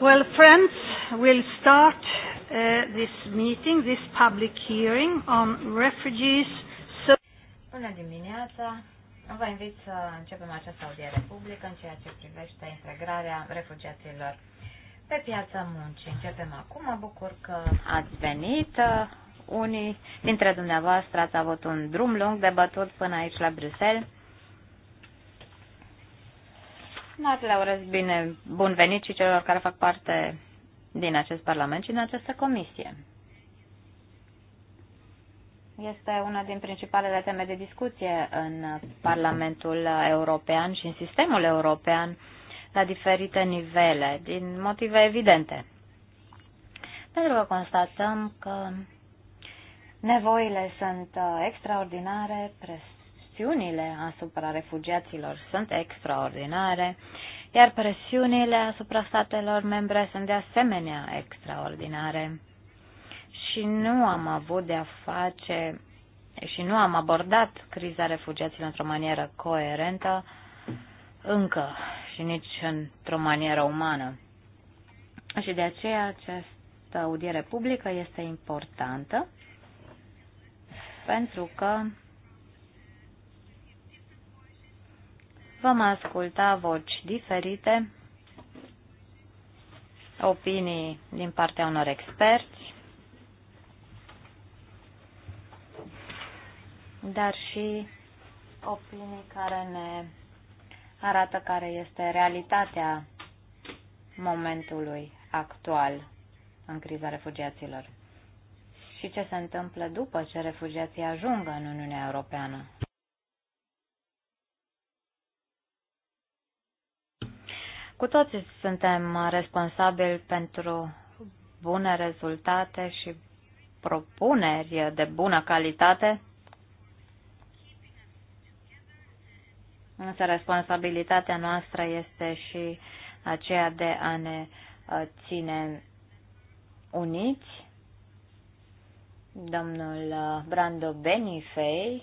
Well, friends, we'll start uh, this meeting, this public hearing on refugees. So Bună dimineața! Vă invit să începem această audiere publică în ceea ce privește integrarea refugiaților pe piața muncii. Începem acum. Mă bucur că ați venit. Unii dintre dumneavoastră ați avut un drum lung de bătut până aici la Bruxelles dar le urez bine, bun venit și celor care fac parte din acest Parlament și din această comisie. Este una din principalele teme de discuție în Parlamentul European și în sistemul european la diferite nivele, din motive evidente. Pentru că constatăm că nevoile sunt uh, extraordinare, pres presiunile asupra refugiaților sunt extraordinare, iar presiunile asupra statelor membre sunt de asemenea extraordinare. Și nu am avut de-a face și nu am abordat criza refugiaților într-o manieră coerentă încă și nici într-o manieră umană. Și de aceea această audiere publică este importantă pentru că Vom asculta voci diferite, opinii din partea unor experți, dar și opinii care ne arată care este realitatea momentului actual în criza refugiaților și ce se întâmplă după ce refugiații ajung în Uniunea Europeană. Cu toții suntem responsabili pentru bune rezultate și propuneri de bună calitate, însă responsabilitatea noastră este și aceea de a ne uh, ține uniți. Domnul uh, Brando Benifei,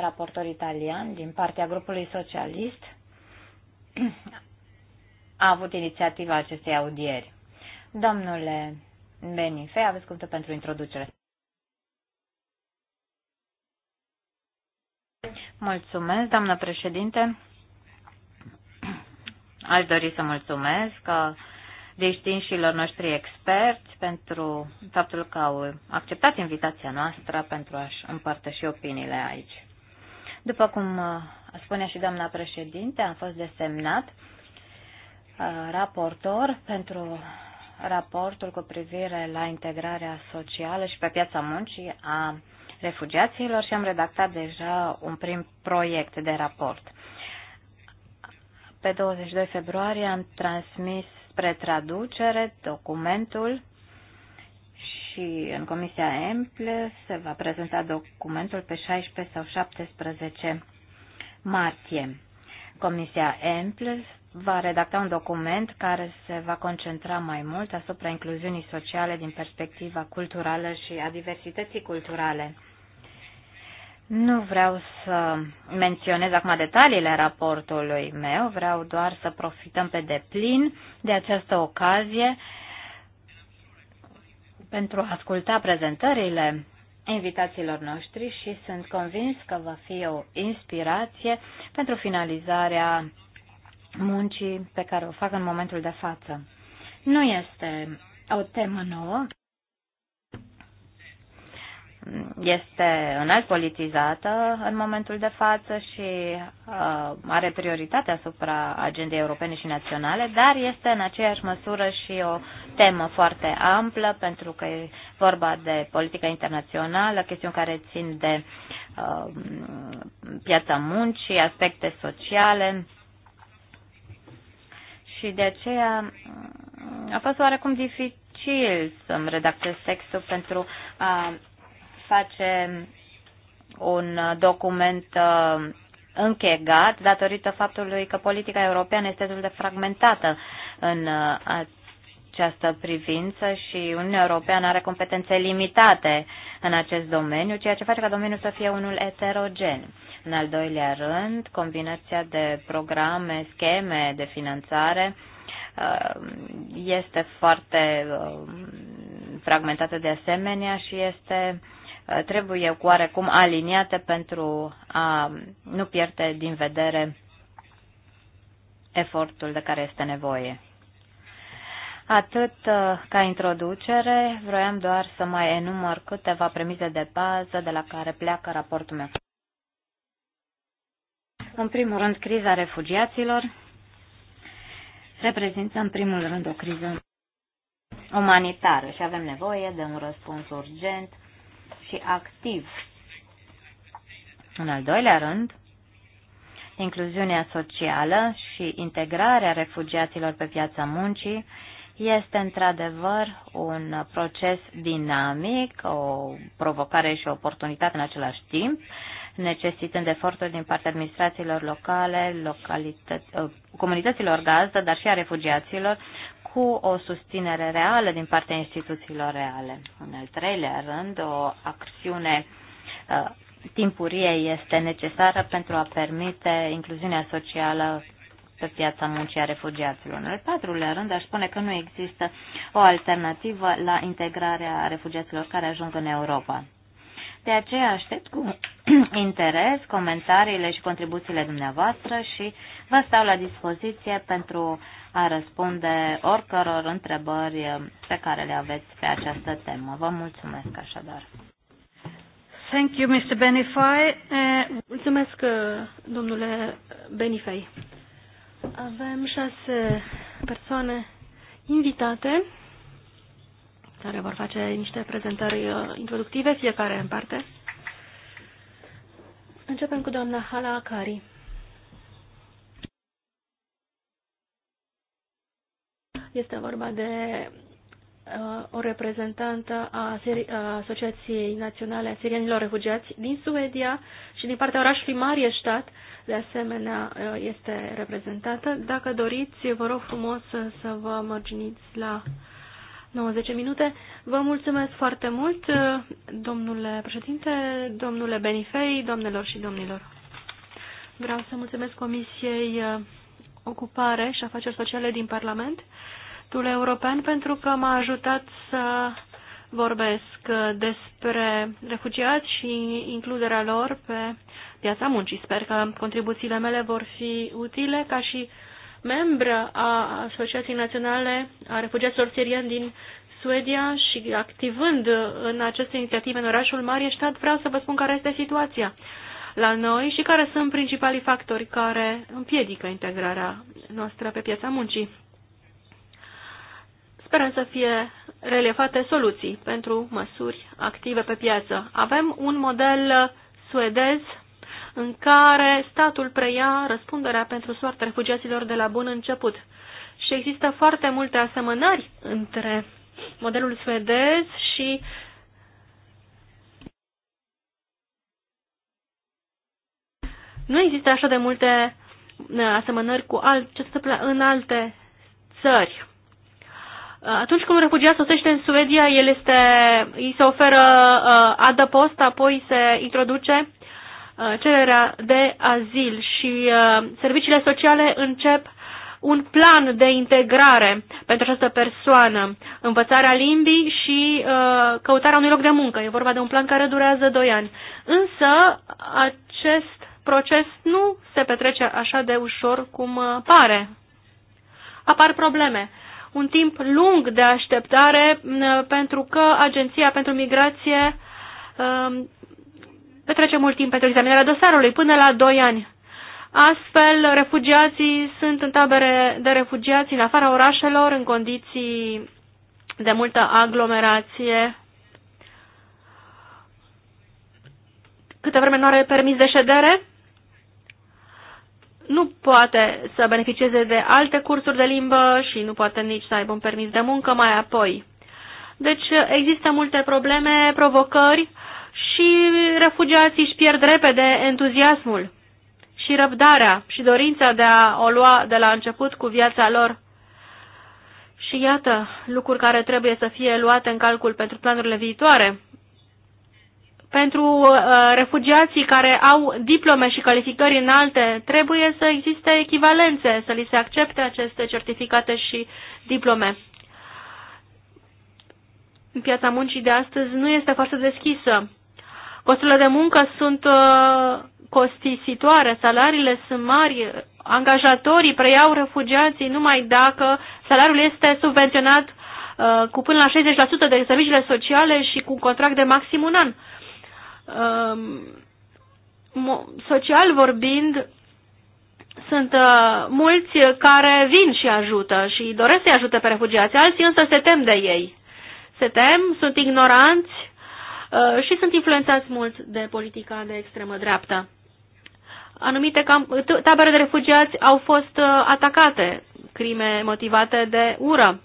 raportor italian din partea grupului socialist, a avut inițiativa acestei audieri. Domnule Benife, aveți cuvântul pentru introducere. Mulțumesc, doamnă președinte. Aș dori să mulțumesc uh, distinșilor noștri experți pentru faptul că au acceptat invitația noastră pentru a-și împărtăși opiniile aici. După cum uh, spunea și doamna președinte, am fost desemnat Uh, raportor pentru raportul cu privire la integrarea socială și pe piața muncii a refugiaților și am redactat deja un prim proiect de raport. Pe 22 februarie am transmis spre traducere documentul și în Comisia Emple se va prezenta documentul pe 16 sau 17 martie. Comisia Emple va redacta un document care se va concentra mai mult asupra incluziunii sociale din perspectiva culturală și a diversității culturale. Nu vreau să menționez acum detaliile raportului meu, vreau doar să profităm pe deplin de această ocazie pentru a asculta prezentările invitațiilor noștri și sunt convins că va fi o inspirație pentru finalizarea muncii pe care o fac în momentul de față. Nu este o temă nouă, este înalt politizată în momentul de față și uh, are prioritate asupra agendei europene și naționale, dar este în aceeași măsură și o temă foarte amplă, pentru că e vorba de politică internațională, chestiuni care țin de uh, piața muncii, aspecte sociale, uh, și de aceea mm, a fost oarecum dificil să-mi redactez textul pentru a face un document uh, închegat datorită faptului că politica europeană este destul de fragmentată în uh, această privință și Uniunea Europeană are competențe limitate în acest domeniu, ceea ce face ca domeniul să fie unul eterogen. În al doilea rând, combinația de programe, scheme de finanțare uh, este foarte uh, fragmentată de asemenea și este uh, trebuie cu oarecum aliniate pentru a nu pierde din vedere efortul de care este nevoie. Atât ca introducere, vroiam doar să mai enumăr câteva premise de bază de la care pleacă raportul meu. În primul rând, criza refugiaților reprezintă în primul rând o criză umanitară și avem nevoie de un răspuns urgent și activ. În al doilea rând, incluziunea socială și integrarea refugiaților pe piața muncii este într-adevăr un proces dinamic, o provocare și o oportunitate în același timp necesitând eforturi din partea administrațiilor locale, uh, comunităților gazdă, dar și a refugiaților, cu o susținere reală din partea instituțiilor reale. În al treilea rând, o acțiune uh, timpurie este necesară pentru a permite incluziunea socială pe piața muncii a refugiaților. În al patrulea rând, aș spune că nu există o alternativă la integrarea refugiaților care ajung în Europa. De aceea aștept cu interes comentariile și contribuțiile dumneavoastră și vă stau la dispoziție pentru a răspunde oricăror întrebări pe care le aveți pe această temă. Vă mulțumesc așadar. Thank you, Mr. Benify. Eh, mulțumesc, eh, domnule Benifei. Avem șase persoane invitate care vor face niște prezentări uh, introductive, fiecare în parte. Începem cu doamna Hala Akari. Este vorba de uh, o reprezentantă a, a Asociației Naționale a Sirienilor Refugiați din Suedia și din partea orașului stat de asemenea, uh, este reprezentată. Dacă doriți, vă rog frumos să, să vă mărginiți la uh, 90 minute. Vă mulțumesc foarte mult, domnule președinte, domnule Benifei, domnilor și domnilor. Vreau să mulțumesc Comisiei uh, Ocupare și Afaceri Sociale din Parlament, Tule European, pentru că m-a ajutat să vorbesc uh, despre refugiați și includerea lor pe piața muncii. Sper că contribuțiile mele vor fi utile ca și membră a Asociației Naționale a Refugiaților Sirieni din Suedia și activând în aceste inițiative în orașul Mariestad, vreau să vă spun care este situația la noi și care sunt principalii factori care împiedică integrarea noastră pe piața muncii. Sperăm să fie relevate soluții pentru măsuri active pe piață. Avem un model suedez în care statul preia răspunderea pentru soarta refugiaților de la bun început. Și există foarte multe asemănări între modelul suedez și nu există așa de multe uh, asemănări cu alt, ce se întâmplă în alte țări. Uh, atunci când un refugiat sosește în Suedia, el este, îi se oferă uh, adăpost, apoi se introduce Uh, cererea de azil și uh, serviciile sociale încep un plan de integrare pentru această persoană, învățarea limbii și uh, căutarea unui loc de muncă. E vorba de un plan care durează 2 ani. Însă acest proces nu se petrece așa de ușor cum pare. Apar probleme. Un timp lung de așteptare pentru că Agenția pentru Migrație petrece mult timp pentru examinarea dosarului, până la 2 ani. Astfel, refugiații sunt în tabere de refugiați în afara orașelor, în condiții de multă aglomerație. Câte vreme nu are permis de ședere, nu poate să beneficieze de alte cursuri de limbă și nu poate nici să aibă un permis de muncă mai apoi. Deci există multe probleme, provocări și refugiații își pierd repede entuziasmul și răbdarea și dorința de a o lua de la început cu viața lor. Și iată lucruri care trebuie să fie luate în calcul pentru planurile viitoare. Pentru uh, refugiații care au diplome și calificări înalte, trebuie să existe echivalențe, să li se accepte aceste certificate și diplome. Piața muncii de astăzi nu este foarte deschisă Costurile de muncă sunt uh, costisitoare, salariile sunt mari, angajatorii preiau refugiații numai dacă salariul este subvenționat uh, cu până la 60% de serviciile sociale și cu un contract de maxim un an. Um, social vorbind, sunt uh, mulți care vin și ajută și doresc să-i ajute pe refugiații, alții însă se tem de ei. Se tem, sunt ignoranți Uh, și sunt influențați mult de politica de extremă dreaptă. Anumite tabere de refugiați au fost uh, atacate, crime motivate de ură.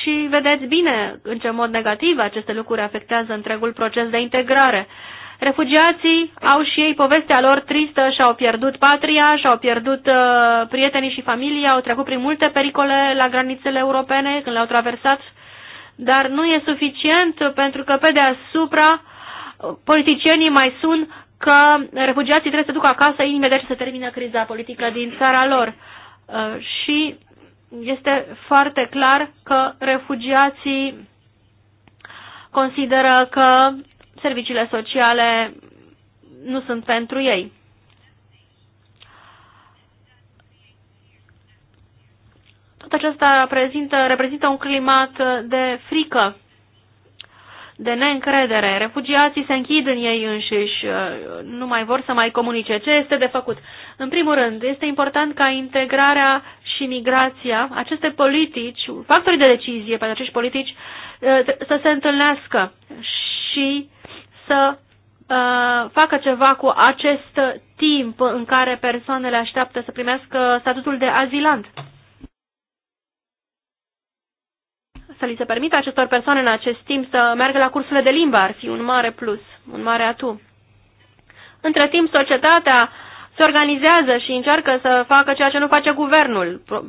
Și vedeți bine în ce mod negativ aceste lucruri afectează întregul proces de integrare. Refugiații au și ei povestea lor tristă, și-au pierdut patria, și-au pierdut uh, prietenii și familia, au trecut prin multe pericole la granițele europene când le-au traversat dar nu e suficient pentru că pe deasupra politicienii mai sunt că refugiații trebuie să ducă acasă imediat ce se termină criza politică din țara lor. Uh, și este foarte clar că refugiații consideră că serviciile sociale nu sunt pentru ei. Tot acesta prezintă, reprezintă un climat de frică, de neîncredere. Refugiații se închid în ei înșiși, nu mai vor să mai comunice. Ce este de făcut? În primul rând, este important ca integrarea și migrația, aceste politici, factorii de decizie pentru acești politici, să se întâlnească și să uh, facă ceva cu acest timp în care persoanele așteaptă să primească statutul de azilant. să li se permită acestor persoane în acest timp să meargă la cursurile de limbă ar fi un mare plus, un mare atu. Între timp, societatea se organizează și încearcă să facă ceea ce nu face guvernul. Um,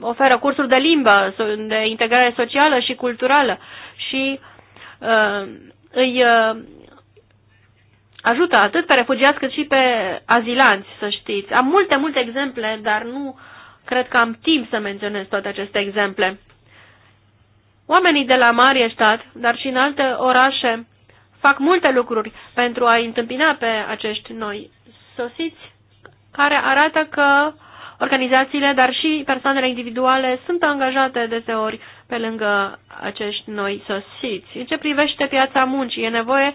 oferă cursuri de limbă, de integrare socială și culturală și uh, îi uh, ajută atât pe refugiați cât și pe azilanți, să știți. Am multe, multe exemple, dar nu cred că am timp să menționez toate aceste exemple. Oamenii de la Marieștat, dar și în alte orașe, fac multe lucruri pentru a întâmpina pe acești noi sosiți, care arată că organizațiile, dar și persoanele individuale sunt angajate deseori pe lângă acești noi sosiți. În ce privește piața muncii, e nevoie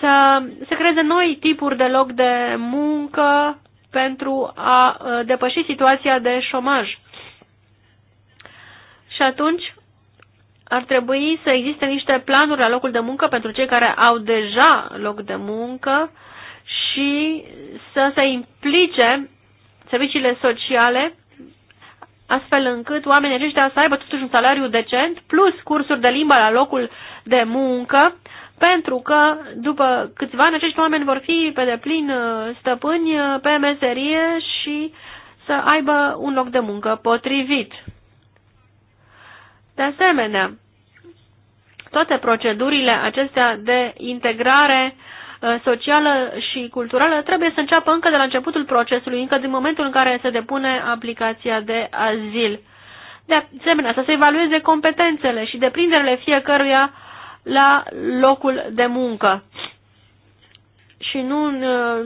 să se creeze noi tipuri de loc de muncă pentru a uh, depăși situația de șomaj. Și atunci ar trebui să existe niște planuri la locul de muncă pentru cei care au deja loc de muncă și să se implice serviciile sociale astfel încât oamenii aceștia să aibă totuși un salariu decent plus cursuri de limba la locul de muncă pentru că după câțiva ani acești oameni vor fi pe deplin uh, stăpâni uh, pe meserie și să aibă un loc de muncă potrivit. De asemenea, toate procedurile acestea de integrare uh, socială și culturală trebuie să înceapă încă de la începutul procesului, încă din momentul în care se depune aplicația de azil. De asemenea, să se evalueze competențele și deprinderile fiecăruia la locul de muncă și nu uh,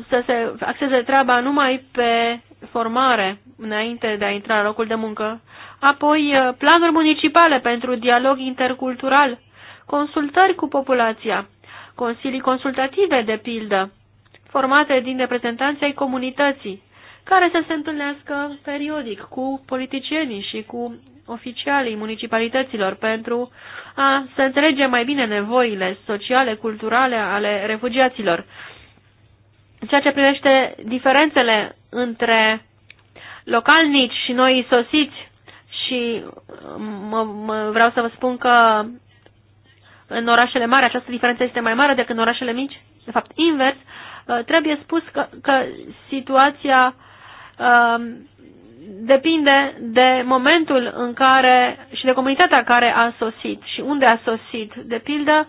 să se axeze treaba numai pe formare înainte de a intra la locul de muncă apoi uh, planuri municipale pentru dialog intercultural, consultări cu populația, consilii consultative, de pildă, formate din reprezentanții ai comunității, care să se întâlnească periodic cu politicienii și cu oficialii municipalităților pentru a să înțelege mai bine nevoile sociale, culturale ale refugiaților. În ceea ce privește diferențele între localnici și noi sosiți, și uh, mă, mă, vreau să vă spun că în orașele mari această diferență este mai mare decât în orașele mici, de fapt invers, uh, trebuie spus că, că situația uh, depinde de momentul în care și de comunitatea care a sosit și unde a sosit. De pildă,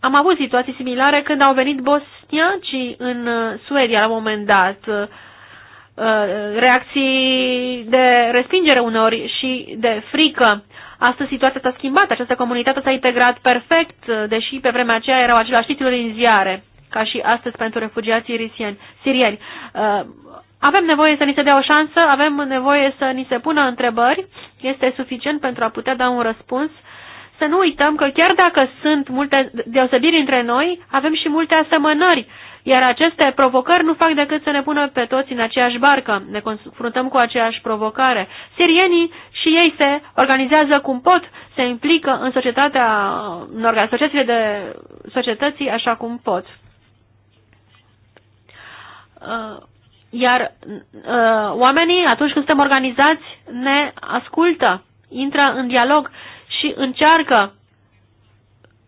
am avut situații similare când au venit bosniacii în Suedia la un moment dat. Uh, Uh, reacții de respingere uneori și de frică. Astăzi situația s-a schimbat, această comunitate s-a integrat perfect, uh, deși pe vremea aceea erau același titluri în ziare, ca și astăzi pentru refugiații sirieni. Uh, avem nevoie să ni se dea o șansă, avem nevoie să ni se pună întrebări, este suficient pentru a putea da un răspuns. Să nu uităm că chiar dacă sunt multe deosebiri între noi, avem și multe asemănări iar aceste provocări nu fac decât să ne pună pe toți în aceeași barcă. Ne confruntăm cu aceeași provocare. Sirienii și ei se organizează cum pot, se implică în societatea, în organizațiile de societății așa cum pot. Uh, iar uh, oamenii, atunci când suntem organizați, ne ascultă, intră în dialog și încearcă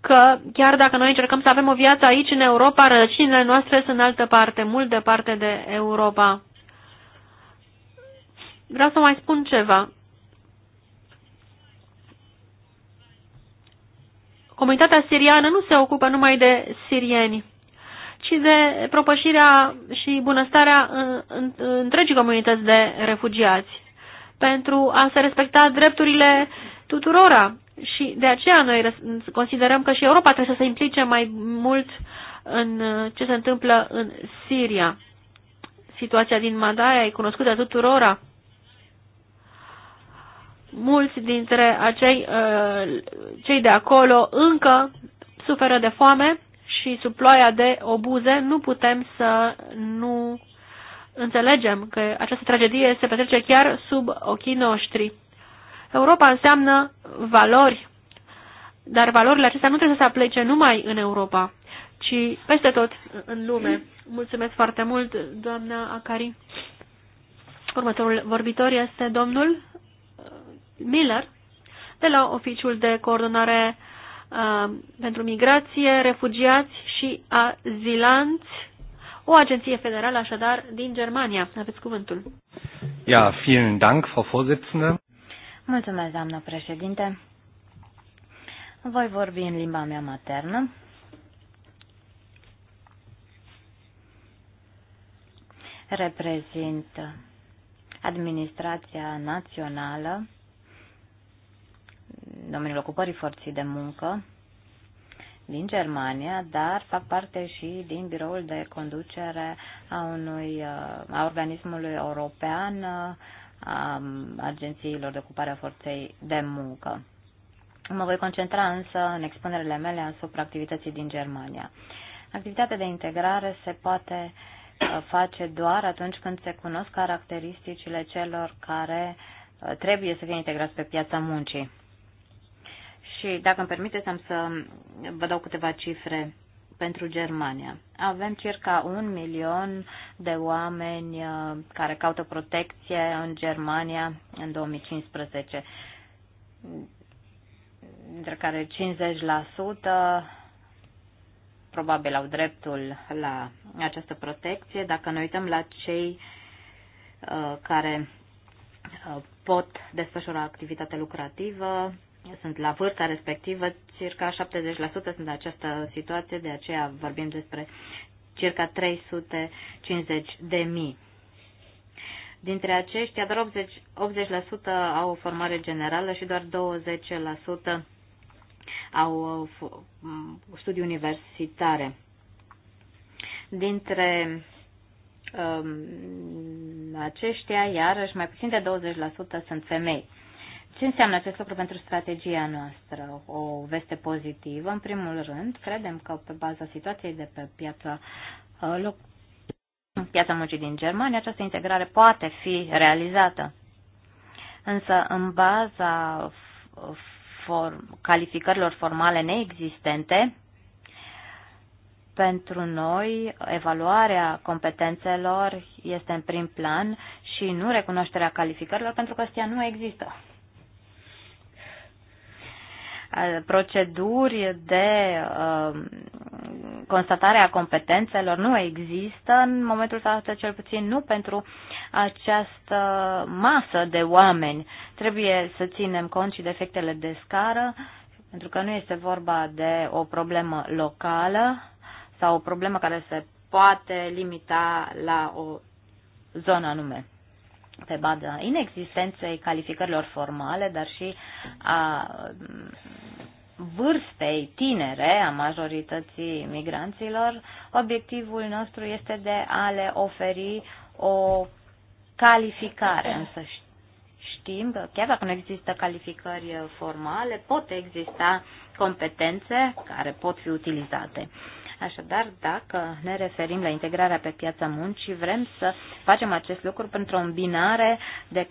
că chiar dacă noi încercăm să avem o viață aici în Europa, rădăcinile noastre sunt în altă parte, mult departe de Europa. Vreau să mai spun ceva. Comunitatea siriană nu se ocupă numai de sirieni, ci de propășirea și bunăstarea întregii comunități de refugiați, pentru a se respecta drepturile tuturora și de aceea noi considerăm că și Europa trebuie să se implice mai mult în uh, ce se întâmplă în Siria. Situația din Madaia e cunoscută tuturora. Mulți dintre acei, uh, cei de acolo încă suferă de foame și sub ploaia de obuze nu putem să nu înțelegem că această tragedie se petrece chiar sub ochii noștri. Europa înseamnă valori, dar valorile acestea nu trebuie să se aplece numai în Europa, ci peste tot în lume. Mulțumesc foarte mult, doamna Acari. Următorul vorbitor este domnul uh, Miller, de la Oficiul de Coordonare uh, pentru Migrație, Refugiați și Azilanți, o agenție federală, așadar, din Germania. Aveți cuvântul. Ja, vielen Dank, Frau Vorsitzende. Mulțumesc, doamnă președinte. Voi vorbi în limba mea maternă. Reprezint administrația națională, domeniul ocupării forții de muncă din Germania, dar fac parte și din biroul de conducere a, unui, a organismului european a agențiilor de ocupare a forței de muncă. Mă voi concentra însă în expunerile mele asupra activității din Germania. Activitatea de integrare se poate face doar atunci când se cunosc caracteristicile celor care trebuie să fie integrați pe piața muncii. Și dacă îmi permiteți, am să vă dau câteva cifre pentru Germania. Avem circa un milion de oameni uh, care caută protecție în Germania în 2015, dintre care 50% probabil au dreptul la această protecție. Dacă ne uităm la cei uh, care uh, pot desfășura activitate lucrativă, sunt la vârsta respectivă, circa 70% sunt în această situație, de aceea vorbim despre circa 350 de mii. Dintre aceștia, doar 80, 80% au o formare generală și doar 20% au studii universitare. Dintre um, aceștia, iarăși, mai puțin de 20% sunt femei. Ce înseamnă acest lucru pentru strategia noastră? O veste pozitivă, în primul rând, credem că pe baza situației de pe piața uh, loc, piața muncii din Germania, această integrare poate fi realizată. Însă, în baza form, calificărilor formale neexistente, pentru noi, evaluarea competențelor este în prim plan și nu recunoașterea calificărilor pentru că astea nu există. Eh, proceduri de eh, constatare a competențelor nu există în momentul ăsta, cel puțin nu pentru această masă de oameni. Trebuie să ținem cont și de efectele de scară, pentru că nu este vorba de o problemă locală sau o problemă care se poate limita la o zonă anume pe baza inexistenței calificărilor formale, dar și a vârstei tinere a majorității migranților, obiectivul nostru este de a le oferi o calificare, însă știm că chiar dacă nu există calificări formale, pot exista competențe care pot fi utilizate. Așadar, dacă ne referim la integrarea pe piața muncii, vrem să facem acest lucru pentru o îmbinare de,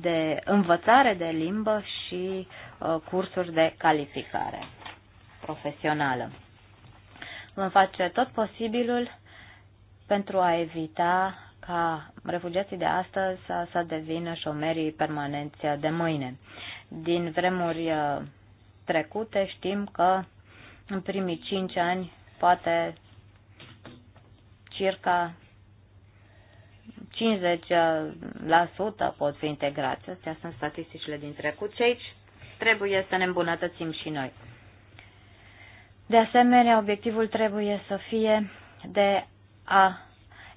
de învățare de limbă și uh, cursuri de calificare profesională. Vom face tot posibilul pentru a evita ca refugiații de astăzi să, să devină șomerii permanenți de mâine. Din vremuri uh, trecute știm că în primii cinci ani poate circa 50% pot fi integrați. Astea sunt statisticile din trecut și aici trebuie să ne îmbunătățim și noi. De asemenea, obiectivul trebuie să fie de a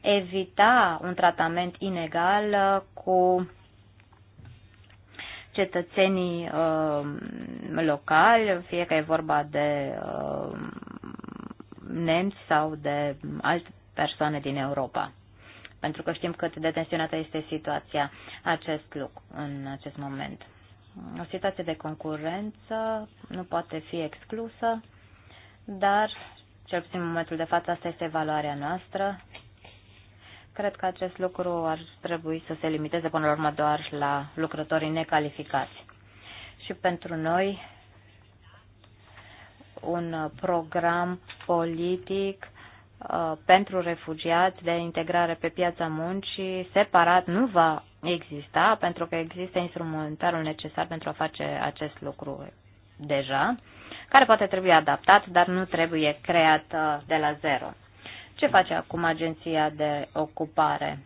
evita un tratament inegal uh, cu cetățenii uh, locali, fie că e vorba de uh, nemți sau de alte persoane din Europa. Pentru că știm cât de tensionată este situația acest lucru în acest moment. O situație de concurență nu poate fi exclusă, dar, cel puțin în momentul de față, asta este valoarea noastră. Cred că acest lucru ar trebui să se limiteze până la urmă doar la lucrătorii necalificați. Și pentru noi un uh, program politic uh, pentru refugiați de integrare pe piața muncii separat nu va exista, pentru că există instrumentarul necesar pentru a face acest lucru deja, care poate trebui adaptat, dar nu trebuie creat uh, de la zero. Ce face acum agenția de ocupare?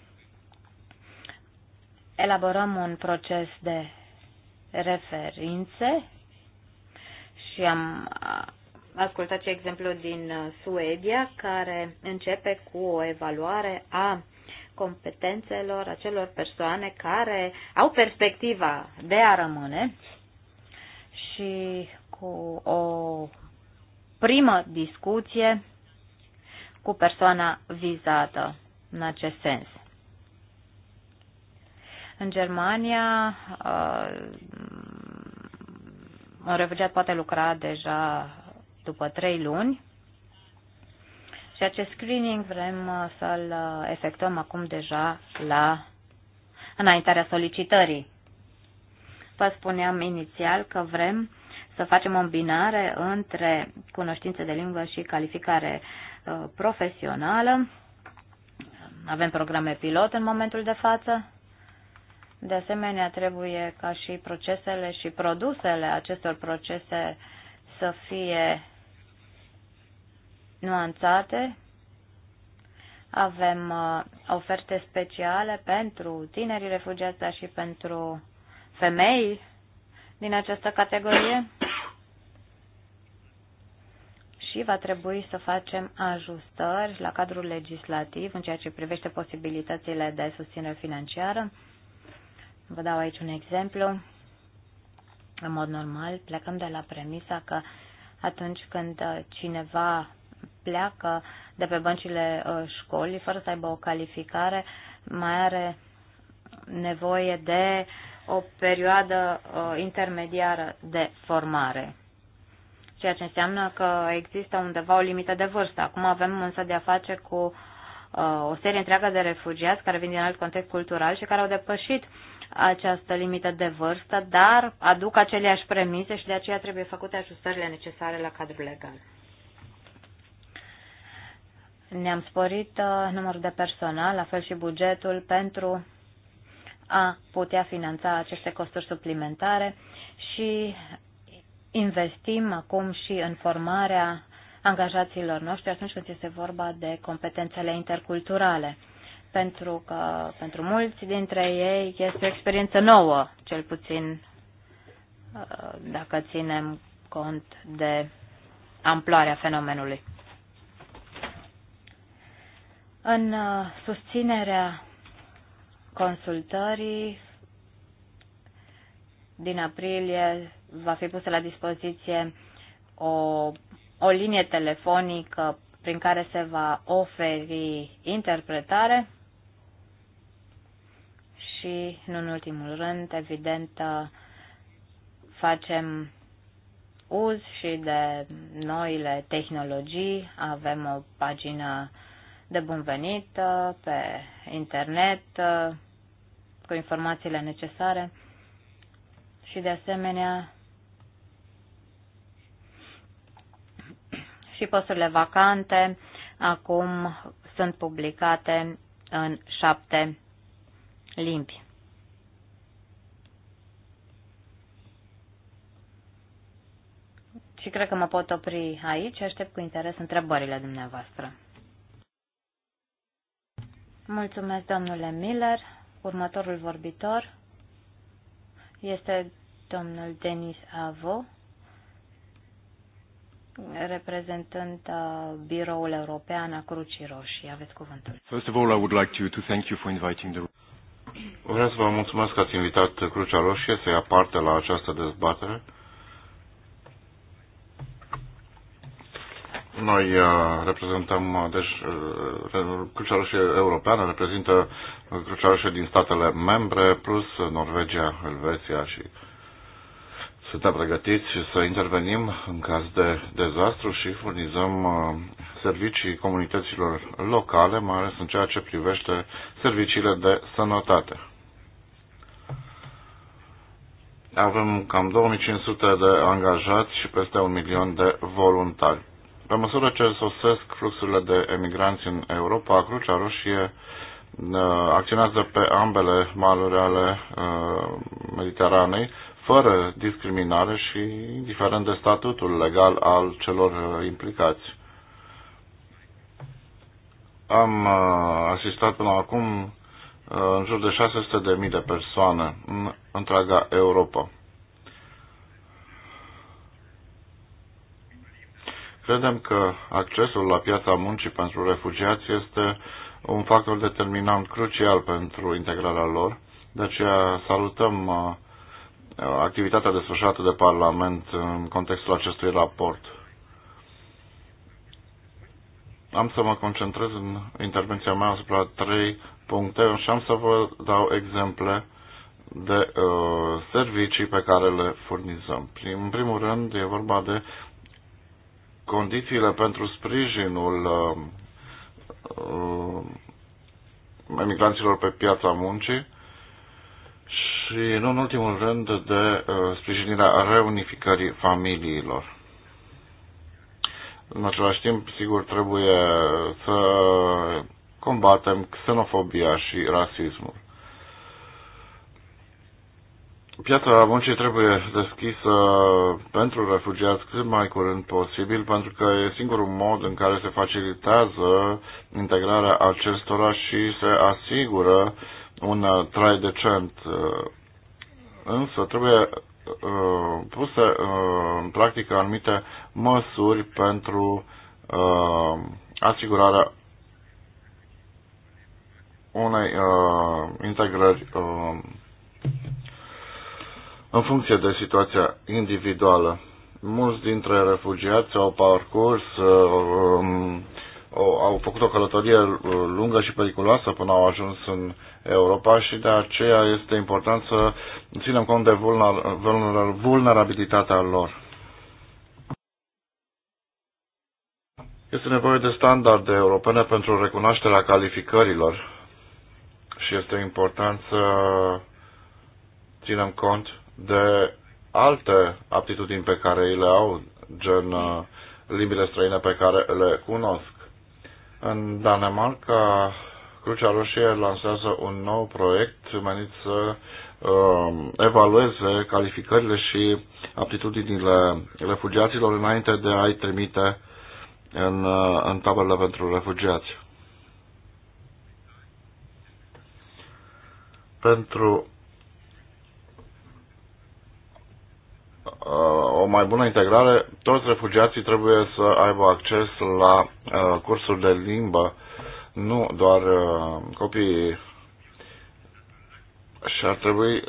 Elaborăm un proces de referințe și am ascultat și exemplu din uh, Suedia, care începe cu o evaluare a competențelor acelor persoane care au perspectiva de a rămâne și cu o primă discuție cu persoana vizată în acest sens. În Germania, uh, un refugiat poate lucra deja după trei luni. Și acest screening vrem uh, să-l uh, efectuăm acum deja la înaintarea solicitării. Vă spuneam inițial că vrem să facem o binare între cunoștințe de limbă și calificare uh, profesională. Avem programe pilot în momentul de față. De asemenea, trebuie ca și procesele și produsele acestor procese să fie nuanțate. Avem uh, oferte speciale pentru tinerii refugiați, dar și pentru femei din această categorie. Și va trebui să facem ajustări la cadrul legislativ în ceea ce privește posibilitățile de susținere financiară. Vă dau aici un exemplu. În mod normal, plecăm de la premisa că atunci când cineva pleacă de pe băncile uh, școlii fără să aibă o calificare, mai are nevoie de o perioadă uh, intermediară de formare. Ceea ce înseamnă că există undeva o limită de vârstă. Acum avem însă de a face cu uh, o serie întreagă de refugiați care vin din alt context cultural și care au depășit această limită de vârstă, dar aduc aceleași premise și de aceea trebuie făcute ajustările necesare la cadrul legal. Ne-am sporit uh, numărul de personal, la fel și bugetul pentru a putea finanța aceste costuri suplimentare și investim acum și în formarea angajaților noștri atunci când este vorba de competențele interculturale. Pentru că pentru mulți dintre ei este o experiență nouă, cel puțin uh, dacă ținem cont de amploarea fenomenului. În uh, susținerea consultării din aprilie va fi pusă la dispoziție o, o linie telefonică prin care se va oferi interpretare și, nu în ultimul rând, evident, uh, facem uz și de noile tehnologii. Avem o pagină de bun venit uh, pe internet uh, cu informațiile necesare și de asemenea și posturile vacante acum sunt publicate în șapte limbi. Și cred că mă pot opri aici. Aștept cu interes întrebările dumneavoastră. Mulțumesc, domnule Miller. Următorul vorbitor este domnul Denis Avo, reprezentând uh, biroul european a Crucii Roșii. Aveți cuvântul. First of all, I would like to, to thank you for inviting the Vreau să vă mulțumesc că ați invitat Crucea Roșie să ia parte la această dezbatere. Noi uh, reprezentăm, uh, deci, uh, Crucea Roșie Europeană reprezintă Crucea Roșie din statele membre, plus Norvegia, Elveția și suntem pregătiți să intervenim în caz de dezastru și furnizăm servicii comunităților locale, mai ales în ceea ce privește serviciile de sănătate. Avem cam 2500 de angajați și peste un milion de voluntari. Pe măsură ce sosesc fluxurile de emigranți în Europa, Crucea Roșie uh, acționează pe ambele maluri ale uh, Mediteranei, fără discriminare și indiferent de statutul legal al celor uh, implicați. Am asistat până acum în jur de 600.000 de persoane în întreaga Europa. Credem că accesul la piața muncii pentru refugiați este un factor determinant crucial pentru integrarea lor. De aceea salutăm uh, activitatea desfășurată de Parlament în contextul acestui raport. Am să mă concentrez în intervenția mea asupra trei puncte și am să vă dau exemple de uh, servicii pe care le furnizăm. În primul rând e vorba de condițiile pentru sprijinul uh, uh, emigranților pe piața muncii și, nu în ultimul rând, de uh, sprijinirea reunificării familiilor. În același timp, sigur, trebuie să combatem xenofobia și rasismul. Piața muncii trebuie deschisă pentru refugiați cât mai curând posibil, pentru că e singurul mod în care se facilitează integrarea acestora și se asigură un trai decent. Însă trebuie uh, puse uh, în practică anumite măsuri pentru uh, asigurarea unei integrări în funcție de situația individuală. Mulți dintre refugiați au parcurs, uh, um, au făcut o călătorie uh, lungă și periculoasă până au ajuns în Europa și de aceea este important să ținem cont de vulnerabilitatea lor. Este nevoie de standarde europene pentru recunoașterea calificărilor și este important să ținem cont de alte aptitudini pe care îi le au, gen uh, limbile străine pe care le cunosc. În Danemarca, Crucea Roșie lansează un nou proiect menit să uh, evalueze calificările și aptitudinile refugiaților înainte de a-i trimite în, uh, în taberele pentru refugiați. Pentru Uh, o mai bună integrare, toți refugiații trebuie să aibă acces la uh, cursuri de limbă, nu doar uh, copiii. Și ar trebui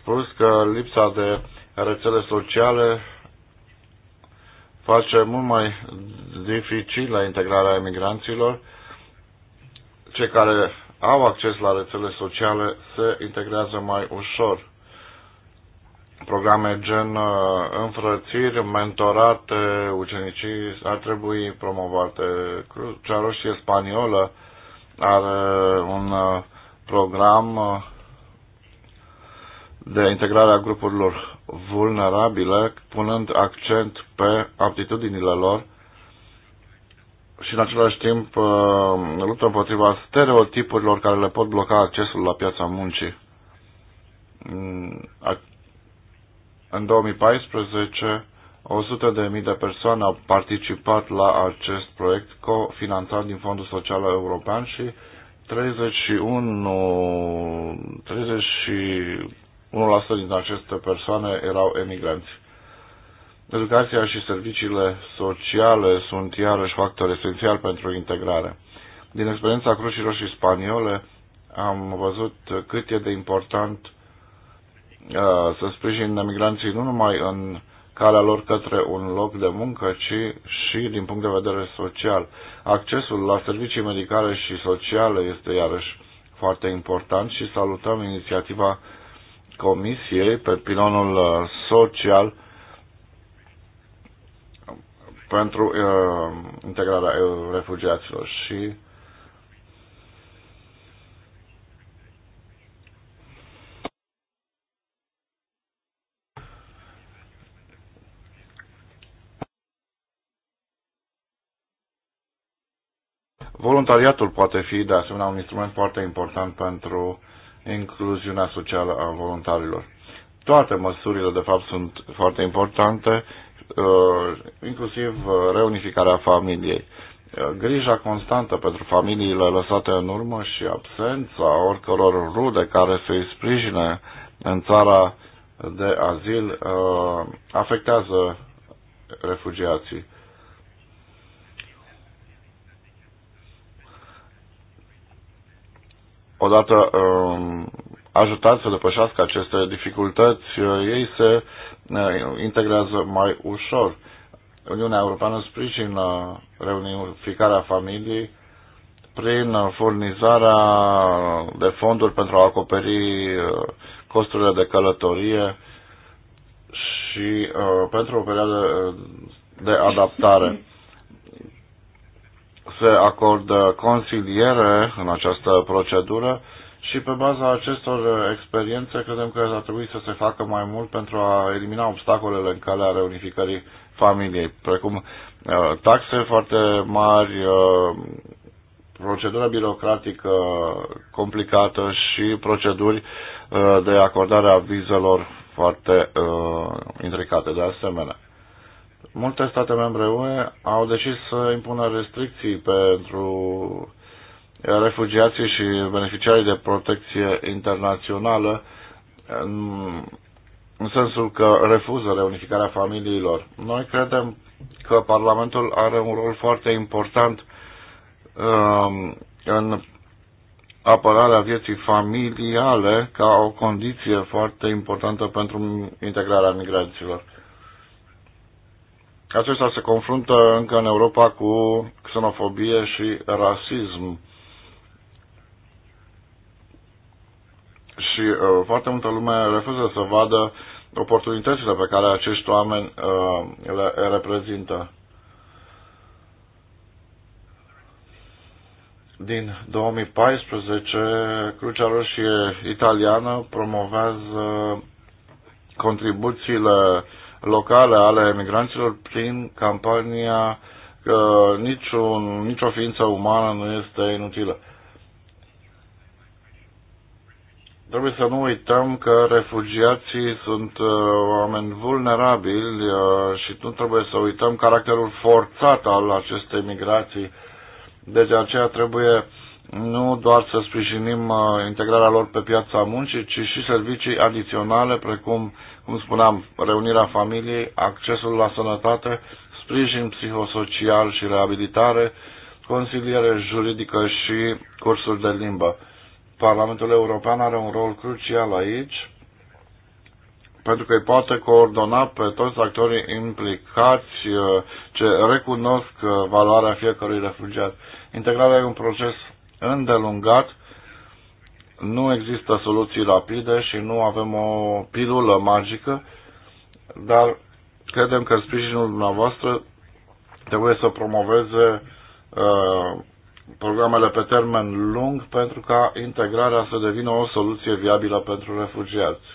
spus că lipsa de rețele sociale face mult mai dificilă integrarea emigranților. Cei care au acces la rețele sociale se integrează mai ușor programe gen uh, înfrățiri, mentorate, ucenicii ar trebui promovate. Crucea Roșie Spaniolă are un uh, program uh, de integrare a grupurilor vulnerabile, punând accent pe aptitudinile lor și în același timp luptă împotriva stereotipurilor care le pot bloca accesul la piața muncii mm, în 2014, 100.000 de, de persoane au participat la acest proiect cofinanțat din Fondul Social European și 31, 31% din aceste persoane erau emigranți. Educația și serviciile sociale sunt iarăși factori esențiali pentru integrare. Din experiența crucilor și spaniole am văzut cât e de important uh, Uh, să sprijine migranții nu numai în calea lor către un loc de muncă, ci și din punct de vedere social. Accesul la servicii medicale și sociale este iarăși foarte important și salutăm inițiativa Comisiei pe pilonul uh, social pentru uh, integrarea uh, refugiaților și Voluntariatul poate fi, de asemenea, un instrument foarte important pentru incluziunea socială a voluntarilor. Toate măsurile, de fapt, sunt foarte importante, uh, inclusiv uh, reunificarea familiei. Uh, grija constantă pentru familiile lăsate în urmă și absența oricăror rude care se îi sprijine în țara de azil afectează refugiații. odată um, ajutați să depășească aceste dificultăți, uh, ei se uh, integrează mai ușor. Uniunea Europeană sprijină reunificarea familiei prin furnizarea de fonduri pentru a acoperi uh, costurile de călătorie și pentru o perioadă de adaptare se acordă consiliere în această procedură și pe baza acestor experiențe credem că ar trebui să se facă mai mult pentru a elimina obstacolele în calea reunificării familiei, precum uh, taxe foarte mari, uh, procedură birocratică complicată și proceduri uh, de acordare a vizelor foarte intricate de asemenea. Multe state membre UE au decis să impună restricții pentru refugiații și beneficiarii de protecție internațională în sensul că refuză reunificarea familiilor. Noi credem că Parlamentul are un rol foarte important um, în apărarea vieții familiale ca o condiție foarte importantă pentru integrarea migranților. Acesta se confruntă încă în Europa cu xenofobie și rasism. Și uh, foarte multă lume refuză să vadă oportunitățile pe care acești oameni uh, le reprezintă. din 2014, Crucea Roșie Italiană promovează contribuțiile locale ale emigranților prin campania că niciun, nicio ființă umană nu este inutilă. Trebuie să nu uităm că refugiații sunt uh, oameni vulnerabili uh, și nu trebuie să uităm caracterul forțat al acestei migrații. Deci aceea trebuie nu doar să sprijinim uh, integrarea lor pe piața muncii, ci și servicii adiționale precum cum spuneam, reunirea familiei, accesul la sănătate, sprijin psihosocial și reabilitare, consiliere juridică și cursuri de limbă. Parlamentul European are un rol crucial aici, pentru că îi poate coordona pe toți actorii implicați uh, ce recunosc uh, valoarea fiecărui refugiat. Integrarea e un proces îndelungat nu există soluții rapide și nu avem o pilulă magică, dar credem că sprijinul dumneavoastră trebuie să promoveze uh, programele pe termen lung pentru ca integrarea să devină o soluție viabilă pentru refugiați.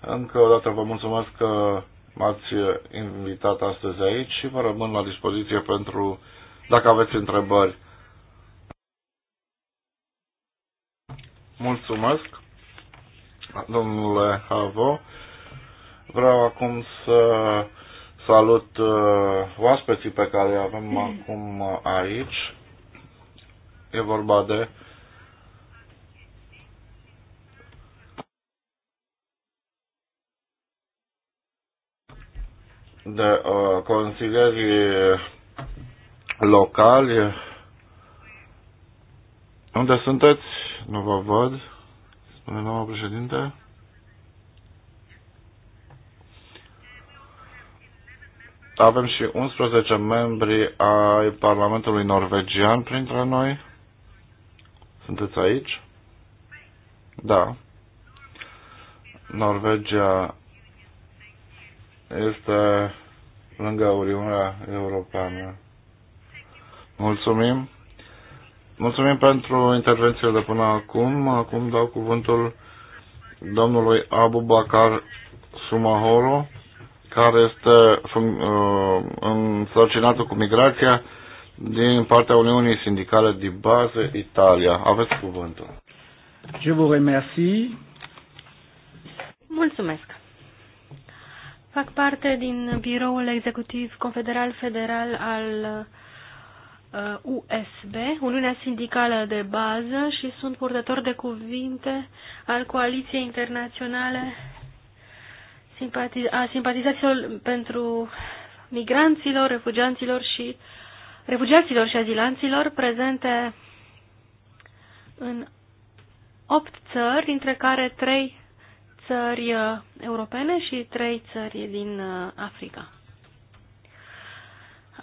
Încă o dată vă mulțumesc că m-ați invitat astăzi aici și vă rămân la dispoziție pentru, dacă aveți întrebări, Mulțumesc, domnule Havo. Vreau acum să salut uh, oaspeții pe care îi avem mm. acum aici. E vorba de de uh, consilieri locali. Unde sunteți? Nu vă văd, spune doamna președinte. Avem și 11 membri ai Parlamentului Norvegian printre noi. Sunteți aici? Da. Norvegia este lângă Uniunea Europeană. Mulțumim! Mulțumim pentru intervențiile de până acum. Acum dau cuvântul domnului Abu Bakar Sumahoro, care este uh, însărcinat cu migrația din partea Uniunii Sindicale de Bază Italia. Aveți cuvântul. Je vous remercie. Mulțumesc. Fac parte din biroul executiv confederal federal al USB, uh, Uniunea Sindicală de Bază și sunt purtător de cuvinte al Coaliției Internaționale a simpatizațiilor pentru migranților, refugianților și refugiaților și azilanților prezente în opt țări, dintre care trei țări uh, europene și trei țări din uh, Africa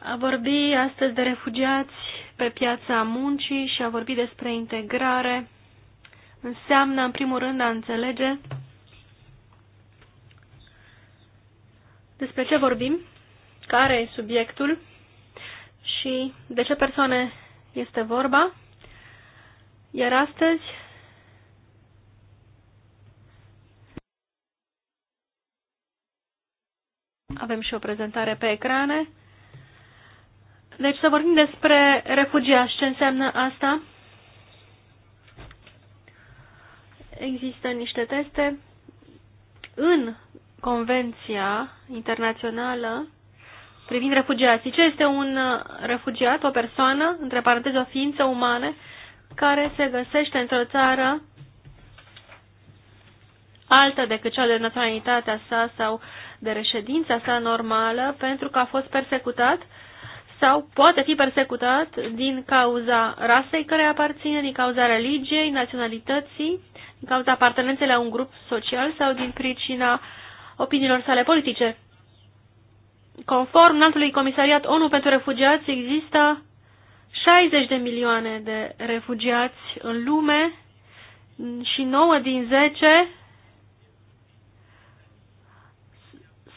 a vorbi astăzi de refugiați pe piața muncii și a vorbi despre integrare înseamnă, în primul rând, a înțelege despre ce vorbim, care e subiectul și de ce persoane este vorba. Iar astăzi avem și o prezentare pe ecrane. Deci să vorbim despre refugiați. Ce înseamnă asta? Există niște teste în Convenția Internațională privind refugiații. Ce este un refugiat? O persoană, între paranteze, o ființă umană care se găsește într-o țară altă decât cea de naționalitatea sa sau de reședința sa normală pentru că a fost persecutat uh, sau poate fi persecutat din cauza rasei care aparține, din cauza religiei, naționalității, din cauza apartenenței la un grup social sau din pricina opiniilor sale politice. Conform înaltului comisariat ONU pentru refugiați, există 60 de milioane de refugiați în lume și 9 din 10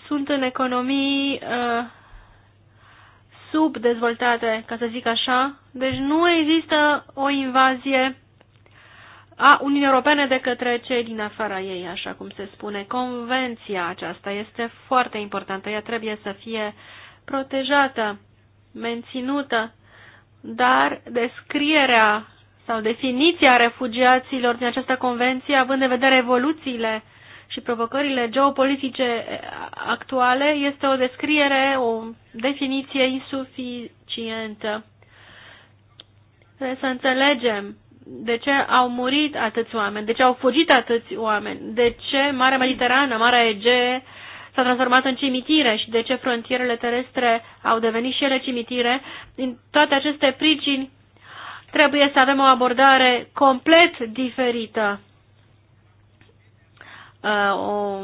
sunt în economii uh, subdezvoltate, ca să zic așa. Deci nu există o invazie a Uniunii Europene de către cei din afara ei, așa cum se spune. Convenția aceasta este foarte importantă, ea trebuie să fie protejată, menținută, dar descrierea sau definiția refugiaților din această convenție, având în vedere evoluțiile și provocările geopolitice actuale este o descriere, o definiție insuficientă. Trebuie să înțelegem de ce au murit atâți oameni, de ce au fugit atâți oameni, de ce Marea Mediterană, Marea Egee s-a transformat în cimitire și de ce frontierele terestre au devenit și ele cimitire. Din toate aceste pricini trebuie să avem o abordare complet diferită Uh, o,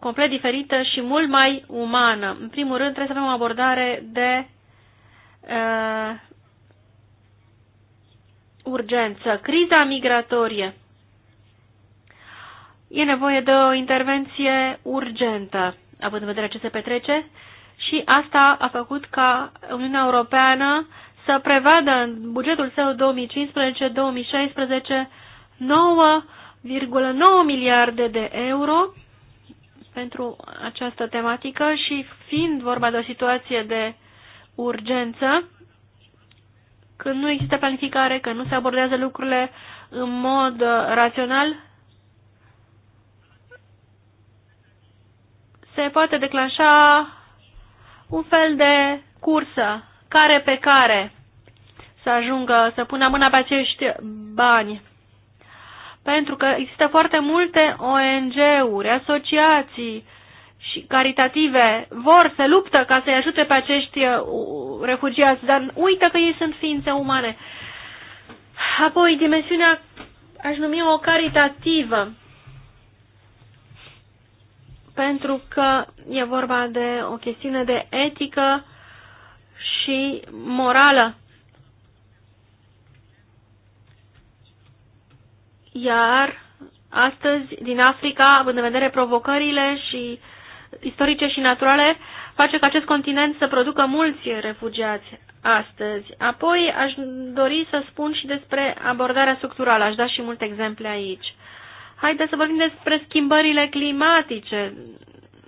complet diferită și mult mai umană. În primul rând, trebuie să avem o abordare de uh, urgență. Criza migratorie. E nevoie de o intervenție urgentă, având în vedere ce se petrece, și asta a făcut ca Uniunea Europeană să prevadă în bugetul său 2015-2016 nouă miliarde de euro pentru această tematică și fiind vorba de o situație de urgență, când nu există planificare, când nu se abordează lucrurile în mod uh, rațional, se poate declanșa un fel de cursă, care pe care, să ajungă să pună mâna pe acești bani pentru că există foarte multe ONG-uri, asociații și caritative vor să luptă ca să-i ajute pe acești uh, refugiați, dar uită că ei sunt ființe umane. Apoi, dimensiunea, aș numi o caritativă, pentru că e vorba de o chestiune de etică și morală Iar astăzi, din Africa, având în vedere provocările și istorice și naturale, face ca acest continent să producă mulți refugiați astăzi. Apoi aș dori să spun și despre abordarea structurală. Aș da și multe exemple aici. Haideți să vorbim despre schimbările climatice.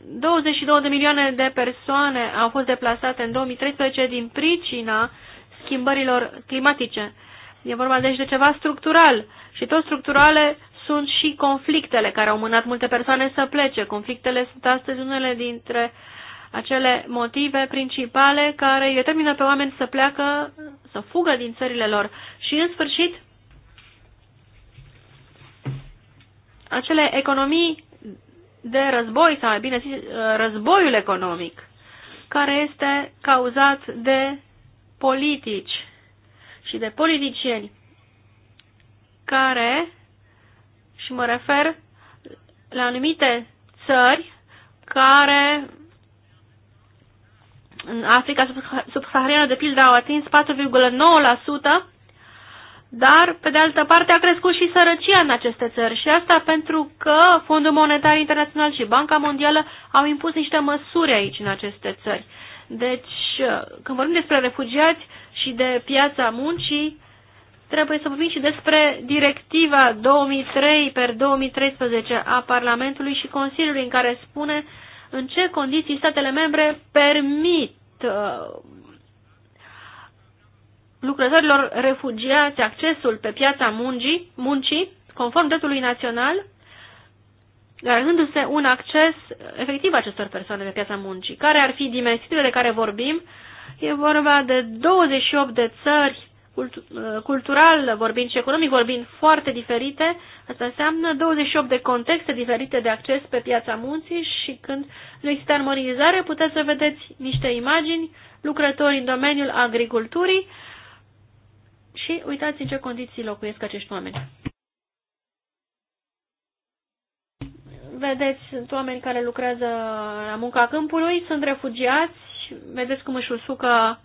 22 de milioane de persoane au fost deplasate în 2013 din pricina schimbărilor climatice. E vorba deci de ceva structural și tot structurale sunt și conflictele care au mânat multe persoane să plece. Conflictele sunt astăzi unele dintre acele motive principale care îi determină pe oameni să pleacă, să fugă din țările lor. Și în sfârșit, acele economii de război, sau bine zis, războiul economic, care este cauzat de politici și de politicieni care, și mă refer la anumite țări care în Africa subsahariană, de pildă, au atins 4,9%, dar, pe de altă parte, a crescut și sărăcia în aceste țări și asta pentru că Fondul Monetar Internațional și Banca Mondială au impus niște măsuri aici, în aceste țări. Deci, când vorbim despre refugiați, și de piața muncii, trebuie să vorbim și despre directiva 2003 per 2013 a Parlamentului și Consiliului în care spune în ce condiții statele membre permit uh, lucrătorilor refugiați accesul pe piața muncii, muncii conform dreptului național, garantându-se un acces efectiv acestor persoane pe piața muncii. Care ar fi dimensiunile de care vorbim? Uh, E vorba de 28 de țări, cultural vorbind și economic vorbind, foarte diferite. Asta înseamnă 28 de contexte diferite de acces pe piața munții și când nu există armonizare puteți să vedeți niște imagini, lucrători în domeniul agriculturii și uitați în ce condiții locuiesc acești oameni. Vedeți, sunt oameni care lucrează la munca câmpului, sunt refugiați, vedeți cum își usucă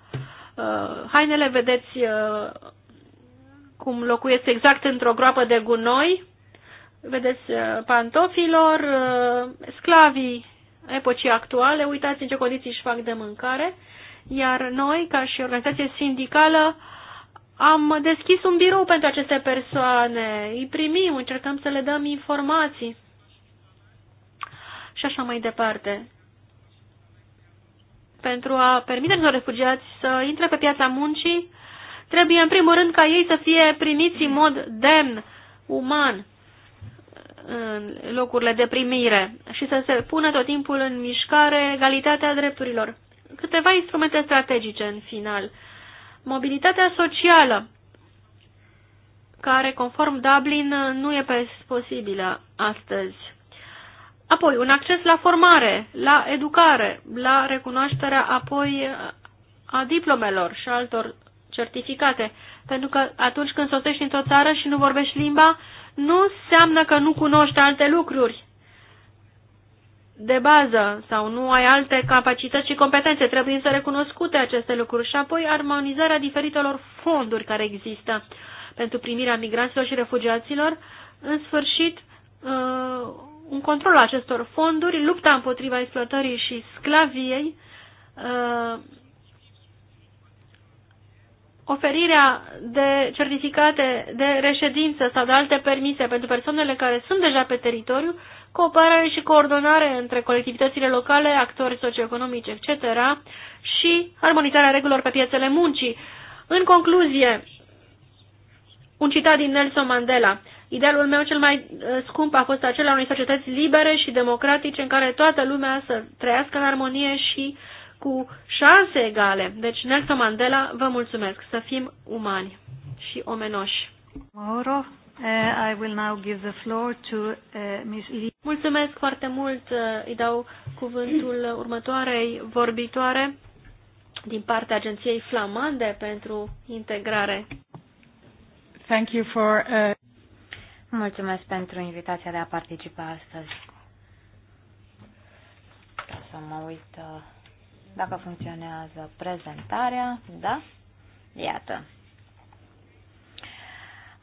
uh, hainele, vedeți uh, cum locuiesc exact într-o groapă de gunoi, vedeți uh, pantofilor, uh, sclavii epocii actuale, uitați în ce condiții își fac de mâncare, iar noi, ca și organizație sindicală, am deschis un birou pentru aceste persoane, îi primim, încercăm să le dăm informații și așa mai departe pentru a permite acestor refugiați să intre pe piața muncii, trebuie în primul rând ca ei să fie primiți în mod demn, uman, în locurile de primire și să se pună tot timpul în mișcare egalitatea drepturilor. Câteva instrumente strategice în final. Mobilitatea socială, care conform Dublin nu e posibilă astăzi. Apoi, un acces la formare, la educare, la recunoașterea apoi uh, a diplomelor și altor certificate. Pentru că atunci când sosești într-o țară și nu vorbești limba, nu înseamnă că nu cunoști alte lucruri de bază sau nu ai alte capacități și competențe. Trebuie să recunoscute aceste lucruri și apoi armonizarea diferitelor fonduri care există pentru primirea migranților și refugiaților. În sfârșit, uh, un control acestor fonduri, lupta împotriva exploatării și sclaviei, uh, oferirea de certificate de reședință sau de alte permise pentru persoanele care sunt deja pe teritoriu, cooperare și coordonare între colectivitățile locale, actori socioeconomici, etc. și armonizarea regulilor pe piețele muncii. În concluzie, un citat din Nelson Mandela. Idealul meu cel mai uh, scump a fost acela unei societăți libere și democratice în care toată lumea să trăiască în armonie și cu șanse egale. Deci, Nelson Mandela, vă mulțumesc să fim umani și omenoși. Moro, eh, I will now give the floor to eh, Ms. Lee. Mulțumesc foarte mult. Îi dau cuvântul următoarei vorbitoare din partea Agenției Flamande pentru Integrare. Thank you for, uh... Mulțumesc pentru invitația de a participa astăzi. O să mă uit uh, dacă funcționează prezentarea. Da? Iată.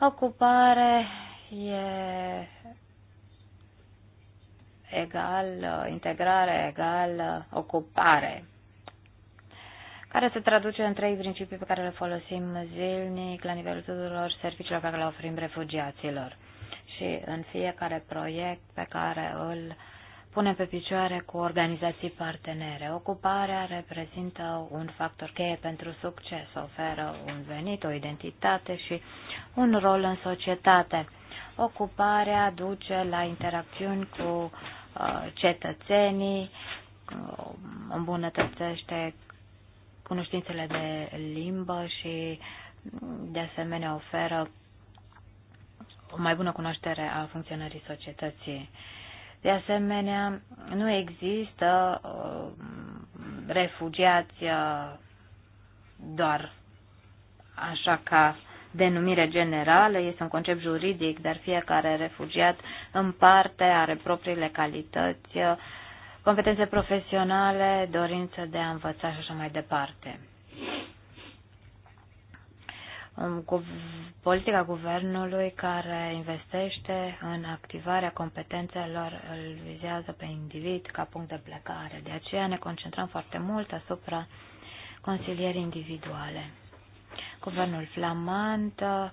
Ocupare e egal, uh, integrare egal, uh, ocupare care se traduce în trei principii pe care le folosim zilnic la nivelul tuturor serviciilor pe care le oferim refugiaților și în fiecare proiect pe care îl punem pe picioare cu organizații partenere. Ocuparea reprezintă un factor cheie pentru succes, oferă un venit, o identitate și un rol în societate. Ocuparea duce la interacțiuni cu uh, cetățenii, uh, îmbunătățește cunoștințele de limbă și de asemenea oferă o mai bună cunoaștere a funcționării societății. De asemenea, nu există uh, refugiați uh, doar așa ca denumire generală, este un concept juridic, dar fiecare refugiat în parte are propriile calități, uh, competențe profesionale, dorință de a învăța și așa mai departe. Um, politica guvernului care investește în activarea competențelor îl vizează pe individ ca punct de plecare. De aceea ne concentrăm foarte mult asupra consilierii individuale. Guvernul flamand uh,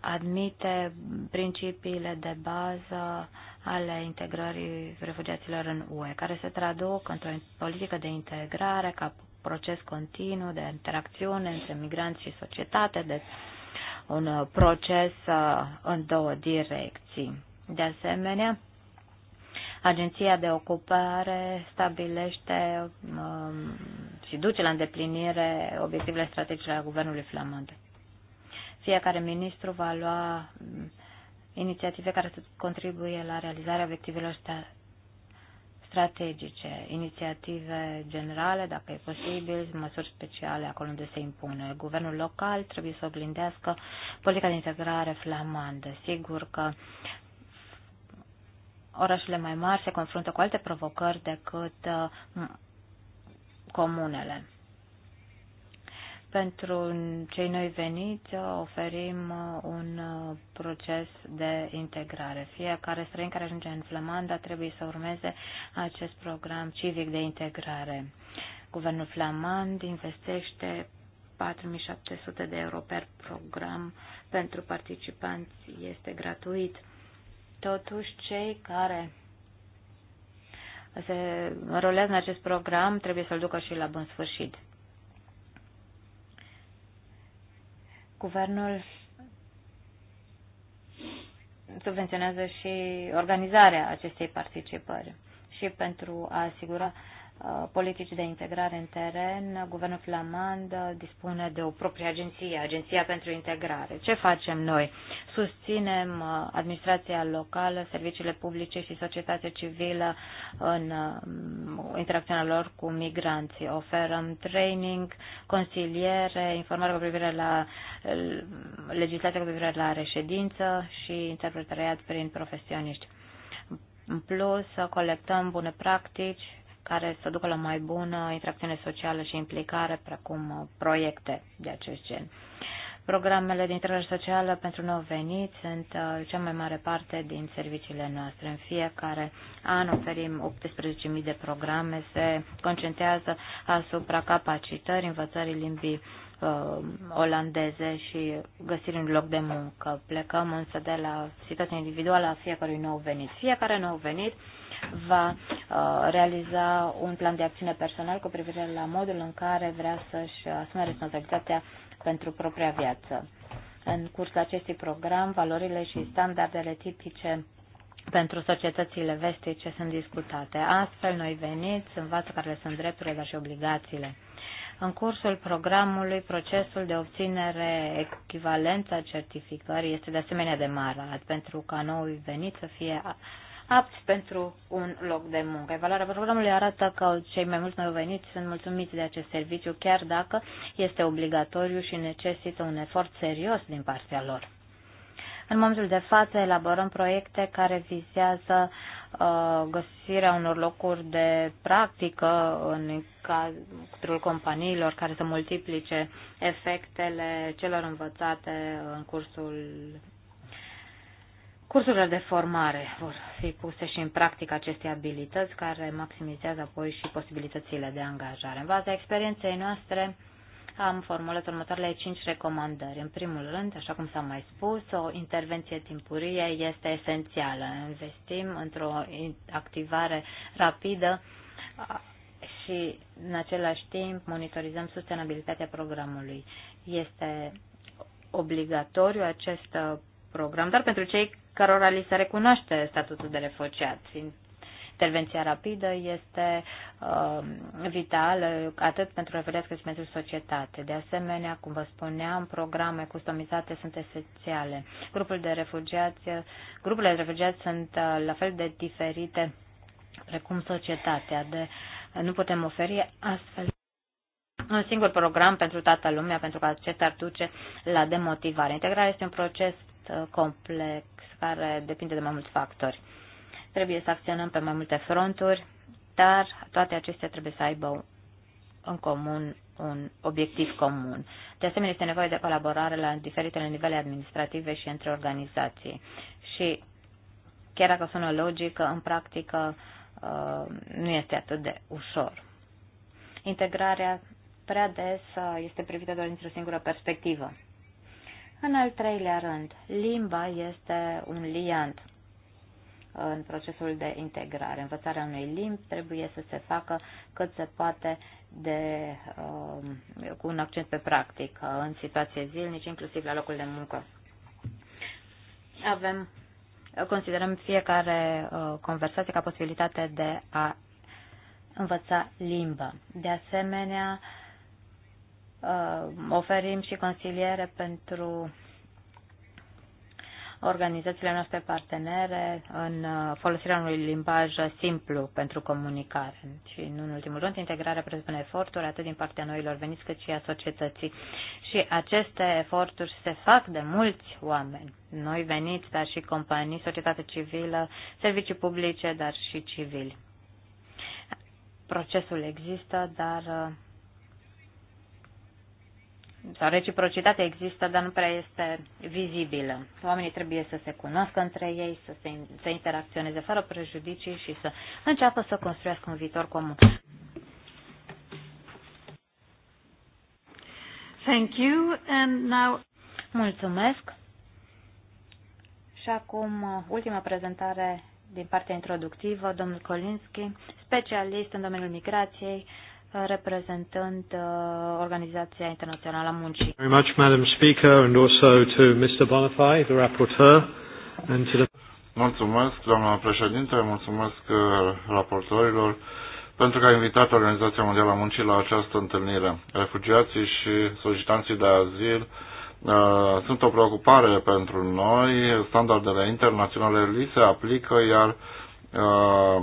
admite principiile de bază ale integrării refugiaților în UE, care se traduc într-o politică de integrare ca proces continuu de interacțiune între migranți și societate, deci un uh, proces uh, în două direcții. De asemenea, Agenția de ocupare stabilește um, și duce la îndeplinire obiectivele strategice ale Guvernului Flamand. Fiecare ministru va lua um, inițiative care să contribuie la realizarea obiectivelor strategice, inițiative generale, dacă e posibil, măsuri speciale acolo unde se impune. Guvernul local trebuie să oglindească politica de integrare flamandă. Sigur că orașele mai mari se confruntă cu alte provocări decât uh, comunele. Pentru cei noi veniți oferim uh, un uh, proces de integrare. Fiecare străin care ajunge în Flamanda trebuie să urmeze acest program civic de integrare. Guvernul flamand investește 4700 de euro per program pentru participanți. Este gratuit. Totuși, cei care se rolează în acest program trebuie să-l ducă și la bun sfârșit. guvernul subvenționează și organizarea acestei participări și pentru a asigura Uh, politici de integrare în teren, guvernul flamand uh, dispune de o proprie agenție, Agenția pentru Integrare. Ce facem noi? Susținem uh, administrația locală, serviciile publice și societatea civilă în um, interacțiunea lor cu migranții. Oferăm training, consiliere, informare cu privire la legislația cu privire la reședință și interpretariat prin profesioniști. În plus, colectăm bune practici care să ducă la mai bună interacțiune socială și implicare, precum uh, proiecte de acest gen. Programele de intrare socială pentru nou veniți sunt uh, cea mai mare parte din serviciile noastre. În fiecare an oferim 18.000 de programe, se concentrează asupra capacitării, învățării limbii uh, olandeze și găsirii unui loc de muncă. Plecăm însă de la situația individuală a fiecărui nou venit. Fiecare nou venit uh, va uh, realiza un plan de acțiune personal cu privire la modul în care vrea să-și asume responsabilitatea pentru propria viață. În cursul acestui program, valorile și standardele tipice pentru societățile vestice sunt discutate. Astfel, noi veniți învață care le sunt drepturile, dar și obligațiile. În cursul programului, procesul de obținere echivalență a certificării este de asemenea de mare, pentru ca noi venit să fie apți pentru un loc de muncă. Evaluarea programului arată că cei mai mulți noveniți sunt mulțumiți de acest serviciu, chiar dacă este obligatoriu și necesită un efort serios din partea lor. În momentul de față elaborăm proiecte care vizează uh, găsirea unor locuri de practică în cadrul companiilor care să multiplice efectele celor învățate în cursul Cursurile de formare vor fi puse și în practică aceste abilități care maximizează apoi și posibilitățile de angajare. În baza experienței noastre am formulat următoarele cinci recomandări. În primul rând, așa cum s-a mai spus, o intervenție timpurie este esențială. Investim într-o activare rapidă și în același timp monitorizăm sustenabilitatea programului. Este obligatoriu acest uh, program Dar pentru cei cărora li se recunoaște statutul de refugiat. Intervenția rapidă este uh, vitală atât pentru refugiați cât și pentru societate. De asemenea, cum vă spuneam, programe customizate sunt esențiale. Grupul de refugiați, grupurile de refugiați sunt uh, la fel de diferite precum societatea. De, nu putem oferi astfel un singur program pentru toată lumea, pentru că acesta ar duce la demotivare. Integrarea este un proces Uh, complex care depinde de mai mulți factori. Trebuie să acționăm pe mai multe fronturi, dar toate acestea trebuie să aibă în comun un obiectiv comun. De asemenea, este nevoie de colaborare la diferitele nivele administrative și între organizații. Și chiar dacă sună logică, în practică uh, nu este atât de ușor. Integrarea prea des uh, este privită doar dintr-o singură perspectivă. În al treilea rând, limba este un liant în procesul de integrare. Învățarea unei limbi trebuie să se facă cât se poate de, um, cu un accent pe practică, în situație zilnice, inclusiv la locul de muncă. Avem, considerăm fiecare uh, conversație ca posibilitate de a învăța limba. De asemenea, Uh, oferim și consiliere pentru organizațiile noastre partenere în uh, folosirea unui limbaj simplu pentru comunicare și, în ultimul rând, integrarea presupune eforturi atât din partea noilor veniți cât și a societății. Și aceste eforturi se fac de mulți oameni, noi veniți, dar și companii, societate civilă, servicii publice, dar și civili. Procesul există, dar uh, sau reciprocitatea există, dar nu prea este vizibilă. Oamenii trebuie să se cunoască între ei, să, se, să interacționeze fără prejudicii și să înceapă să construiască un viitor comun. Thank you and now Mulțumesc. Și acum ultima prezentare din partea introductivă, domnul Kolinski, specialist în domeniul migrației, reprezentând uh, Organizația Internațională a Muncii. Very much, Madam Speaker, and also to Mr. Bonifay, the rapporteur, and to the... Mulțumesc, doamna președinte, mulțumesc uh, raportorilor pentru că a invitat Organizația Mondială a Muncii la această întâlnire. Refugiații și solicitanții de azil uh, sunt o preocupare pentru noi. Standardele internaționale li se aplică, iar uh,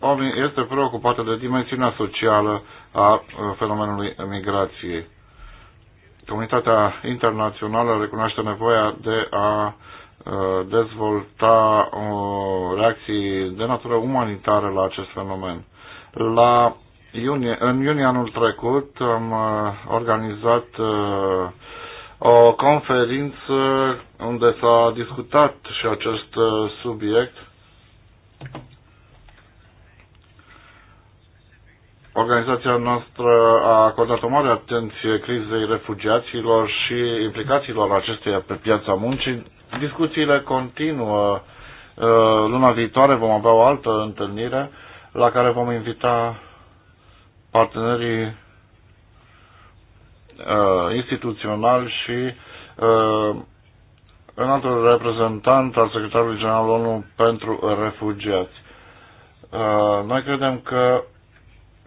OMI este preocupată de dimensiunea socială a fenomenului migrației. Comunitatea internațională recunoaște nevoia de a dezvolta reacții de natură umanitară la acest fenomen. La iunie, în iunie anul trecut am organizat o conferință unde s-a discutat și acest subiect Organizația noastră a acordat o mare atenție crizei refugiaților și implicațiilor acesteia pe piața muncii. Discuțiile continuă. Uh, luna viitoare vom avea o altă întâlnire la care vom invita partenerii uh, instituționali și în uh, altul reprezentant al Secretarului General ONU pentru refugiați. Noi credem că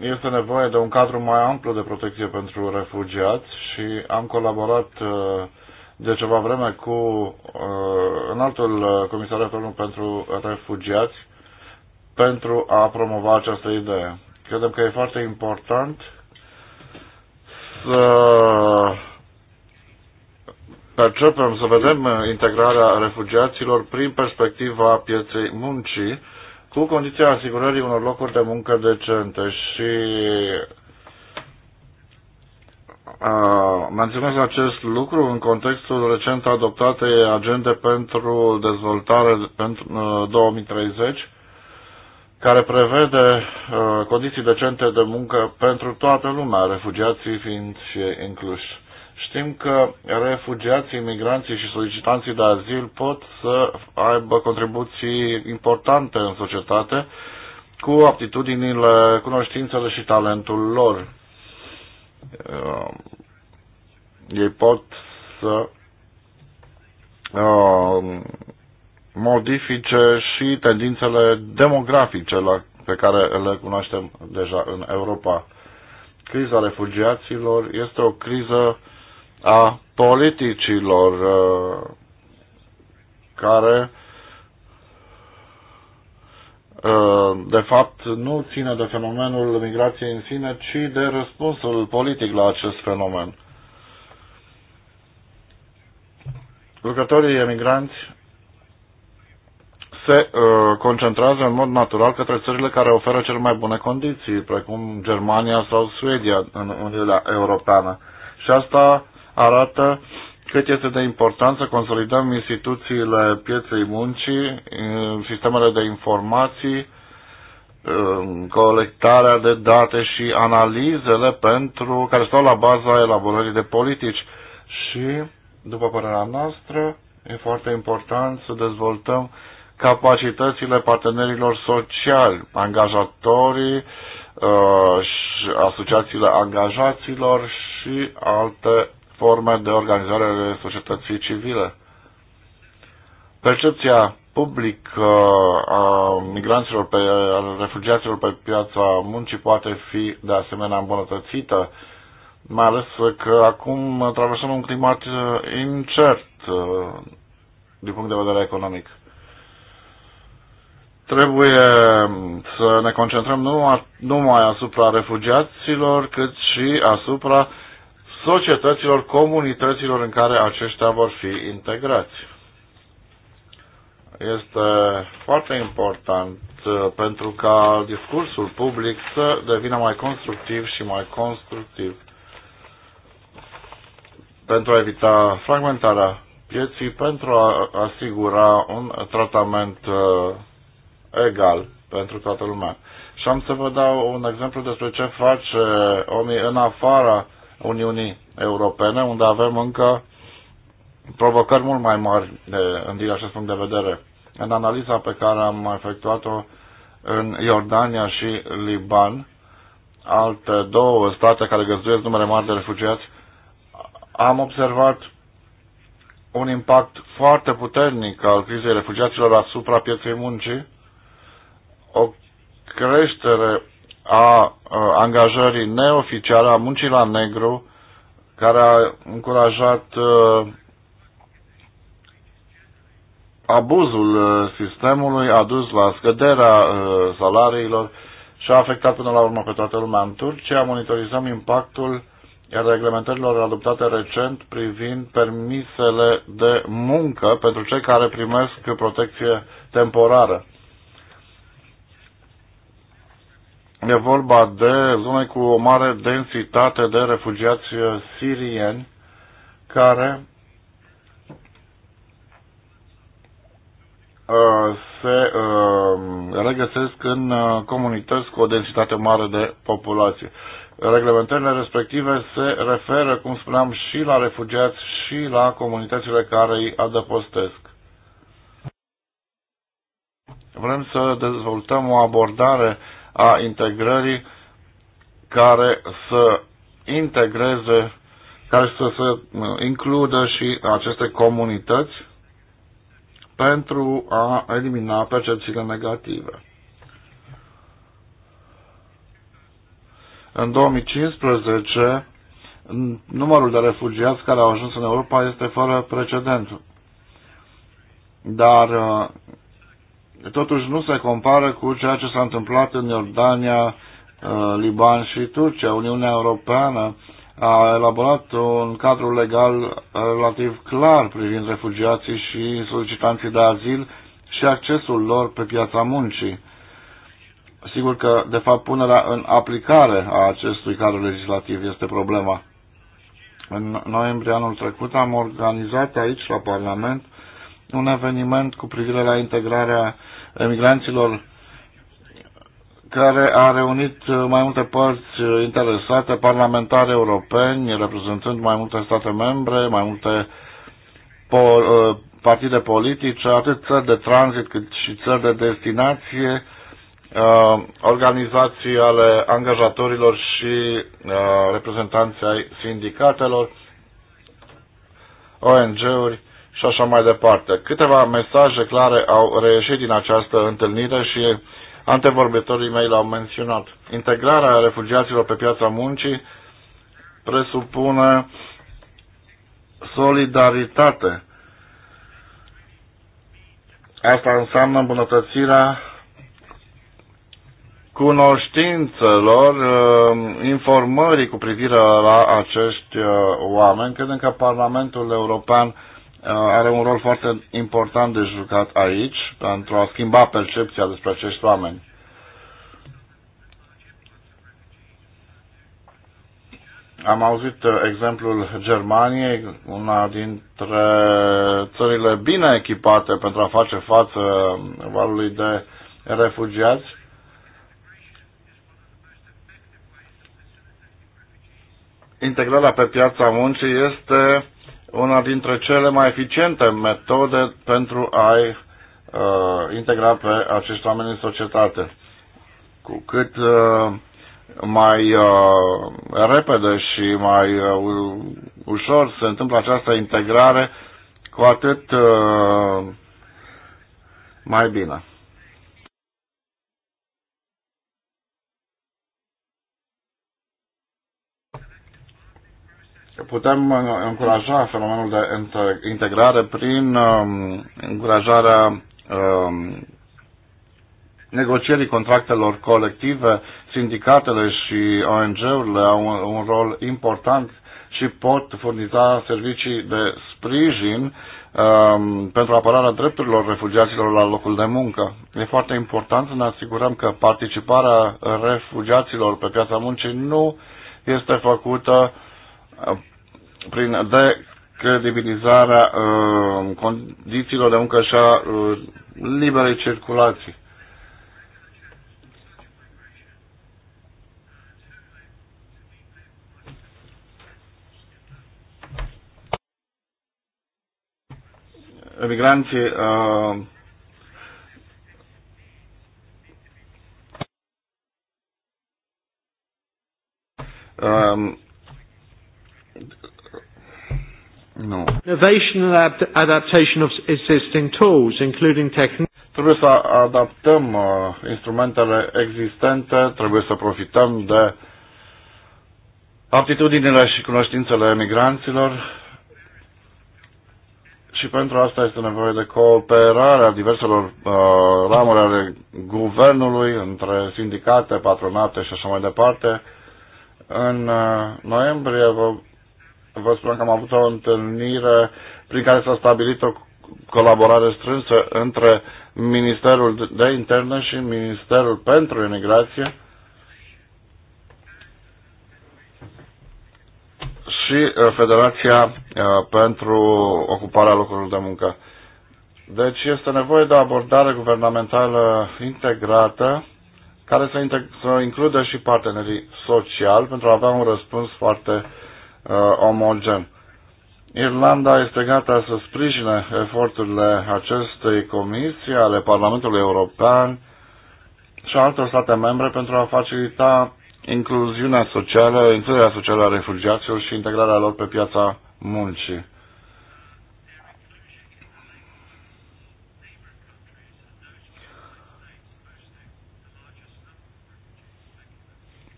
este nevoie de un cadru mai amplu de protecție pentru refugiați și am colaborat uh, de ceva vreme cu uh, în altul uh, comisariat pentru refugiați pentru a promova această idee. Credem că e foarte important să percepem, să vedem integrarea refugiaților prin perspectiva pieței muncii cu condiția asigurării unor locuri de muncă decente și menționez acest lucru în contextul recent adoptatei agende pentru dezvoltare pentru 2030, care prevede condiții decente de muncă pentru toată lumea, refugiații fiind și incluși. Știm că refugiații, imigranții și solicitanții de azil pot să aibă contribuții importante în societate cu aptitudinile, cunoștințele și talentul lor. Uh, ei pot să uh, modifice și tendințele demografice la, pe care le cunoaștem deja în Europa. Criza refugiaților este o criză a politicilor uh, care uh, de fapt nu ține de fenomenul migrației în sine, ci de răspunsul politic la acest fenomen. Lucrătorii emigranți se uh, concentrează în mod natural către țările care oferă cele mai bune condiții, precum Germania sau Suedia în Uniunea Europeană. Și asta arată cât este de important să consolidăm instituțiile pieței muncii, sistemele de informații, colectarea de date și analizele pentru care stau la baza elaborării de politici. Și, după părerea noastră, e foarte important să dezvoltăm capacitățile partenerilor sociali, angajatorii, uh, asociațiile angajaților și alte forme de organizare ale societății civile. Percepția publică a migranților, pe, a refugiaților pe piața muncii poate fi de asemenea îmbunătățită, mai ales că acum traversăm un climat uh, incert uh, din punct de vedere economic trebuie să ne concentrăm nu numai asupra refugiaților, cât și asupra societăților, comunităților în care aceștia vor fi integrați. Este foarte important uh, pentru ca discursul public să devină mai constructiv și mai constructiv pentru a evita fragmentarea pieții, pentru a asigura un tratament uh, egal pentru toată lumea. Și am să vă dau un exemplu despre ce face OMI în afara Uniunii Europene, unde avem încă provocări mult mai mari de, din acest punct de vedere. În analiza pe care am efectuat-o în Iordania și Liban, alte două state care găzduiesc numere mari de refugiați, am observat un impact foarte puternic al crizei refugiaților asupra pieței muncii, o creștere a angajării neoficiale, a muncii la negru, care a încurajat abuzul sistemului, a dus la scăderea salariilor și a afectat până la urmă pe toată lumea. În Turcia monitorizăm impactul reglementărilor adoptate recent privind permisele de muncă pentru cei care primesc protecție temporară. E vorba de zone cu o mare densitate de refugiați eh, sirieni care eh, se eh, regăsesc în comunități cu o densitate mare de populație. Reglementările respective se referă, cum spuneam, și la refugiați și la comunitățile care îi adăpostesc. Vrem să dezvoltăm o abordare uh, a integrării care să integreze, care să se uh, includă și aceste comunități pentru a elimina percepțiile negative. În 2015, numărul de refugiați care au ajuns în Europa este fără precedent. Dar uh, totuși nu se compară cu ceea ce s-a întâmplat în Iordania, uh, Liban și Turcia. Uniunea Europeană a elaborat un cadru legal relativ clar privind refugiații și solicitanții de azil și accesul lor pe piața muncii. Sigur că, de fapt, punerea în aplicare a acestui cadru legislativ este problema. În noiembrie anul trecut am organizat aici, la Parlament, un eveniment cu privire la integrarea emigranților care a reunit uh, mai multe părți uh, interesate, parlamentari europeni, reprezentând mai multe state membre, mai multe po- uh, partide politice, atât țări de tranzit cât și țări de destinație, organizații ale angajatorilor și reprezentanții ai sindicatelor, ONG-uri, și așa mai departe. Câteva mesaje clare au reieșit din această întâlnire și antevorbitorii mei l-au menționat. Integrarea refugiaților pe piața muncii presupune solidaritate. Asta înseamnă îmbunătățirea cunoștințelor, uh, informării cu privire la acești uh, oameni. Credem că Parlamentul European Uh, are un rol foarte important de jucat aici pentru a schimba percepția despre acești oameni. Am auzit uh, exemplul Germaniei, una dintre țările bine echipate pentru a face față valului de refugiați. Integrarea pe piața muncii este una dintre cele mai eficiente metode pentru a-i uh, integra pe acești oameni în societate. Cu cât uh, mai uh, repede și mai uh, ușor se întâmplă această integrare, cu atât uh, mai bine. putem încuraja fenomenul de integrare prin um, încurajarea um, negocierii contractelor colective, sindicatele și ONG-urile au un, un rol important și pot furniza servicii de sprijin um, pentru apărarea drepturilor refugiaților la locul de muncă. E foarte important să ne asigurăm că participarea refugiaților pe piața muncii nu este făcută prin decredibilizarea uh, condițiilor de muncă și a uh, liberei circulații. Emigranții uh, um, nu. Innovation and adaptation of existing tools, including techniques. Trebuie să adaptăm uh, instrumentele existente, trebuie să profităm de aptitudinile și cunoștințele emigranților, și pentru asta este nevoie de cooperarea diverselor uh, ramuri ale guvernului, între sindicate, patronate și așa mai departe. În uh, noiembrie vă vă spun că am avut o întâlnire prin care s-a stabilit o colaborare strânsă între Ministerul de Interne și Ministerul pentru Imigrație și uh, Federația uh, pentru Ocuparea Locurilor de Muncă. Deci este nevoie de o abordare guvernamentală integrată care să, integ- să includă și partenerii sociali pentru a avea un răspuns foarte Uh, omogen. Irlanda este gata să sprijine eforturile acestei comisii ale Parlamentului European și altor state membre pentru a facilita incluziunea socială, includerea socială a refugiaților și integrarea lor pe piața muncii.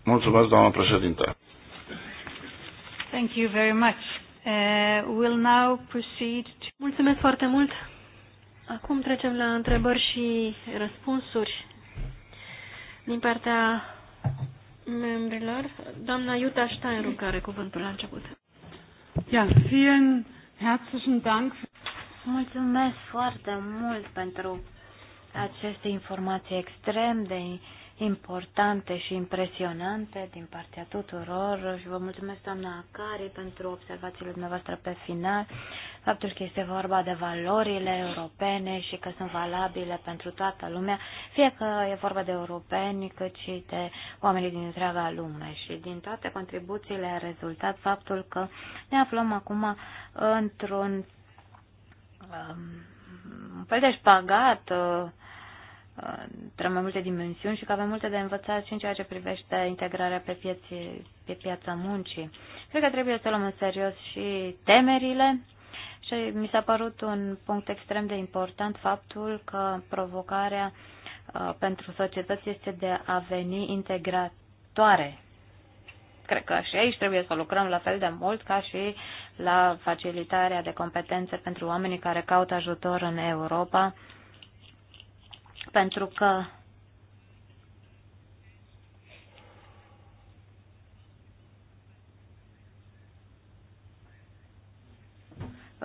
Mulțumesc, doamnă președinte. Thank you very much. Uh, we'll now proceed to... Mulțumesc foarte mult. Acum trecem la întrebări și răspunsuri din partea membrilor. Doamna Iuta Steinru care cuvântul la început. Ja, vielen herzlichen Dank. Mulțumesc foarte mult pentru aceste informații extrem de uh, importante și impresionante din partea tuturor și vă mulțumesc, doamna Acari, pentru observațiile dumneavoastră pe final. Faptul că este vorba de valorile europene și că sunt valabile pentru toată lumea, fie că e vorba de europeni, cât și de oamenii din întreaga lume. Și din toate contribuțiile a rezultat faptul că ne aflăm acum într-un um, un fel de șpagat uh, între mai multe dimensiuni și că avem multe de învățat și în ceea ce privește integrarea pe, piețe, pe piața muncii. Cred că trebuie să luăm în serios și temerile și mi s-a părut un punct extrem de important faptul că provocarea uh, pentru societăți este de a veni integratoare. Cred că și aici trebuie să lucrăm la fel de mult ca și la facilitarea de competențe pentru oamenii care caută ajutor în Europa pentru că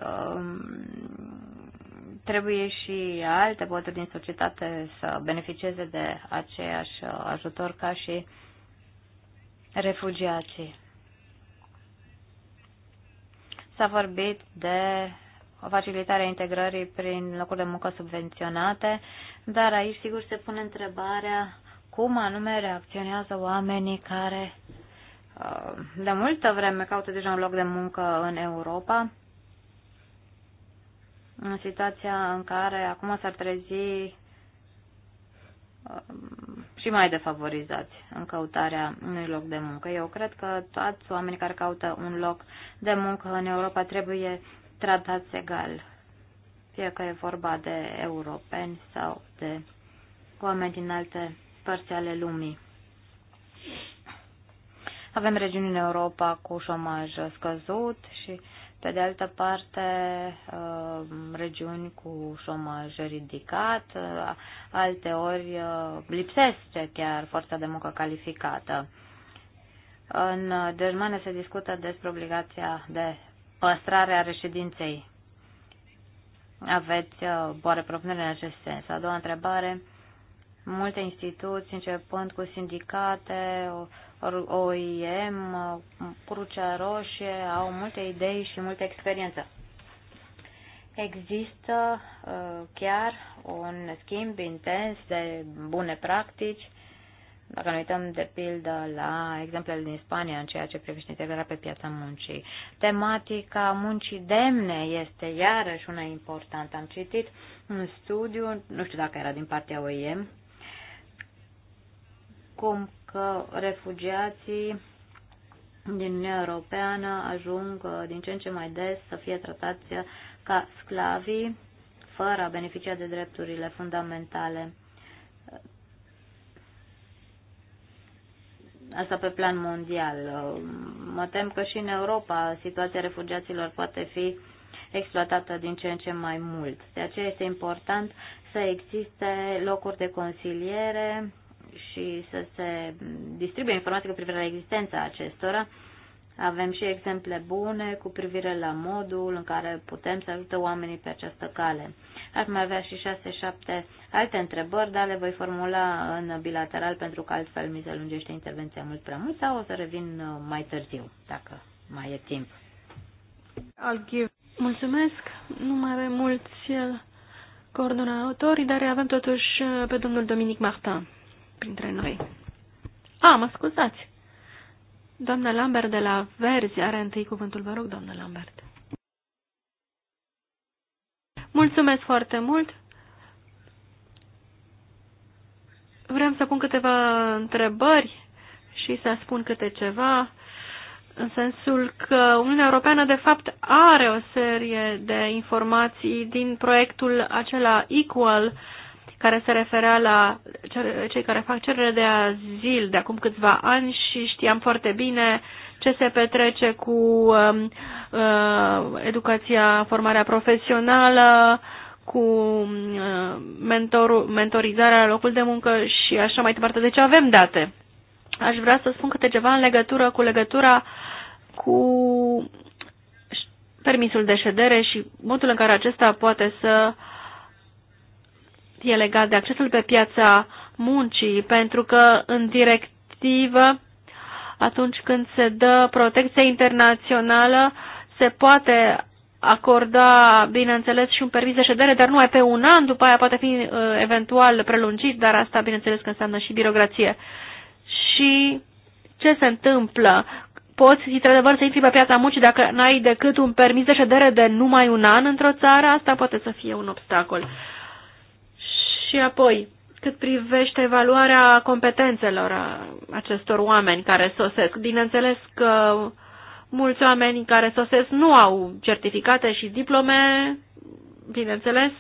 um, trebuie și alte boturi din societate să beneficieze de aceeași ajutor ca și refugiații. S-a vorbit de facilitarea integrării prin locuri de muncă subvenționate, dar aici sigur se pune întrebarea cum anume reacționează oamenii care uh, de multă vreme caută deja un loc de muncă în Europa, în situația în care acum s-ar trezi uh, și mai defavorizați în căutarea unui loc de muncă. Eu cred că toți oamenii care caută un loc de muncă în Europa trebuie tratați egal, fie că e vorba de europeni sau de oameni din alte părți ale lumii. Avem regiuni în Europa cu șomaj scăzut și, pe de altă parte, uh, regiuni cu șomaj ridicat, uh, alte ori uh, lipsesc chiar forța de muncă calificată. În Germania se discută despre obligația de păstrarea reședinței. Aveți boare uh, propunere în acest sens? A doua întrebare. Multe instituții, începând cu sindicate, OIM, Crucea Roșie, au multe idei și multă experiență. Există uh, chiar un schimb intens de bune practici dacă ne uităm de pildă la exemplele din Spania în ceea ce privește integrarea pe piața muncii, tematica muncii demne este iarăși una importantă. Am citit un studiu, nu știu dacă era din partea OIM, cum că refugiații din Uniunea Europeană ajung uh, din ce în ce mai des să fie tratați ca sclavii fără a beneficia de drepturile fundamentale Asta pe plan mondial. Mă tem că și în Europa situația refugiaților poate fi exploatată din ce în ce mai mult. De aceea este important să existe locuri de consiliere și să se distribuie informații cu privire la existența acestora. Avem și exemple bune cu privire la modul în care putem să ajute oamenii pe această cale. Ar mai avea și 6-7 alte întrebări, dar le voi formula în bilateral pentru că altfel mi se lungește intervenția mult prea mult sau o să revin uh, mai târziu, dacă mai e timp. Mulțumesc, nu mai avem mulți uh, coordonatorii, dar avem totuși uh, pe domnul Dominic Martin printre noi. A, mă scuzați! Doamna Lambert de la Verzi are întâi cuvântul, vă rog, doamna Lambert. Mulțumesc foarte mult! Vrem să pun câteva întrebări și să spun câte ceva, în sensul că Uniunea Europeană, de fapt, are o serie de informații din proiectul acela Equal, care se referea la cei care fac cerere de azil de acum câțiva ani și știam foarte bine uh, ce se petrece cu um, uh, educația, formarea profesională, cu um, mentor, mentorizarea la locul de muncă și așa mai departe. Deci avem date. Aș vrea să spun câte ceva în legătură cu legătura cu permisul de ședere și modul în care acesta poate să fie legat de accesul pe piața muncii, pentru că în directivă atunci când se dă protecție internațională, se poate acorda, bineînțeles, și un permis de ședere, dar numai pe un an, după aia poate fi uh, eventual prelungit, dar asta, bineînțeles, că înseamnă și birocrație. Și ce se întâmplă? Poți, într-adevăr, să intri pe piața muncii dacă n-ai decât un permis de ședere de numai un an într-o țară, asta poate să fie un obstacol. Și apoi, cât privește evaluarea competențelor acestor oameni care sosesc. Bineînțeles că mulți oameni care sosesc nu au certificate și diplome, bineînțeles,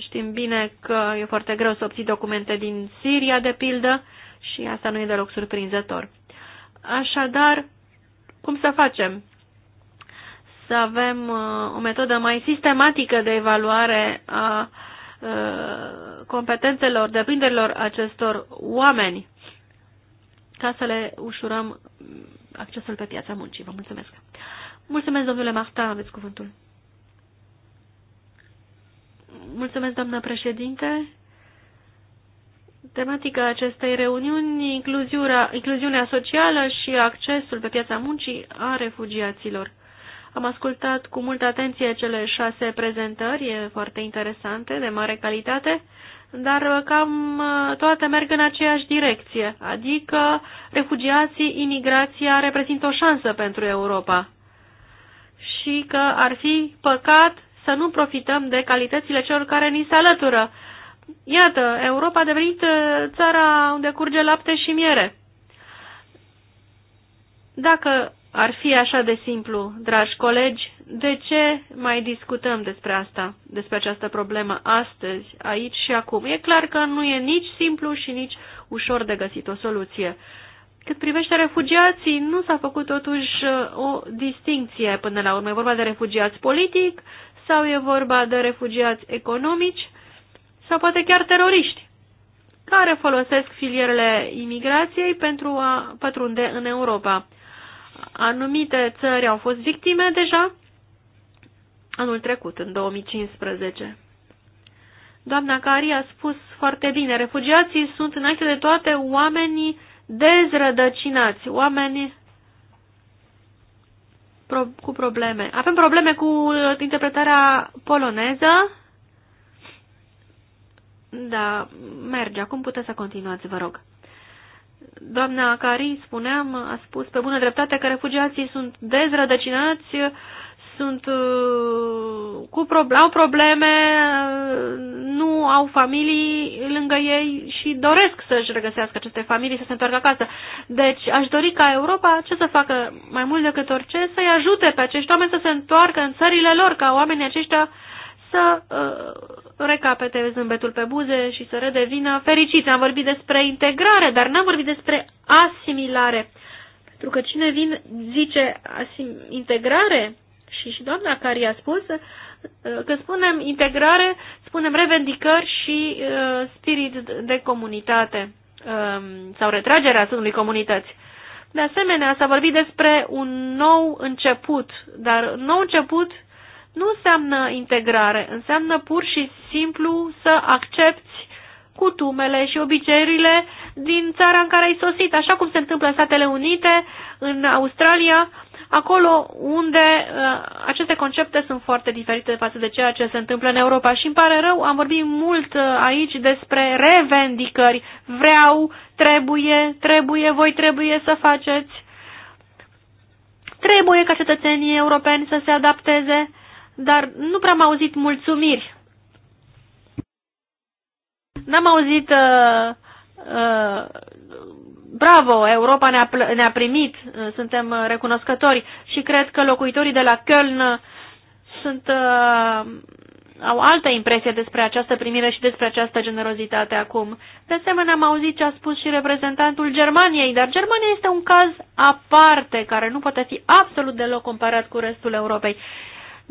știm bine că e foarte greu să obții documente din Siria, de pildă, și asta nu e deloc surprinzător. Așadar, cum să facem? Să avem uh, o metodă mai sistematică de evaluare a Uh, competențelor, depinderilor acestor oameni ca să le ușurăm accesul pe piața muncii. Vă mulțumesc! Mulțumesc, domnule Marta, aveți cuvântul. Mulțumesc, doamnă președinte. Tematica acestei reuniuni, incluziunea socială și accesul pe piața muncii a refugiaților. Am ascultat cu multă atenție cele șase prezentări, foarte interesante, de mare calitate, dar cam uh, toate merg în aceeași direcție, adică refugiații, imigrația reprezintă o șansă pentru Europa și că ar fi păcat să nu profităm de calitățile celor care ni se alătură. Iată, Europa a devenit uh, țara unde curge lapte și miere. Dacă ar fi așa de simplu, dragi colegi, de ce mai discutăm despre asta, despre această problemă astăzi, aici și acum? E clar că nu e nici simplu și nici ușor de găsit o soluție. Cât privește refugiații, nu s-a făcut totuși uh, o distinție până la urmă. E vorba de refugiați politic sau e vorba de refugiați economici sau poate chiar teroriști care folosesc filierele imigrației pentru a pătrunde în Europa. Anumite țări au fost victime deja anul trecut, în 2015. Doamna Cari a spus foarte bine, refugiații sunt înainte de toate oamenii dezrădăcinați, oameni pro cu probleme. Avem probleme cu interpretarea poloneză. Da, merge. Acum puteți să continuați, vă rog. Doamna Cari, spuneam, a spus pe bună dreptate că refugiații sunt dezrădăcinați, sunt uh, cu pro- au probleme, uh, nu au familii lângă ei și doresc să-și regăsească aceste familii, să se întoarcă acasă. Deci aș dori ca Europa ce să facă mai mult decât orice, să-i ajute pe acești oameni să se întoarcă în țările lor, ca oamenii aceștia uh, să uh, recapete zâmbetul pe buze și să redevină fericiți. Am vorbit despre integrare, dar n-am vorbit despre asimilare. Pentru că cine vin, zice asim, integrare, și, și doamna care i a spus, uh, când spunem integrare, spunem revendicări și uh, spirit de comunitate uh, sau retragerea sânului comunități. De asemenea, s-a vorbit despre un nou început, dar nou început nu înseamnă integrare, înseamnă pur și simplu să accepti cutumele și obiceiurile din țara în care ai sosit, așa cum se întâmplă în Statele Unite, în Australia, acolo unde uh, aceste concepte sunt foarte diferite față de ceea ce se întâmplă în Europa. Și îmi pare rău, am vorbit mult uh, aici despre revendicări. Vreau, trebuie, trebuie, voi trebuie să faceți. Trebuie ca cetățenii europeni să se adapteze dar nu prea am auzit mulțumiri. N-am auzit uh, uh, bravo, Europa ne-a, ne, ne -a primit, uh, suntem uh, recunoscători și cred că locuitorii de la Köln uh, sunt, uh, au altă impresie despre această primire și despre această generozitate acum. De asemenea, am auzit ce a spus și reprezentantul Germaniei, dar Germania este un caz aparte care nu poate fi absolut deloc comparat cu restul Europei. Uh,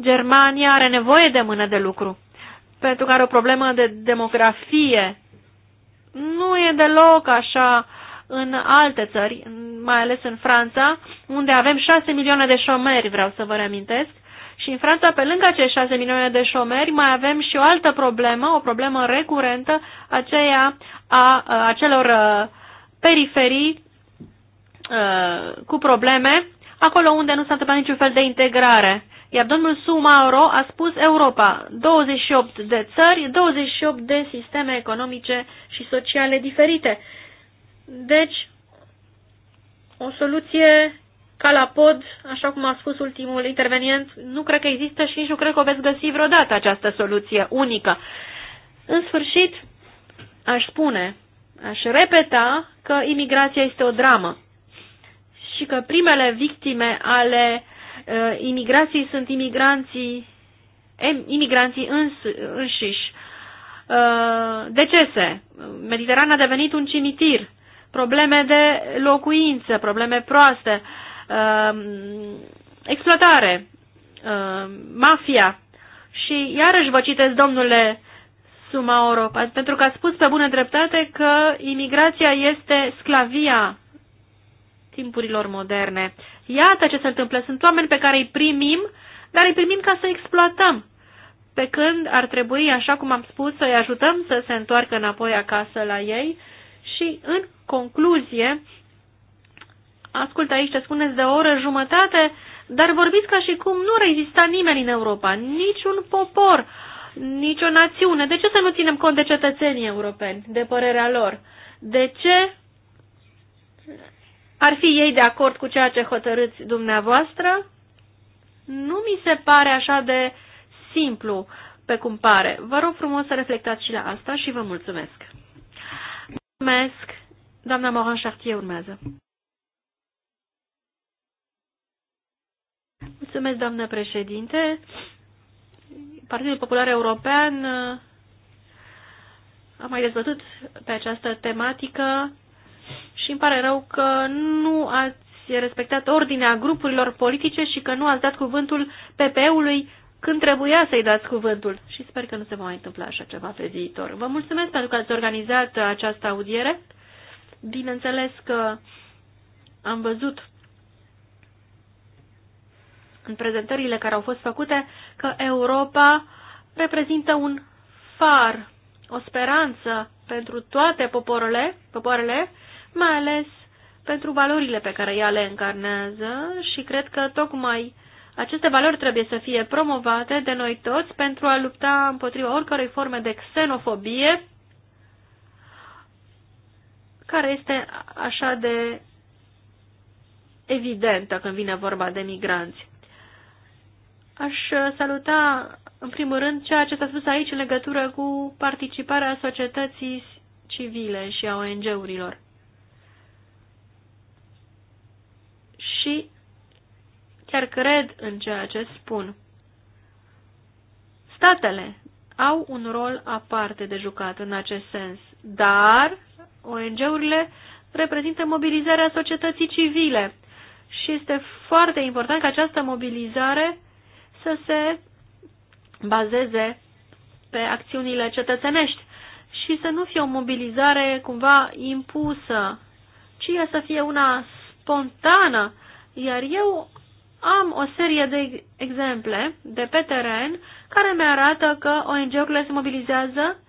Germania are nevoie de mână de lucru, pentru că are o problemă de demografie. Nu e deloc așa în alte țări, mai ales în Franța, unde avem 6 milioane de șomeri, vreau să vă reamintesc, și în Franța, pe lângă acei 6 milioane de șomeri, mai avem și o altă problemă, o problemă recurentă, aceea a, a acelor periferii a, cu probleme, acolo unde nu s-a întâmplat niciun fel de integrare. Iar domnul Sumauro a spus Europa, 28 de țări, 28 de sisteme economice și sociale diferite. Deci, o soluție ca la pod, așa cum a spus ultimul intervenient, nu cred că există și nici nu cred că o veți găsi vreodată această soluție unică. În sfârșit, aș spune, aș repeta că imigrația este o dramă și că primele victime ale Uh, imigrații sunt imigranții, imigranții îns, înșiși. Uh, Decese. Mediterana a devenit un cimitir. Probleme de locuință, probleme proaste, uh, exploatare, mafia. Și iarăși vă citesc, domnule Sumaoro, pentru că a spus pe bună dreptate că imigrația este sclavia timpurilor moderne. Iată ce se întâmplă. Sunt oameni pe care îi primim, dar îi primim ca să exploatăm. Pe când ar trebui, așa cum am spus, să-i ajutăm să se întoarcă înapoi acasă la ei. Și, în concluzie, ascult aici ce spuneți de o oră jumătate, dar vorbiți ca și cum nu rezista nimeni în Europa, niciun popor, nicio națiune. De ce să nu ținem cont de cetățenii europeni, de părerea lor? De ce ar fi ei de acord cu ceea ce hotărâți dumneavoastră? Nu mi se pare așa de simplu pe cum pare. Vă rog frumos să reflectați și la asta și vă mulțumesc. Mulțumesc. Doamna Moran Chartier urmează. Mulțumesc, doamnă președinte. Partidul Popular European uh, a mai dezbătut pe această tematică și îmi pare rău că nu ați respectat ordinea grupurilor politice și că nu ați dat cuvântul PP-ului când trebuia să-i dați cuvântul. Și sper că nu se va mai întâmpla așa ceva pe viitor. Vă mulțumesc pentru că ați organizat această audiere. Bineînțeles că am văzut în prezentările care au fost făcute că Europa reprezintă un far, o speranță pentru toate poporele, poporele mai ales pentru valorile pe care ea le încarnează și cred că tocmai aceste valori trebuie să fie promovate de noi toți pentru a lupta împotriva oricărei forme de xenofobie care este așa de evidentă când vine vorba de migranți. Aș saluta, în primul rând, ceea ce s-a spus aici în legătură cu participarea societății civile și a ONG-urilor. și chiar cred în ceea ce spun. Statele au un rol aparte de jucat în acest sens, dar ONG-urile reprezintă mobilizarea societății civile și este foarte important ca această mobilizare să se bazeze pe acțiunile cetățenești și să nu fie o mobilizare cumva impusă, ci să fie una spontană iar eu am o serie de exemple de pe teren care mi arată că ONG-urile se mobilizează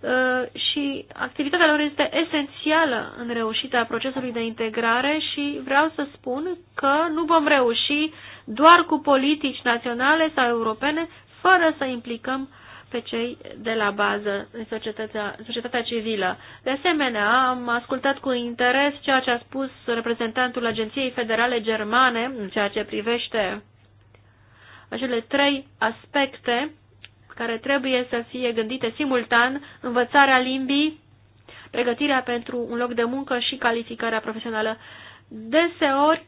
uh, și activitatea lor este esențială în reușita procesului de integrare și vreau să spun că nu vom reuși doar cu politici naționale sau europene fără să implicăm uh, pe cei de la bază în societatea, societatea civilă. De asemenea, am ascultat cu interes ceea ce a spus reprezentantul Agenției Federale Germane în ceea ce privește acele trei aspecte care trebuie să fie gândite simultan, învățarea limbii, pregătirea pentru un loc de muncă și calificarea profesională. Deseori,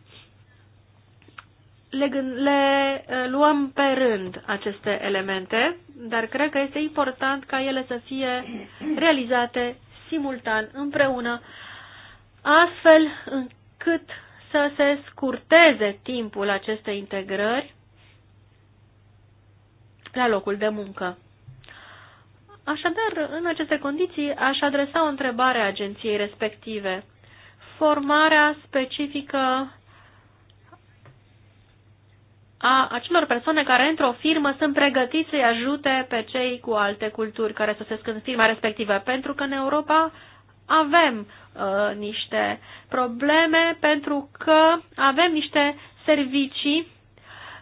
le, le eh, luăm pe rând aceste elemente, dar cred că este important ca ele să fie realizate simultan, împreună, astfel încât să se scurteze timpul acestei integrări la locul de muncă. Așadar, în aceste condiții, aș adresa o întrebare a agenției respective. Formarea specifică a acelor persoane care într-o firmă sunt pregătiți să-i ajute pe cei cu alte culturi care sosesc în firma respectivă, pentru că în Europa avem uh, niște probleme, pentru că avem niște servicii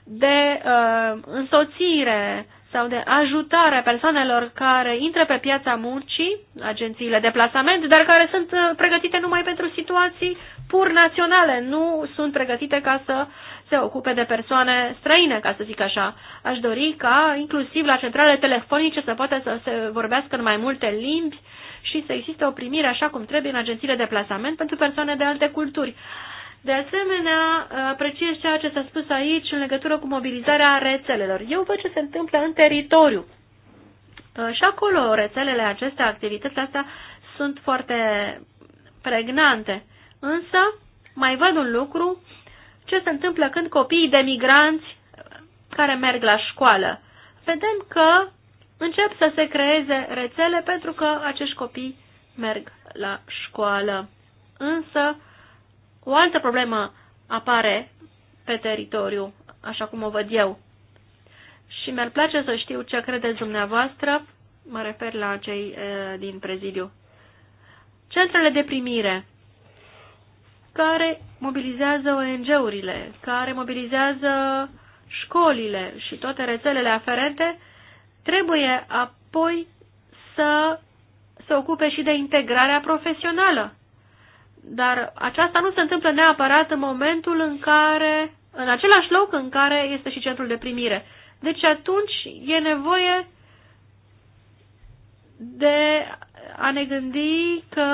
de uh, însoțire sau de ajutare persoanelor care intră pe piața muncii, agențiile de plasament, dar care sunt uh, pregătite numai pentru situații pur naționale, nu sunt pregătite ca să uh, se ocupe de persoane străine, ca să zic așa. Aș dori ca inclusiv la centrale telefonice să poată să se vorbească în mai multe limbi și să existe o primire așa cum trebuie în agențiile de plasament pentru persoane de alte culturi. De asemenea, apreciez ceea ce s-a spus aici în legătură cu mobilizarea rețelelor. Eu văd ce se întâmplă în teritoriu. Și acolo rețelele acestea, activitățile astea sunt foarte pregnante. Însă, mai văd un lucru ce se întâmplă când copiii de migranți care merg la școală. Vedem că încep să se creeze rețele pentru că acești copii merg la școală. Însă, o altă problemă apare pe teritoriu, așa cum o văd eu. Și mi-ar place să știu ce credeți dumneavoastră, mă refer la cei e, eh, din prezidiu. Centrele de primire care mobilizează ONG-urile, care mobilizează școlile și toate rețelele aferente, trebuie apoi să se ocupe și de integrarea profesională. Dar aceasta nu se întâmplă neapărat în momentul în care, în același loc în care este și centrul de primire. Deci atunci e nevoie de a ne gândi că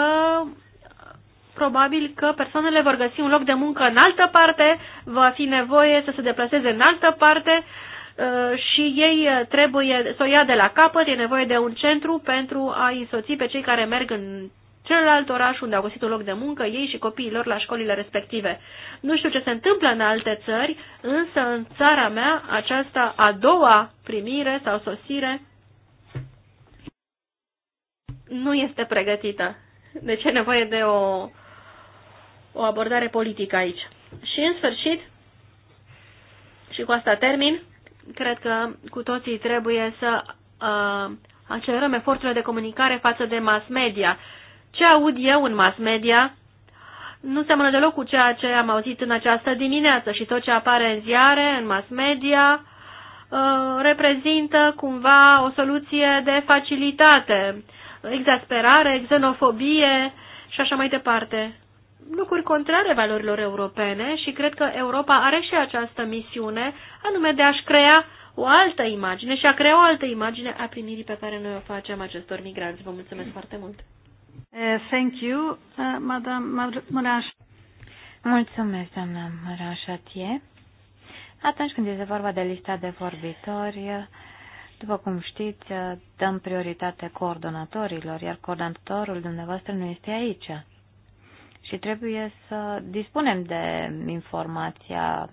probabil că persoanele vor găsi un loc de muncă în altă parte, va fi nevoie să se deplaseze în altă parte uh, și ei uh, trebuie să o ia de la capăt, e nevoie de un centru pentru a însoți pe cei care merg în celălalt oraș unde au găsit un loc de muncă, ei și copiii lor la școlile respective. Nu știu ce se întâmplă în alte țări, însă în țara mea aceasta a doua primire sau sosire nu este pregătită. Deci e nevoie de o o abordare politică aici. Și în sfârșit, și cu asta termin, cred că cu toții trebuie să uh, accelerăm eforturile de comunicare față de mass media. Ce aud eu în mass media nu seamănă deloc cu ceea ce am auzit în această dimineață și tot ce apare în ziare, în mass media, uh, reprezintă cumva o soluție de facilitate, exasperare, xenofobie și așa mai departe lucruri contrare valorilor europene și cred că Europa are și această misiune, anume de a-și crea o altă imagine și a crea o altă imagine a primirii pe care noi o facem acestor migranți. Vă mulțumesc foarte mult! Eh, thank you, uh, Madame Moraș. Mulțumesc, doamna Morașatie. Atunci când este vorba de lista de vorbitori, după cum știți, dăm prioritate coordonatorilor, iar coordonatorul dumneavoastră nu este aici și trebuie să dispunem de informația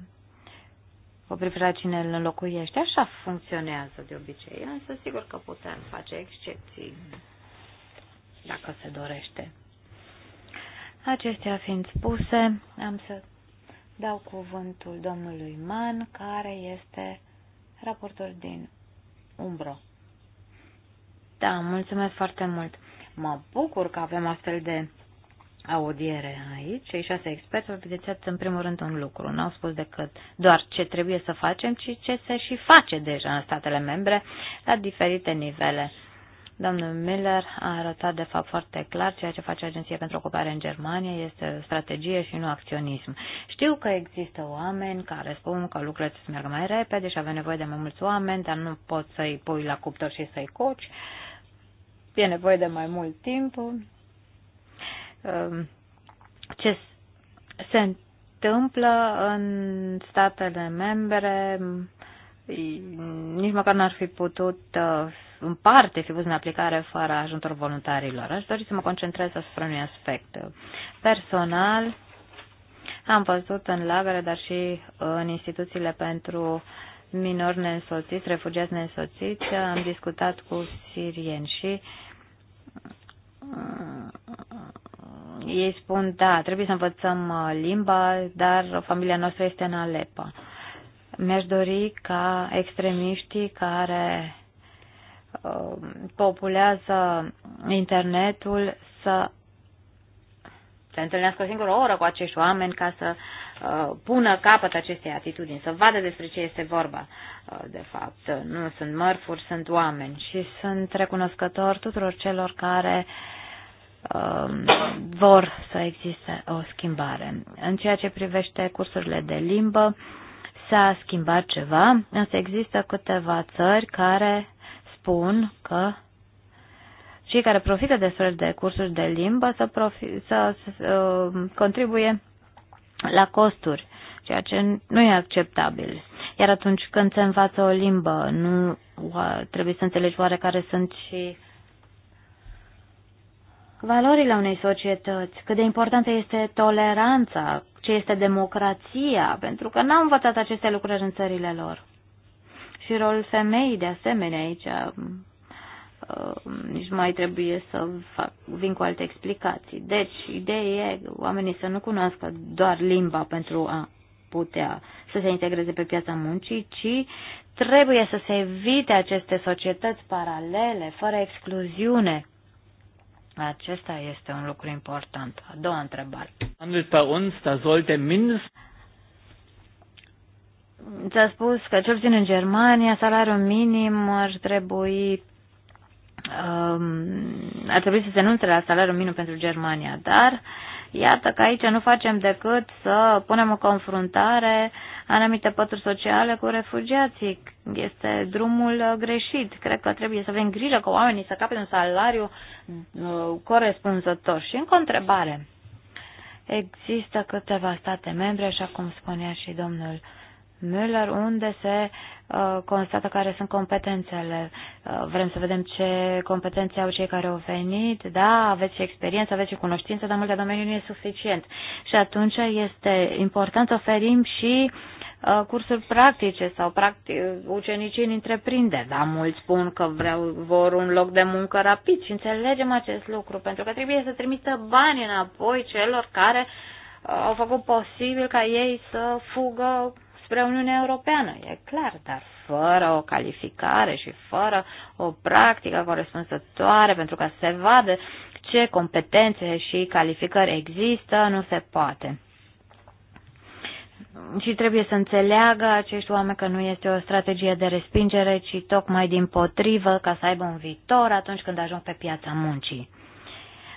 cu privire la cine îl înlocuiește. Așa funcționează de obicei, însă sigur că putem face excepții dacă se dorește. Acestea fiind spuse, am să dau cuvântul domnului Man, care este raportor din Umbro. Da, mulțumesc foarte mult. Mă bucur că avem astfel de audiere aici. Cei șase experți au evidențiat în primul rând un lucru. Nu au spus decât doar ce trebuie să facem, ci ce se și face deja în statele membre la diferite nivele. Domnul Miller a arătat de fapt foarte clar ceea ce face Agenția pentru Ocupare în Germania este strategie și nu acționism. Știu că există oameni care spun că lucrurile să meargă mai repede și avem nevoie de mai mulți oameni, dar nu poți să-i pui la cuptor și să-i coci. E nevoie de mai mult timp Um, ce se întâmplă în statele membre, nici măcar n-ar fi putut uh, în parte fi pus în aplicare fără ajutor voluntarilor. Aș dori să mă concentrez asupra unui aspect. Personal, am văzut în lagăre, dar și în instituțiile pentru minori neînsoțiți, refugiați neînsoțiți, am discutat cu sirieni și uh, ei spun, da, trebuie să învățăm uh, limba, dar familia noastră este în Alepa. Mi-aș dori ca extremiștii care uh, populează internetul să se întâlnească o singură oră cu acești oameni ca să uh, pună capăt acestei atitudini, să vadă despre ce este vorba, uh, de fapt. Nu sunt mărfuri, sunt oameni și sunt recunoscător tuturor celor care Um, vor să existe o schimbare. În ceea ce privește cursurile de limbă, s-a schimbat ceva, însă există câteva țări care spun că cei care profită de astfel de cursuri de limbă să, profi, să, să să um, contribuie la costuri, ceea ce nu e acceptabil. Iar atunci când se învață o limbă, nu trebuie să înțelegi oare care sunt și valorile unei societăți, cât de importantă este toleranța, ce este democrația, pentru că n-au învățat aceste lucruri în țările lor. Și rolul femeii, de asemenea, aici uh, nici mai trebuie să fac, vin cu alte explicații. Deci, ideea e oamenii să nu cunoască doar limba pentru a putea să se integreze pe piața muncii, ci trebuie să se evite aceste societăți paralele, fără excluziune, acesta este un lucru important. A doua întrebare. Handelt bei uns, da sollte mindest... Ți-a spus că cel puțin în Germania salariul minim ar trebui um, ar trebui să se anunțe la salariul minim pentru Germania, dar iată că aici nu facem decât să punem o confruntare uh, anumite pături sociale cu refugiații. Este drumul uh, greșit. Cred că trebuie să avem grijă că oamenii să capete un salariu uh, corespunzător. Și încă o întrebare. Există câteva state membre, așa cum spunea și domnul Müller, unde se uh, constată care sunt competențele. Uh, vrem să vedem ce competențe au cei care au venit. Da, aveți și experiență, aveți și cunoștință, dar multe domenii nu e suficient. Și atunci este important să oferim și uh, cursuri practice sau practic, ucenicii în întreprinderi. Da, mulți spun că vreau, vor un loc de muncă rapid și înțelegem acest lucru, pentru că trebuie să trimită bani înapoi celor care uh, au făcut posibil ca ei să fugă spre Uniunea Europeană, e clar, dar fără o calificare și fără o practică corespunzătoare pentru că se vadă ce competențe și calificări există, nu se poate. Și trebuie să înțeleagă acești oameni că nu este o strategie de respingere, ci tocmai din potrivă ca să aibă un viitor atunci când ajung pe piața muncii.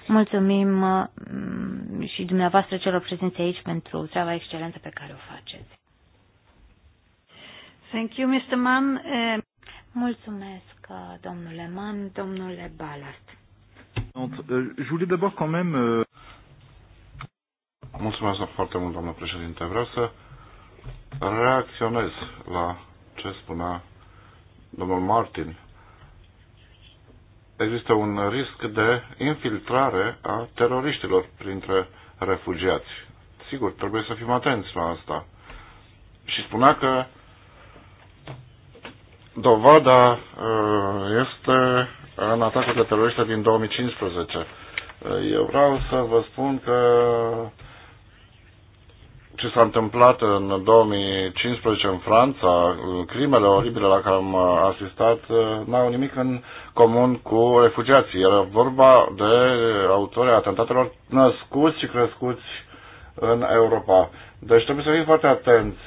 Mulțumim mm, și dumneavoastră celor prezenți aici pentru treaba excelentă pe care o faceți. Thank you, Mr. Mann. Eh, Mulțumesc, eh, domnule Mann, domnule Balast. Euh, je voulais d'abord quand même... Euh, Mulțumesc foarte mult, doamnă președinte. Vreau să reacționez la ce spunea domnul Martin. Există un risc de infiltrare a teroriștilor printre refugiați. Sigur, trebuie să fim atenți la asta. Și spunea că Dovada uh, este în atacurile teroriste din 2015. Uh, eu vreau să vă spun că ce s-a întâmplat în 2015 în Franța, crimele oribile la care am asistat, uh, n-au nimic în comun cu refugiații. Era vorba de autorii atentatelor născuți și crescuți în Europa. Deci trebuie să fim foarte atenți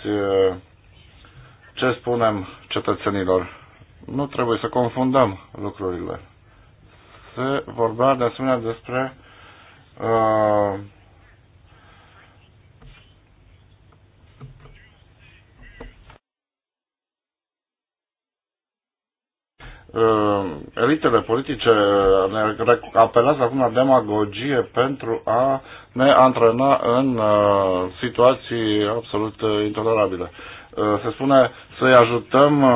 ce spunem cetățenilor? Nu trebuie să confundăm lucrurile. Se vorbea de asemenea despre uh, uh, elitele politice ne apelează acum la demagogie pentru a ne antrena în uh, situații absolut intolerabile. Uh, se spune să-i ajutăm uh,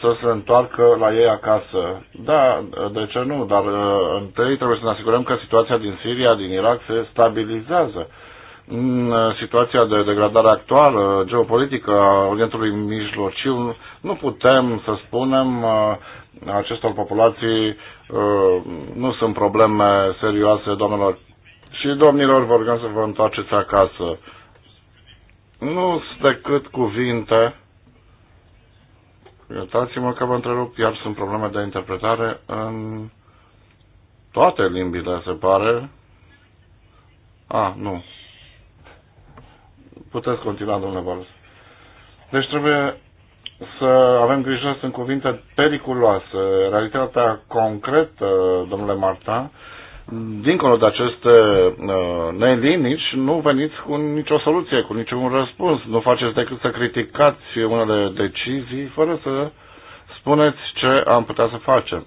să se întoarcă la ei acasă. Da, de ce nu? Dar uh, întâi trebuie să ne asigurăm că situația din Siria, din Irak se stabilizează. În mm, situația de degradare actuală, geopolitică a Orientului Mijlociu, nu putem să spunem uh, acestor populații nu sunt probleme serioase, domnilor și domnilor, vă rugăm să vă întoarceți acasă. Nu sunt decât cuvinte Iertați-mă că vă întrerup, iar sunt probleme de interpretare în toate limbile, se pare. A, nu. Puteți continua, domnule Balos. Deci trebuie să avem grijă, sunt cuvinte periculoase. Realitatea concretă, domnule Marta, dincolo de aceste uh, nelinici, nu veniți cu nicio soluție, cu niciun răspuns. Nu faceți decât să criticați unele decizii fără să spuneți ce am putea să facem.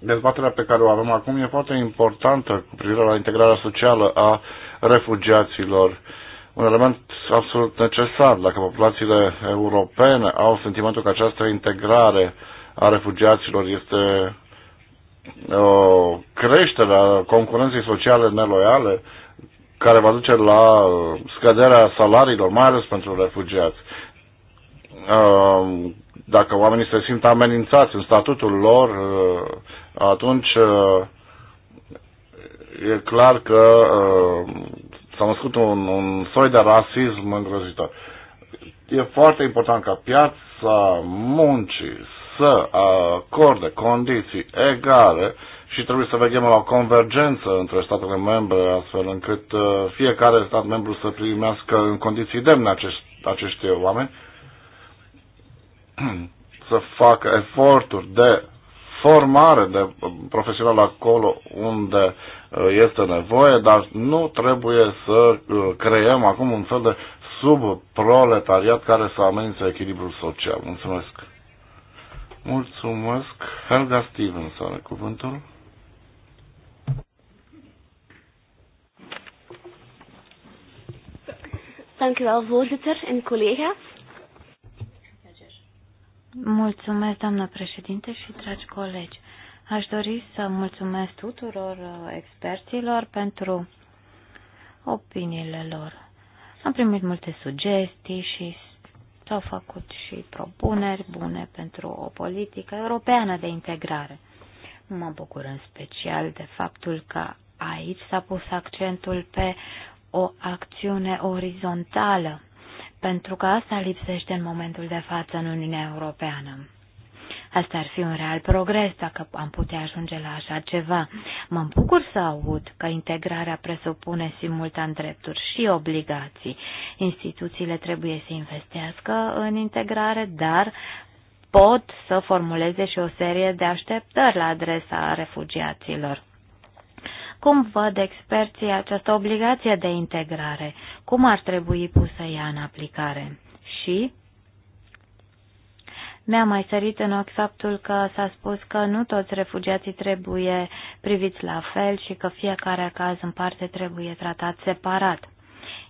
Dezbaterea pe care o avem acum e foarte importantă cu privire la integrarea socială a refugiaților. Un element absolut necesar. Dacă populațiile europene au sentimentul că această integrare a refugiaților este o creștere a concurenței sociale neloiale care va duce la scăderea salariilor, mai ales pentru refugiați. Uh, dacă oamenii se simt amenințați în statutul lor, uh, atunci uh, e clar că s-a născut un, un soi de rasism îngrozitor. E foarte important ca piața muncii să acorde condiții egale și trebuie să vedem la o convergență între statele membre, astfel încât uh, fiecare stat membru să primească în condiții demne acești, acești oameni, să facă eforturi de formare de uh, profesional acolo unde uh, este nevoie, dar nu trebuie să creăm acum un fel de subproletariat care să amenințe echilibrul social. Mulțumesc! Mulțumesc. Helga Stevens are cuvântul. voorzitter en Mulțumesc, doamnă președinte și dragi colegi. Aș dori să mulțumesc tuturor uh, experților pentru opiniile lor. Am primit multe sugestii și S-au făcut și propuneri bune pentru o politică europeană de integrare. Mă bucur în special de faptul că aici s-a pus accentul pe o acțiune orizontală, pentru că asta lipsește în momentul de față în Uniunea Europeană. Asta ar fi un real progres dacă am putea ajunge la așa ceva. Mă bucur să aud că integrarea presupune simultan drepturi și obligații. Instituțiile trebuie să investească în integrare, dar pot să formuleze și o serie de așteptări la adresa refugiaților. Cum văd experții această obligație de integrare? Cum ar trebui pusă ea în aplicare? Și mi-a mai sărit în ochi faptul că s-a spus că nu toți refugiații trebuie priviți la fel și că fiecare caz în parte trebuie tratat separat.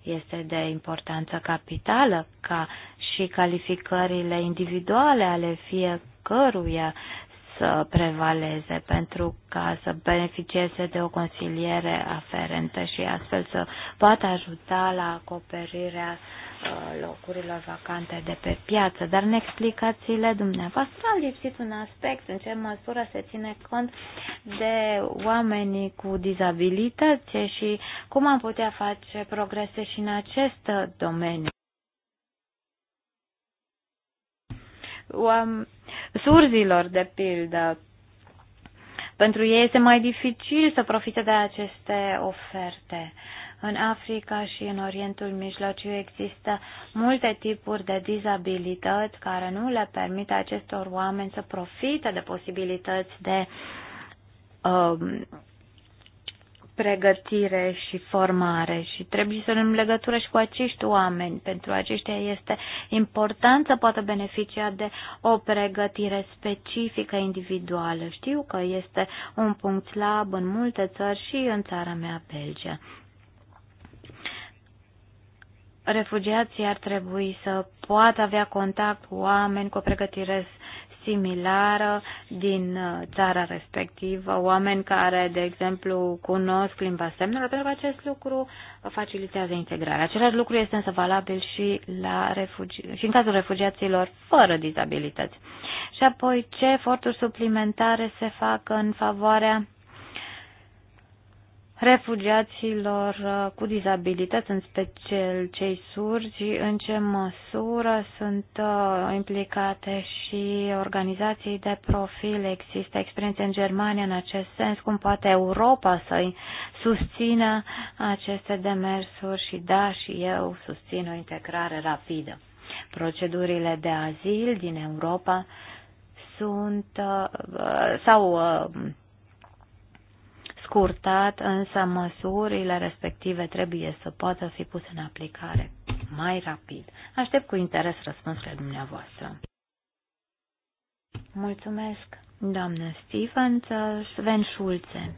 Este de importanță capitală ca și calificările individuale ale fiecăruia să prevaleze pentru ca să beneficieze de o consiliere aferentă și astfel să poată ajuta la acoperirea uh, Uh, la vacante de pe piață, dar în explicațiile dumneavoastră a lipsit un aspect în ce măsură se ține cont de oamenii cu dizabilități și cum am putea face progrese și în acest domeniu. Oam... Surzilor, de pildă, pentru ei este mai dificil să profite de aceste oferte. Uh, în Africa și în Orientul Mijlociu există multe tipuri de dizabilități care nu le permit acestor oameni să profite de posibilități de um, pregătire și formare și trebuie să luăm legătură și cu acești oameni. Pentru aceștia este important să poată beneficia de o pregătire specifică individuală. Știu că este un punct slab în multe țări și în țara mea, Belgia refugiații ar trebui să poată avea contact cu oameni cu o pregătire similară din uh, țara respectivă, oameni care, de exemplu, cunosc limba semnelor, pentru că acest lucru facilitează integrarea. Același lucru este însă valabil și, la refugi- și în cazul refugiaților fără dizabilități. Și apoi, ce eforturi suplimentare se fac în favoarea refugiaților uh, cu dizabilități, în special cei surzi, în ce măsură sunt uh, implicate și organizații de profil. Există experiențe în Germania în acest sens, cum poate Europa să-i susțină aceste demersuri și da, și eu susțin o integrare rapidă. Procedurile de azil din Europa sunt uh, sau scurtat, însă măsurile respective trebuie să poată fi puse în aplicare mai rapid. Aștept cu interes răspunsurile dumneavoastră. Mulțumesc, doamnă Stevens, Sven Schulze.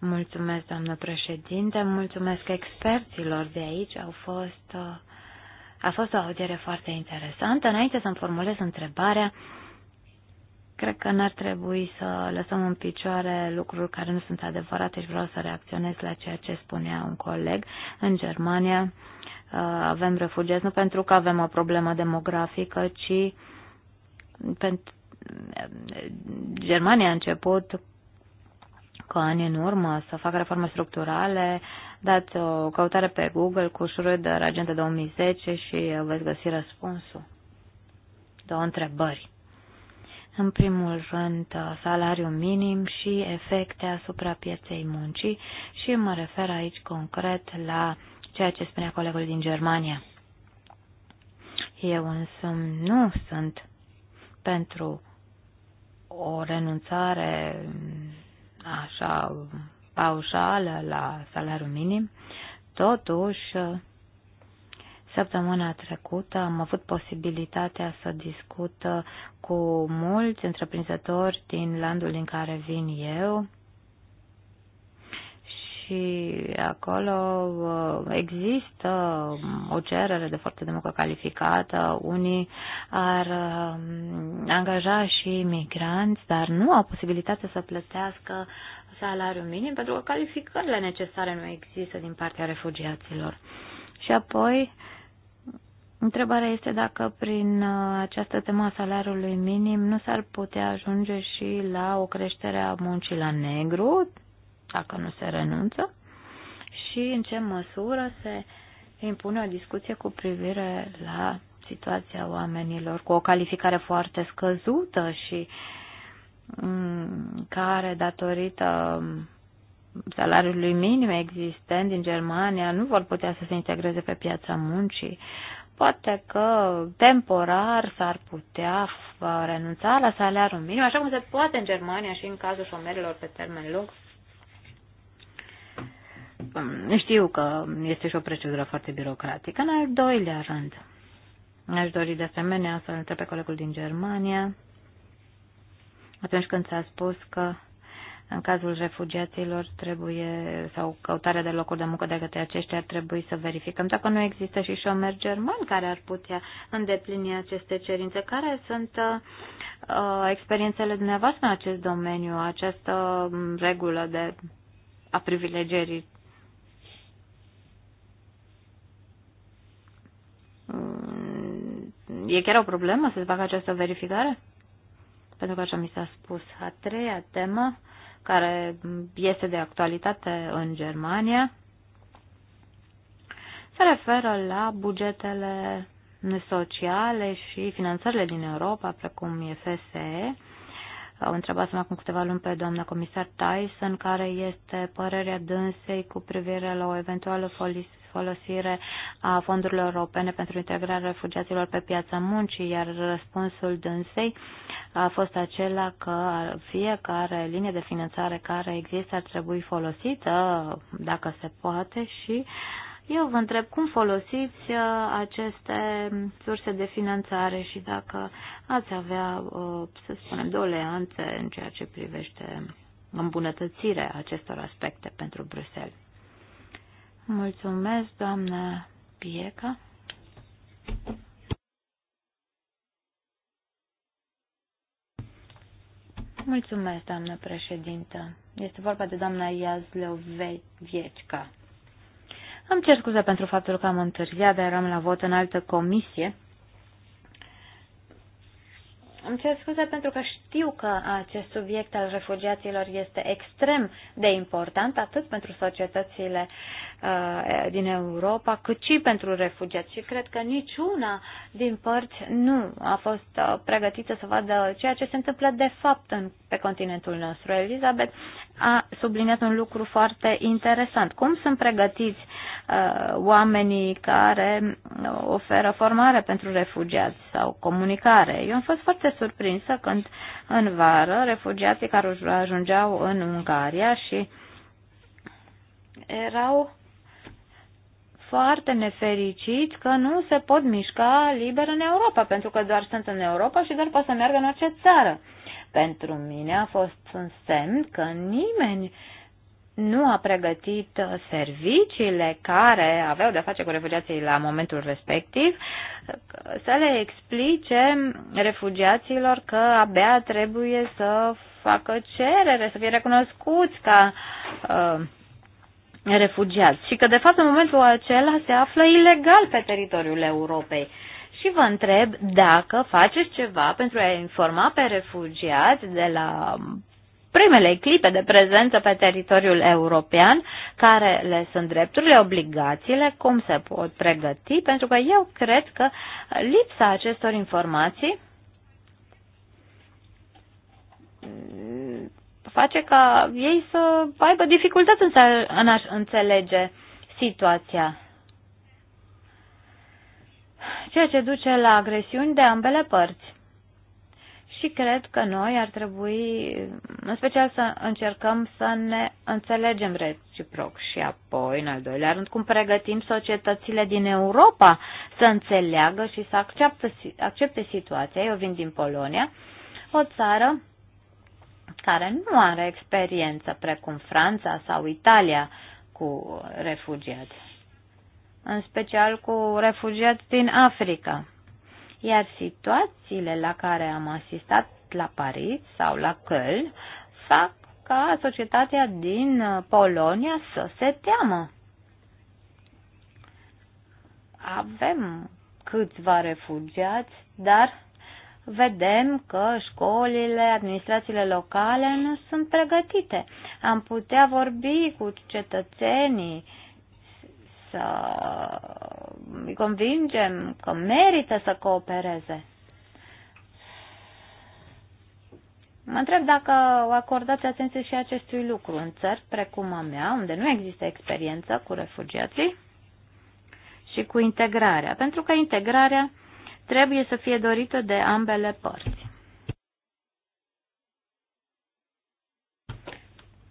Mulțumesc, doamnă președinte, mulțumesc experților de aici, au fost uh, a fost o audiere foarte interesantă. Înainte să-mi formulez întrebarea, cred că n-ar trebui să lăsăm în picioare lucruri care nu sunt adevărate și vreau să reacționez la ceea ce spunea un coleg. În Germania uh, avem refugiați nu pentru că avem o problemă demografică, ci pentru Germania a început cu ani în urmă să facă reforme structurale, Dați o căutare pe Google cu Schröder Agenda 2010 și uh, veți găsi răspunsul. Două întrebări. În primul rând, uh, salariul minim și efecte asupra pieței muncii și mă refer aici concret la ceea ce spunea colegul din Germania. Eu însă nu sunt pentru o renunțare așa paușală la salariul minim. Totuși, săptămâna trecută am avut posibilitatea să discut cu mulți întreprinzători din landul din care vin eu, și acolo uh, există o cerere de forță de muncă calificată, unii ar uh, angaja și migranți, dar nu au posibilitatea să plătească salariu minim, pentru că calificările necesare nu există din partea refugiaților. Și apoi, întrebarea este dacă prin uh, această temă a salariului minim nu s-ar putea ajunge și la o creștere a muncii la negru, dacă nu se renunță, și în ce măsură se impune o discuție cu privire la situația oamenilor cu o calificare foarte scăzută și uh, Mm, care, datorită salariului minim existent din Germania, nu vor putea să se integreze pe piața muncii. Poate că temporar s-ar putea renunța la salariul minim, așa cum se poate în Germania și în cazul șomerilor pe termen lung. Mm, știu că este și o procedură foarte birocratică. În al doilea rând, aș dori de asemenea să întreb pe colegul din Germania atunci când s-a spus că în cazul refugiaților trebuie, sau căutarea de locuri de muncă de către aceștia, ar trebui să verificăm dacă nu există și șomer german care ar putea îndeplini aceste cerințe. Care sunt uh, uh experiențele dumneavoastră în acest domeniu, această um, regulă de a privilegierii? Mm, e chiar o problemă să se facă această verificare? pentru că așa mi s-a spus. A treia temă, care este de actualitate în Germania, se referă la bugetele sociale și finanțările din Europa, precum FSE. Au întrebat acum câteva luni pe doamna comisar Tyson, care este părerea dânsei cu privire la o eventuală folosire a fondurilor europene pentru integrarea refugiaților pe piața muncii, iar răspunsul dânsei a fost acela că fiecare linie de finanțare care există ar trebui folosită, dacă se poate, și eu vă întreb cum folosiți uh, aceste surse de finanțare și dacă ați avea, uh, să spunem, doleanțe în ceea ce privește îmbunătățirea acestor aspecte pentru Bruxelles. Mulțumesc, doamna Pieca. Mulțumesc, doamnă președintă. Este vorba de doamna Iazleovietca. Am cer scuze pentru faptul că am întârziat, dar eram la vot în altă comisie îmi cer scuze pentru că știu că acest subiect al refugiaților este extrem de important, atât pentru societățile uh, din Europa, cât și pentru refugiați. Și cred că niciuna din părți nu a fost uh, pregătită să vadă ceea ce se întâmplă de fapt în, pe continentul nostru. Elizabeth a subliniat un lucru foarte interesant. Cum sunt pregătiți uh, oamenii care oferă formare pentru refugiați sau comunicare? Eu am fost foarte surprinsă când în vară refugiații care ajungeau în Ungaria și erau foarte nefericiți că nu se pot mișca liber în Europa, pentru că doar sunt în Europa și doar pot să meargă în orice țară. Pentru mine a fost un semn că nimeni nu a pregătit uh, serviciile care aveau de-a face cu refugiații la momentul respectiv, uh, să le explice refugiaților că abia trebuie să facă cerere, să fie recunoscuți ca uh, refugiați și că de fapt în momentul acela se află ilegal pe teritoriul Europei. Și vă întreb dacă faceți ceva pentru a informa pe refugiați de la primele clipe de prezență pe teritoriul european, care le sunt drepturile, obligațiile, cum se pot pregăti, pentru că eu cred că lipsa acestor informații face ca ei să aibă dificultăți în a înțelege situația. Ceea ce duce la agresiuni de ambele părți și cred că noi ar trebui, în special, să încercăm să ne înțelegem reciproc și apoi, în al doilea rând, cum pregătim societățile din Europa să înțeleagă și să accepte, accepte situația. Eu vin din Polonia, o țară care nu are experiență precum Franța sau Italia cu refugiați, în special cu refugiați din Africa. Iar situațiile la care am asistat la Paris sau la Köln fac ca societatea din uh, Polonia să se teamă. Avem câțiva refugiați, dar vedem că școlile, administrațiile locale nu sunt pregătite. Am putea vorbi cu cetățenii să îi convingem că merită să coopereze. Mă întreb dacă o acordați atenție și acestui lucru în țări precum a mea, unde nu există experiență cu refugiații și cu integrarea, pentru că integrarea trebuie să fie dorită de ambele părți.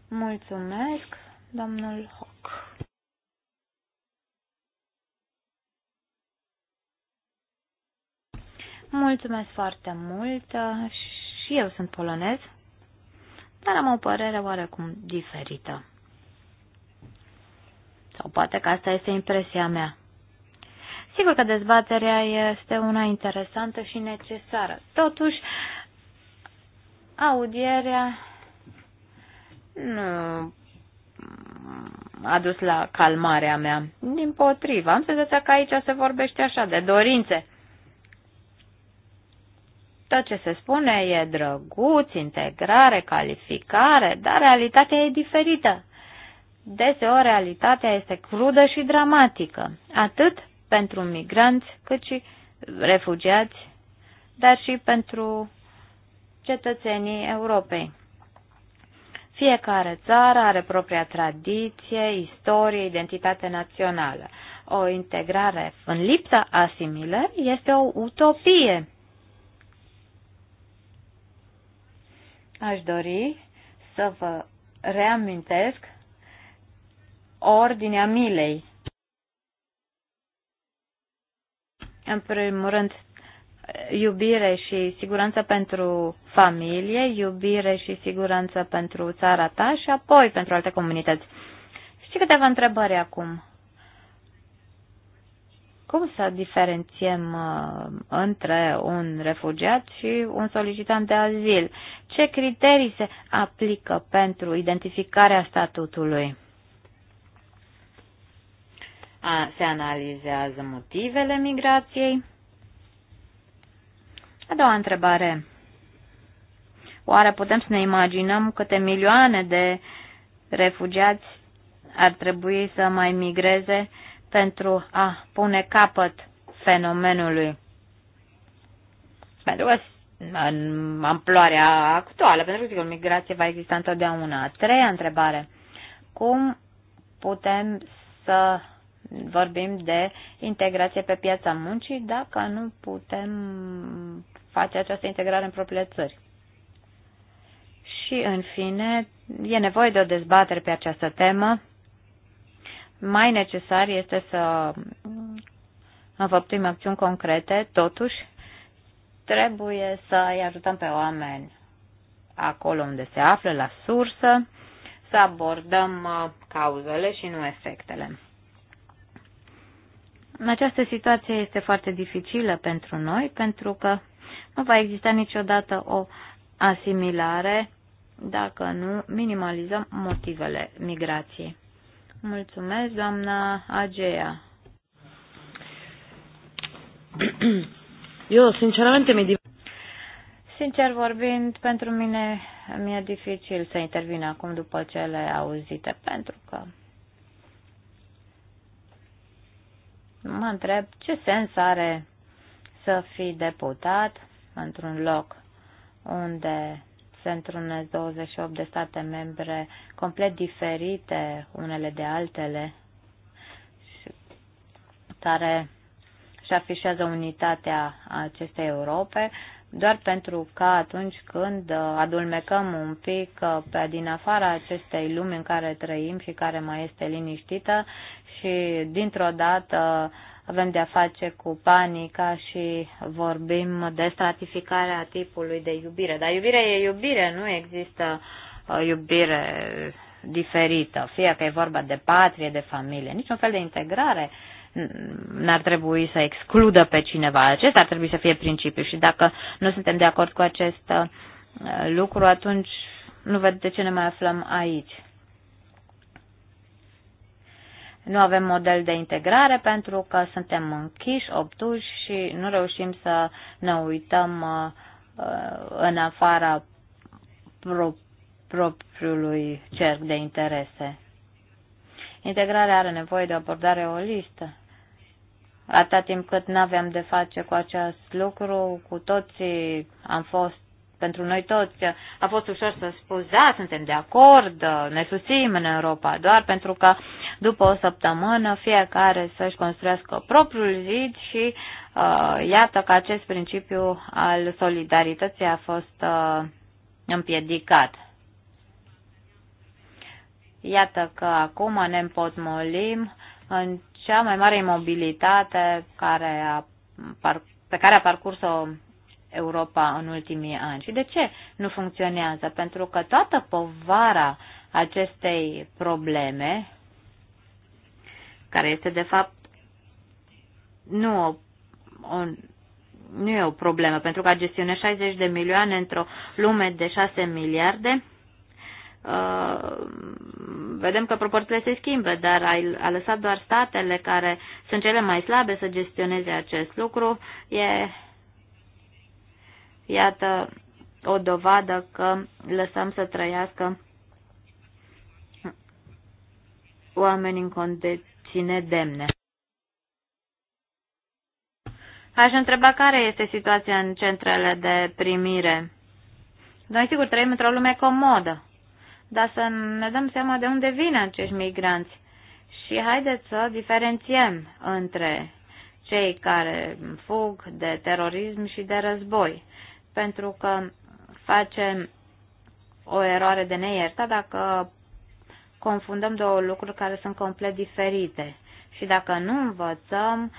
Mulțumesc, domnul Mulțumesc foarte mult și eu sunt polonez, dar am o părere oarecum diferită. Sau poate că asta este impresia mea. Sigur că dezbaterea este una interesantă și necesară. Totuși, audierea nu a dus la calmarea mea. Din potrivă, am senzația că aici se vorbește așa, de dorințe. Tot ce se spune e drăguț, integrare, calificare, dar realitatea e diferită. Deseori realitatea este crudă și dramatică, atât pentru migranți cât și refugiați, dar și pentru cetățenii Europei. Fiecare țară are propria tradiție, istorie, identitate națională. O integrare în lipsa asimilării este o utopie aș dori să vă reamintesc ordinea milei. În primul rând, iubire și siguranță pentru familie, iubire și siguranță pentru țara ta și apoi pentru alte comunități. Și câteva întrebări acum. Cum să diferențiem uh, între un refugiat și un solicitant de azil? Ce criterii se aplică pentru identificarea statutului? se analizează motivele migrației. A doua întrebare. Oare putem să ne imaginăm câte milioane de refugiați ar trebui să mai migreze pentru a pune capăt fenomenului. Pentru că în amploarea actuală, pentru că migrație va exista întotdeauna. A treia întrebare. Cum putem să vorbim de integrație pe piața muncii dacă nu putem face această integrare în propriile țări? Și, în fine, e nevoie de o dezbatere pe această temă mai necesar este să înfăptuim acțiuni concrete, totuși trebuie să îi ajutăm pe oameni acolo unde se află, la sursă, să abordăm uh, cauzele și nu efectele. Această situație este foarte dificilă pentru noi, pentru că nu va exista niciodată o asimilare dacă nu minimalizăm motivele migrației. Mulțumesc, doamna Agea. Eu, sinceramente, mi Sincer vorbind, pentru mine mi-e dificil să intervin acum după cele auzite, pentru că mă întreb ce sens are să fii deputat într-un loc unde se întrunesc 28 de state membre complet diferite unele de altele, care și afișează unitatea acestei Europe, doar pentru că atunci când uh, adulmecăm un pic uh, pe din afara acestei lumi în care trăim și care mai este liniștită și dintr-o dată avem de-a face cu panica și vorbim de stratificarea tipului de iubire. Dar iubirea e iubire, nu există uh, iubire diferită, fie că e vorba de patrie, de familie, niciun fel de integrare n-ar trebui să excludă pe cineva. Acesta ar trebui să fie principiul și dacă nu suntem de acord cu acest uh, lucru, atunci nu văd de ce ne mai aflăm aici nu avem model de integrare pentru că suntem închiși, obtuși și nu reușim să ne uităm uh, uh, în afara pro- propriului cerc de interese. Integrarea are nevoie de o abordare olistă. Atâta timp cât nu aveam de face cu acest lucru, cu toții am fost pentru noi toți a fost ușor să spui, da, suntem de acord, ne susținem în Europa, doar pentru că după o săptămână fiecare să-și construiască propriul zid și uh, iată că acest principiu al solidarității a fost uh, împiedicat. Iată că acum ne împotmolim în cea mai mare imobilitate care a, pe care a parcurs-o Europa în ultimii ani. Și de ce nu funcționează? Pentru că toată povara acestei probleme, care este de fapt nu o, o nu e o problemă, pentru că a gestiune 60 de milioane într-o lume de 6 miliarde, Uh, vedem că proporțiile se schimbă, dar a, a lăsat doar statele care sunt cele mai slabe să gestioneze acest lucru. E Iată o dovadă că lăsăm să trăiască oameni în condiții nedemne. Aș întreba care este situația în centrele de primire. Noi, sigur, trăim într-o lume comodă, dar să ne dăm seama de unde vin acești migranți. Și haideți să diferențiem între cei care fug de terorism și de război pentru că facem o eroare de neiertat dacă confundăm două lucruri care sunt complet diferite. Și dacă nu învățăm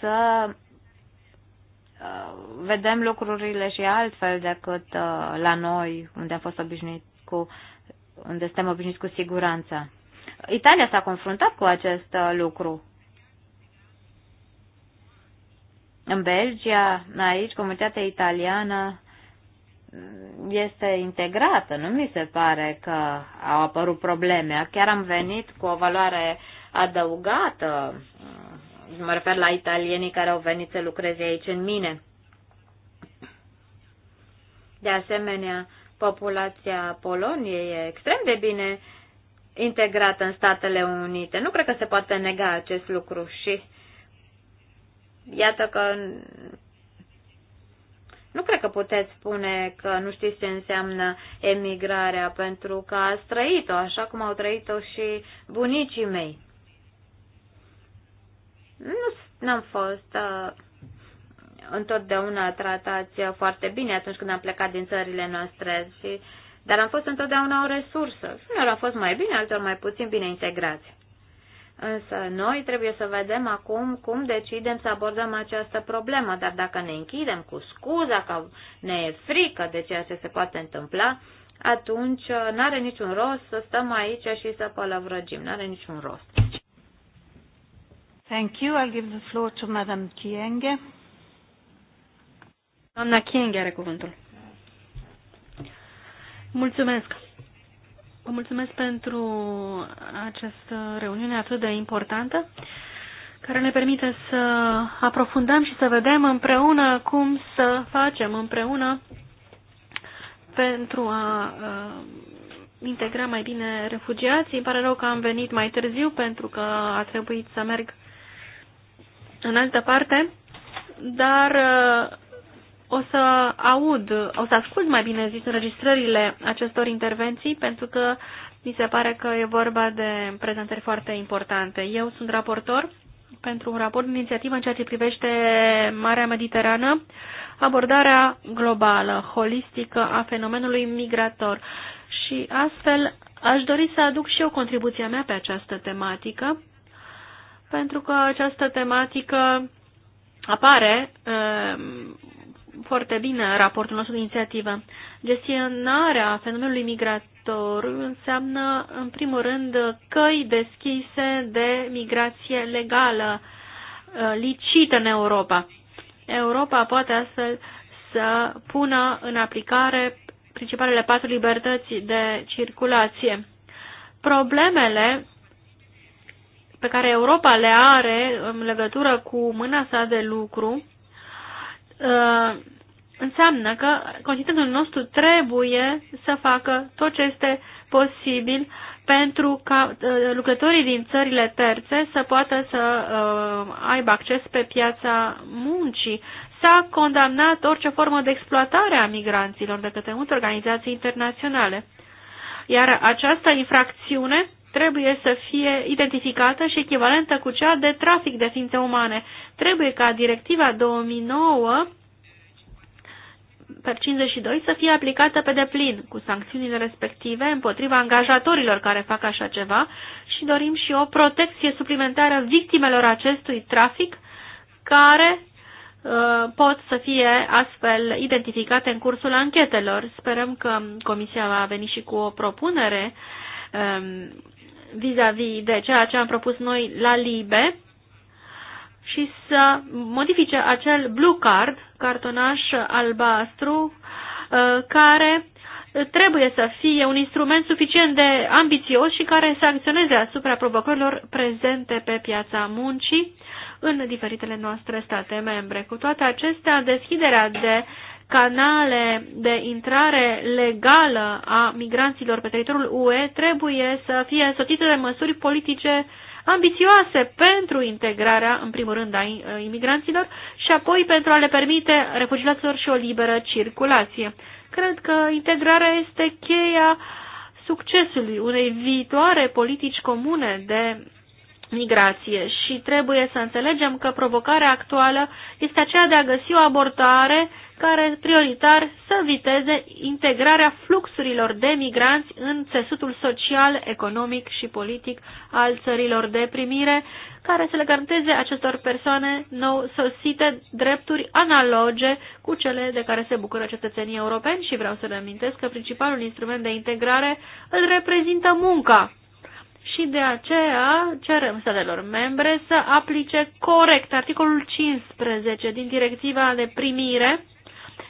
să uh, vedem lucrurile și altfel decât uh, la noi, unde am fost obișnuit cu, unde suntem obișnuiți cu siguranța. Italia s-a confruntat cu acest uh, lucru. În Belgia, aici, comunitatea italiană este integrată. Nu mi se pare că au apărut probleme. Chiar am venit cu o valoare adăugată. Mă refer la italienii care au venit să lucreze aici în mine. De asemenea, populația Poloniei e extrem de bine integrată în Statele Unite. Nu cred că se poate nega acest lucru și uh, Iată că nu cred că puteți spune că nu știți ce înseamnă emigrarea, pentru că a trăit-o așa cum au trăit-o și bunicii mei. Nu am fost uh, întotdeauna tratați foarte bine atunci când am plecat din țările noastre, și, dar am fost întotdeauna o resursă. Unor au fost mai bine, altor mai puțin bine integrați. Însă noi trebuie să vedem acum cum decidem să abordăm această problemă, dar dacă ne închidem cu scuza că ne e frică de ceea ce se poate întâmpla, atunci uh, nu are niciun rost să stăm aici și să pălăvrăgim, nu are niciun rost. Thank you. I'll give the floor to Madam Kienge. Doamna Kienge are cuvântul. Mulțumesc. Vă mulțumesc pentru această reuniune atât de importantă care ne permite să aprofundăm și să vedem împreună cum să facem împreună pentru a uh, integra mai bine refugiații. Îmi pare rău că am venit mai târziu pentru că a trebuit să merg în altă parte, dar uh, o să aud, o să ascult mai bine zis înregistrările acestor intervenții pentru că mi se pare că e vorba de prezentări foarte importante. Eu sunt raportor pentru un raport de inițiativă în ceea ce privește Marea Mediterană, abordarea globală, holistică a fenomenului migrator. Și astfel aș dori să aduc și eu contribuția mea pe această tematică, pentru că această tematică apare um, foarte bine raportul nostru de inițiativă. Gestionarea fenomenului migrator înseamnă, în primul rând, căi deschise de migrație legală, uh, licită în Europa. Europa poate astfel să pună în aplicare principalele patru libertăți de circulație. Problemele pe care Europa le are în legătură cu mâna sa de lucru uh, înseamnă că conținutul nostru trebuie să facă tot ce este posibil pentru ca uh, lucrătorii din țările terțe să poată să uh, aibă acces pe piața muncii. S-a condamnat orice formă de exploatare a migranților de către multe organizații internaționale. Iar această infracțiune trebuie să fie identificată și echivalentă cu cea de trafic de ființe umane. Trebuie ca directiva 2009 per 52 să fie aplicată pe deplin cu sancțiunile respective împotriva angajatorilor care fac așa ceva și dorim și o protecție suplimentară victimelor acestui trafic care uh, pot să fie astfel identificate în cursul anchetelor. Sperăm că Comisia va veni și cu o propunere um, vis-a-vis um, -vis de ceea ce am propus noi la LIBE și să modifice acel blue card, cartonaș albastru, uh, care trebuie să fie un instrument suficient de ambițios și care să acționeze asupra provocărilor prezente pe piața muncii în diferitele noastre state membre. Cu toate acestea, deschiderea de canale de intrare legală a migranților pe teritoriul UE trebuie să fie soțită de măsuri politice uh, ambițioase pentru integrarea, în primul rând, a uh, imigranților și apoi pentru a le permite refugiaților și o liberă circulație. Cred că integrarea este cheia succesului unei viitoare politici comune de migrație și trebuie să înțelegem că provocarea actuală este aceea de a găsi o abordare care prioritar să viteze integrarea fluxurilor de migranți în țesutul social, economic și politic al țărilor de primire, care să le garanteze acestor persoane nou sosite drepturi analoge cu cele de care se bucură cetățenii europeni și vreau să reamintesc că principalul instrument de integrare îl reprezintă munca și de aceea cerem statelor membre să aplice corect articolul 15 din directiva de primire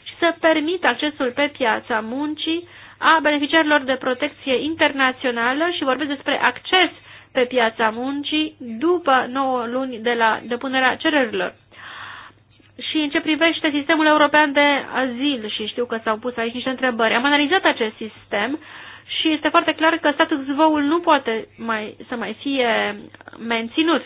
și să permită accesul pe piața muncii a beneficiarilor de protecție internațională și vorbesc despre acces pe piața muncii după 9 luni de la depunerea cererilor. Și în ce privește sistemul european de azil, și știu că s-au pus aici niște întrebări, am analizat acest sistem și este foarte clar că status quo nu poate mai, să mai fie menținut.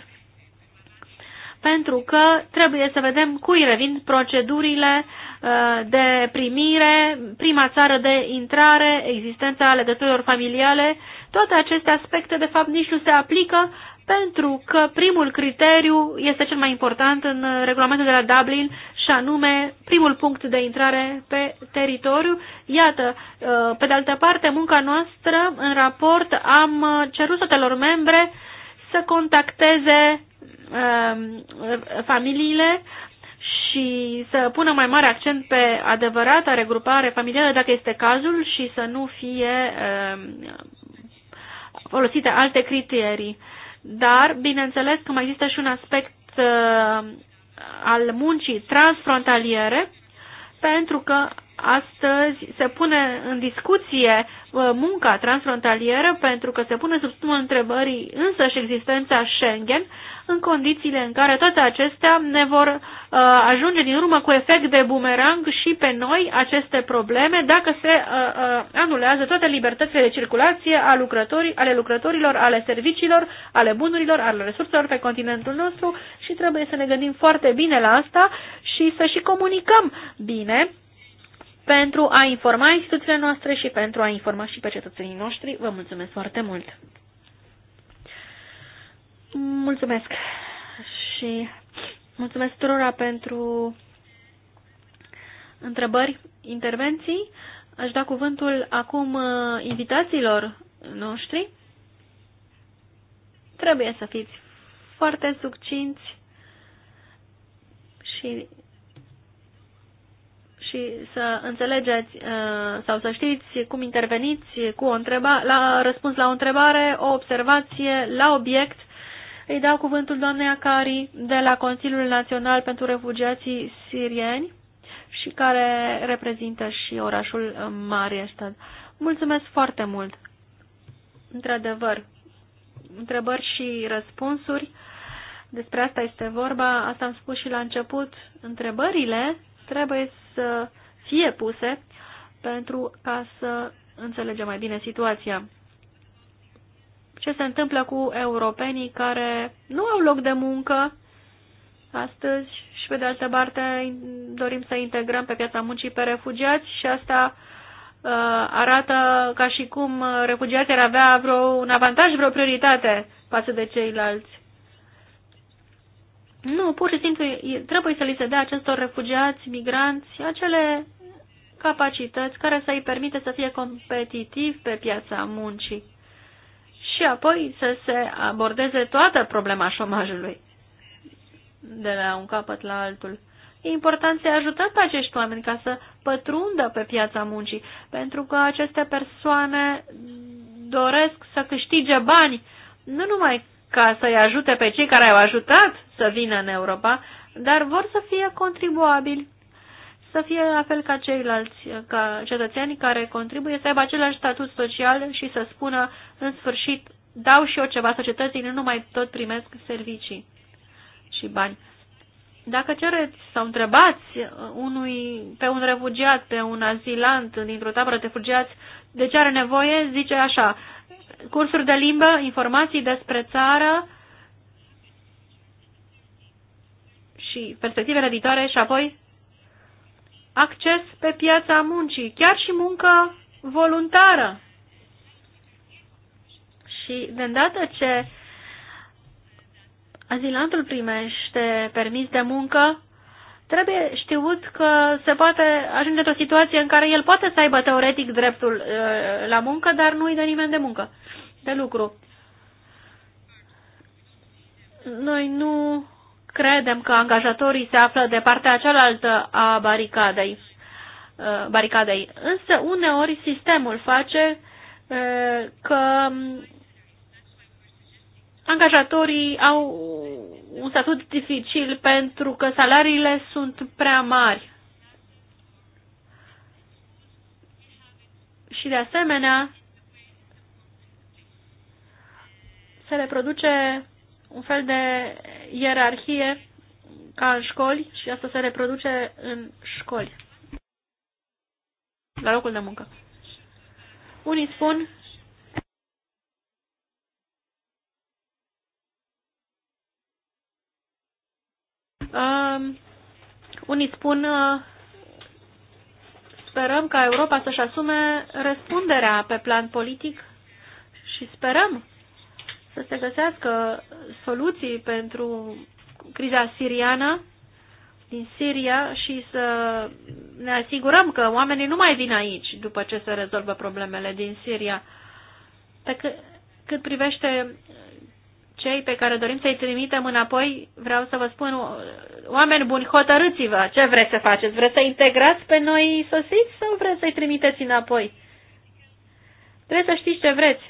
Pentru că trebuie să vedem cui revin procedurile uh, de primire, prima țară de intrare, existența legăturilor familiale, toate aceste aspecte de fapt nici nu se aplică pentru că primul criteriu este cel mai important în regulamentul de la Dublin și anume primul punct de intrare pe teritoriu. Iată, uh, pe de altă parte, munca noastră în raport am uh, cerut statelor membre să contacteze um, familiile și să pună mai mare accent pe adevărata regrupare familială dacă este cazul și să nu fie um, folosite alte criterii. Dar, bineînțeles că mai există și un aspect uh, al muncii transfrontaliere, pentru că astăzi se pune în discuție uh, munca transfrontalieră, pentru că se pune sub semnul întrebării însăși existența Schengen în condițiile în care toate acestea ne vor uh, ajunge din urmă cu efect de bumerang și pe noi aceste probleme dacă se uh, uh, anulează toate libertățile de circulație a lucrători, ale lucrătorilor, ale serviciilor, ale bunurilor, ale resurselor pe continentul nostru și trebuie să ne gândim foarte bine la asta și să și comunicăm bine pentru a informa instituțiile noastre și pentru a informa și pe cetățenii noștri. Vă mulțumesc foarte mult! Mulțumesc și mulțumesc tuturora pentru întrebări, intervenții. Aș da cuvântul acum uh, invitațiilor noștri. Trebuie să fiți foarte succinți și, și să înțelegeți uh, sau să știți cum interveniți cu o întreba, la răspuns la o întrebare, o observație, la obiect – îi dau cuvântul doamnei Acari de la Consiliul Național pentru Refugiații Sirieni și care reprezintă și orașul Mariestad. Mulțumesc foarte mult! Într-adevăr, întrebări și răspunsuri. Despre asta este vorba, asta am spus și la început. Întrebările trebuie să fie puse pentru ca să înțelegem mai bine situația ce se întâmplă cu europenii care nu au loc de muncă astăzi și pe de altă parte dorim să integrăm pe piața muncii pe refugiați și asta uh, arată ca și cum refugiații ar avea vreo, un avantaj, vreo prioritate față de ceilalți. Nu, pur și simplu trebuie să li se dea acestor refugiați, migranți, acele capacități care să îi permite să fie competitiv pe piața muncii și apoi să se abordeze toată problema șomajului de la un capăt la altul. E important să ajutăm pe acești oameni ca să pătrundă pe piața muncii, pentru că aceste persoane doresc să câștige bani, nu numai ca să-i ajute pe cei care au ajutat să vină în Europa, dar vor să fie contribuabili să fie la fel ca ceilalți eh, ca cetățeni care contribuie să aibă același statut social și să spună în sfârșit dau și eu ceva societății, nu numai tot primesc servicii și bani. Dacă cereți sau întrebați eh, unui, pe un refugiat, pe un azilant dintr-o tabără de refugiați de ce are nevoie, zice așa, cursuri de limbă, informații despre țară și perspectivele viitoare și apoi acces pe piața muncii, chiar și muncă voluntară. Și de îndată ce azilantul primește permis de muncă, trebuie știut că se poate ajunge într-o situație în care el poate să aibă teoretic dreptul uh, la muncă, dar nu îi dă nimeni de muncă, de lucru. Noi nu credem că angajatorii se află de partea cealaltă a baricadei. Uh, baricadei. Însă uneori sistemul face uh, că um, angajatorii au un statut dificil pentru că salariile sunt prea mari. Și de asemenea se reproduce un fel de ierarhie ca în școli și asta se reproduce în școli, la locul de muncă. Unii spun Uh, unii spun uh, sperăm ca Europa să-și asume răspunderea pe plan politic și sperăm să se găsească soluții pentru criza siriană din Siria și să ne asigurăm că oamenii nu mai vin aici după ce se rezolvă problemele din Siria. Pe cât, cât privește cei pe care dorim să-i trimitem înapoi, vreau să vă spun, oameni buni, hotărâți-vă ce vreți să faceți. Vreți să integrați pe noi sosiți sau vreți să-i trimiteți înapoi? Trebuie să știți ce vreți.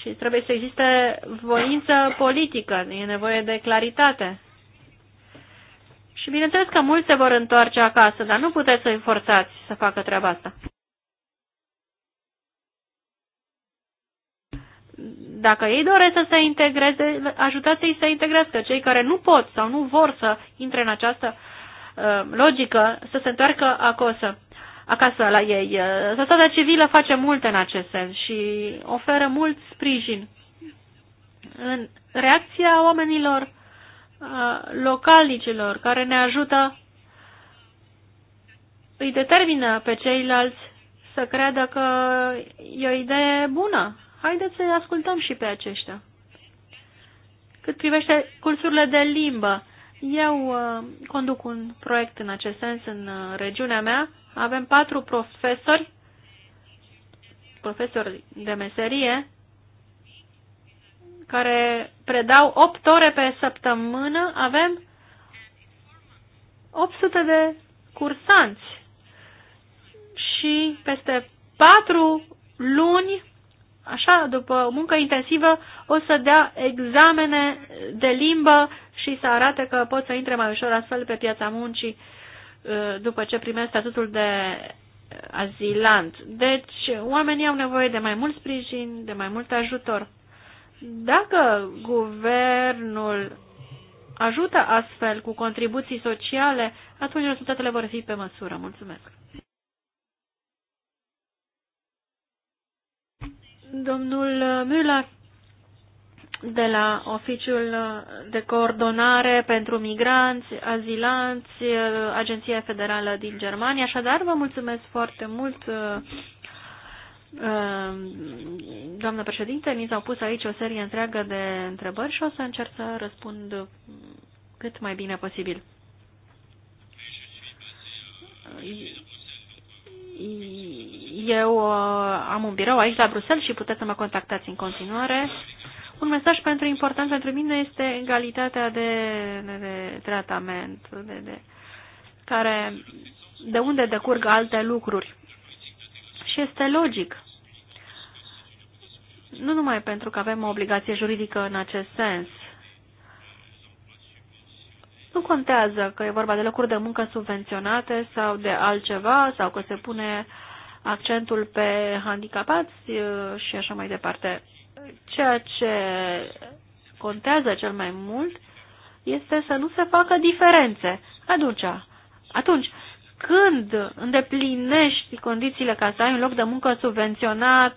Și trebuie să existe voință politică, e nevoie de claritate. Și bineînțeles că mulți se vor întoarce acasă, dar nu puteți să-i forțați să facă treaba asta. Dacă ei doresc să se integreze, ajutați-i să integrească. Cei care nu pot sau nu vor să intre în această uh, logică, să se întoarcă acasă acasă la ei. Uh, societatea civilă face multe în acest sens și oferă mult sprijin în reacția oamenilor uh, localnicilor care ne ajută îi determină pe ceilalți să creadă că e o idee bună. Haideți să-i ascultăm și pe aceștia. Cât privește cursurile de limbă, eu uh, conduc un proiect în acest sens în regiunea mea avem patru profesori, profesori de meserie, care predau 8 ore pe săptămână, avem 800 de cursanți și peste 4 luni, așa, după muncă intensivă, o să dea examene de limbă și să arate că pot să intre mai ușor astfel pe piața muncii după ce primesc statutul de azilant. Deci, oamenii au nevoie de mai mult sprijin, de mai mult ajutor. Dacă guvernul ajută astfel cu contribuții sociale, atunci rezultatele vor fi pe măsură. Mulțumesc! Domnul Müller, de la Oficiul de Coordonare pentru Migranți, Azilanți, Agenția Federală din Germania. Așadar, vă mulțumesc foarte mult, uh, uh, doamnă președinte. Mi s-au pus aici o serie întreagă de întrebări și o să încerc să răspund cât mai bine posibil. Eu uh, am un birou aici la Bruxelles și puteți să mă contactați în continuare. Un mesaj pentru important pentru mine este egalitatea de, de, de tratament, de, de, care, de unde decurg alte lucruri. Și este logic. Nu numai pentru că avem o obligație juridică în acest sens. Nu contează că e vorba de locuri de muncă subvenționate sau de altceva, sau că se pune accentul pe handicapați uh, și așa mai departe ceea ce contează cel mai mult este să nu se facă diferențe. Atunci, atunci când îndeplinești condițiile ca să ai un loc de muncă subvenționat,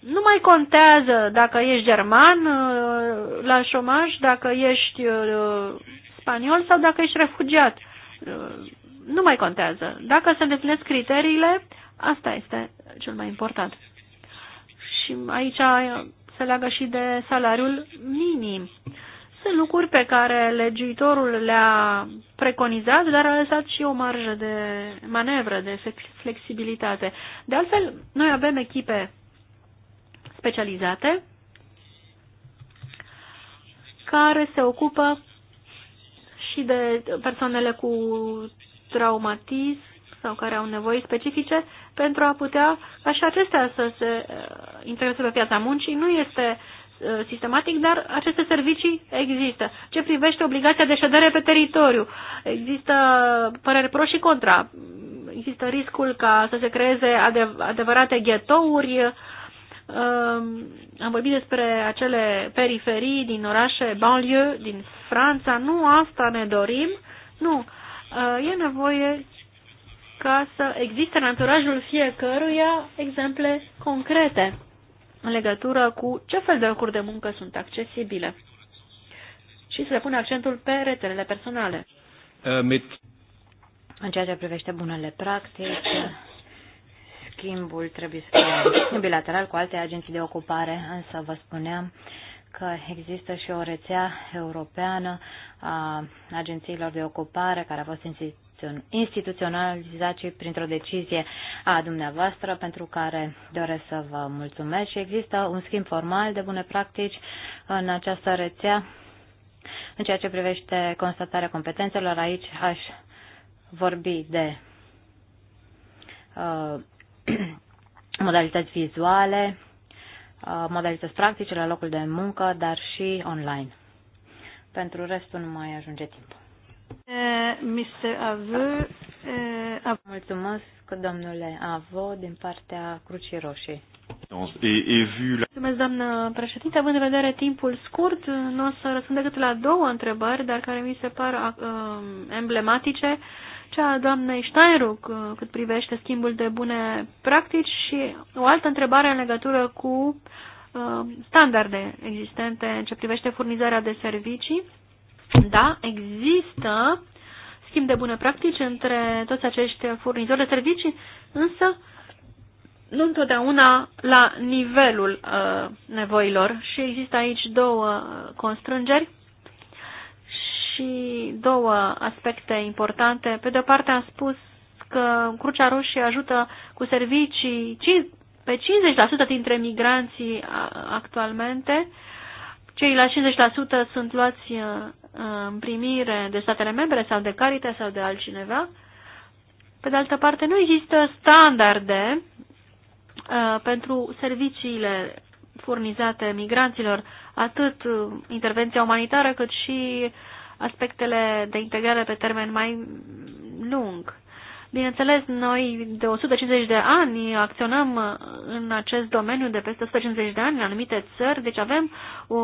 nu mai contează dacă ești german uh, la șomaj, dacă ești uh, spaniol sau dacă ești refugiat. Uh, nu mai contează. Dacă se îndeplinesc criteriile, asta este cel mai important și aici se leagă și de salariul minim. Sunt lucruri pe care legiuitorul le-a preconizat, dar a lăsat și o marjă de manevră, de flexibilitate. De altfel, noi avem echipe specializate care se ocupă și de persoanele cu traumatism sau care au nevoi specifice pentru a putea ca și acestea să se interesul pe piața muncii nu este uh, sistematic, dar aceste servicii există. Ce privește obligația de ședere pe teritoriu, există păreri pro și contra. Există riscul ca să se creeze adevărate ghetouri. Um, am vorbit despre acele periferii din orașe, banlieue, din Franța. Nu asta ne dorim. Nu. Uh, e nevoie ca să existe în anturajul fiecăruia exemple concrete în legătură cu ce fel de locuri de muncă sunt accesibile și să pune accentul pe rețelele personale. Uh, mit. În ceea ce privește bunele practici, schimbul trebuie să fie bilateral cu alte agenții de ocupare, însă vă spuneam că există și o rețea europeană a agențiilor de ocupare care a fost instituționalizat și printr-o decizie a dumneavoastră pentru care doresc să vă mulțumesc și există un schimb formal de bune practici în această rețea. În ceea ce privește constatarea competențelor, aici aș vorbi de uh, modalități vizuale, uh, modalități practice la locul de muncă, dar și online. Pentru restul nu mai ajunge timpul. Eh, eh, Mulțumesc, domnule Avo, din partea Crucii Roșii. Mulțumesc, doamnă președinte. Având în vedere timpul scurt, nu o să răspund decât la două întrebări, dar care mi se par uh, emblematice. Cea a doamnei Steinruck, uh, cât privește schimbul de bune practici și o altă întrebare în legătură cu uh, standarde existente în ce privește furnizarea de servicii da, există schimb de bune practici între toți acești furnizori de servicii, însă nu întotdeauna la nivelul uh, nevoilor și există aici două constrângeri și două aspecte importante. Pe de o parte am spus că Crucea Roșie ajută cu servicii pe 50% dintre migranții uh, actualmente, ceilalți 50% sunt luați uh, în primire de statele membre sau de carite sau de altcineva. Pe de altă parte, nu există standarde uh, pentru serviciile furnizate migranților, atât intervenția umanitară cât și aspectele de integrare pe termen mai lung. Bineînțeles, noi de 150 de ani acționăm în acest domeniu de peste 150 de ani în anumite țări, deci avem o,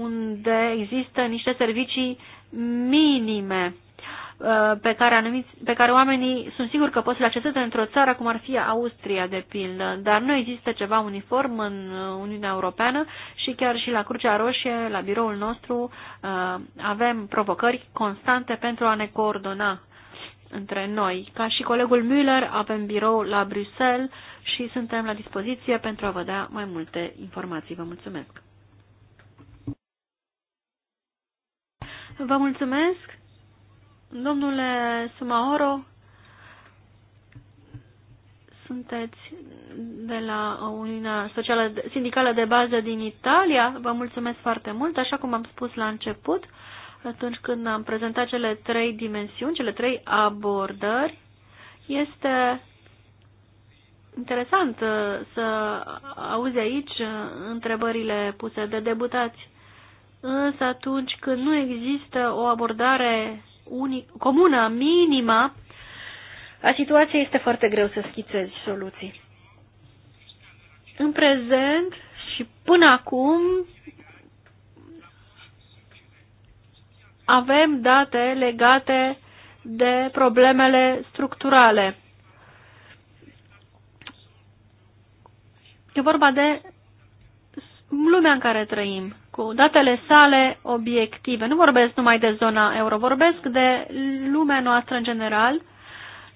unde există niște servicii minime uh, pe care, anumiți, pe care oamenii sunt siguri că pot să le acceseze într-o țară cum ar fi Austria, de pildă, dar nu există ceva uniform în Uniunea Europeană și chiar și la Crucea Roșie, la biroul nostru, uh, avem provocări constante pentru a ne coordona între noi. Ca și colegul Müller, avem birou la Bruxelles și suntem la dispoziție pentru a vă da mai multe informații. Vă mulțumesc! Vă mulțumesc, domnule Sumaoro. Sunteți de la Uniunea Socială Sindicală de Bază din Italia. Vă mulțumesc foarte mult, așa cum am spus la început atunci când am prezentat cele trei dimensiuni, cele trei abordări, este interesant uh, să auzi aici uh, întrebările puse de debutați. Însă atunci când nu există o abordare unic, comună, minimă, a situației este foarte greu să schițezi soluții. În prezent și până acum avem date legate de problemele structurale. E vorba de lumea în care trăim, cu datele sale obiective. Nu vorbesc numai de zona euro, vorbesc de lumea noastră în general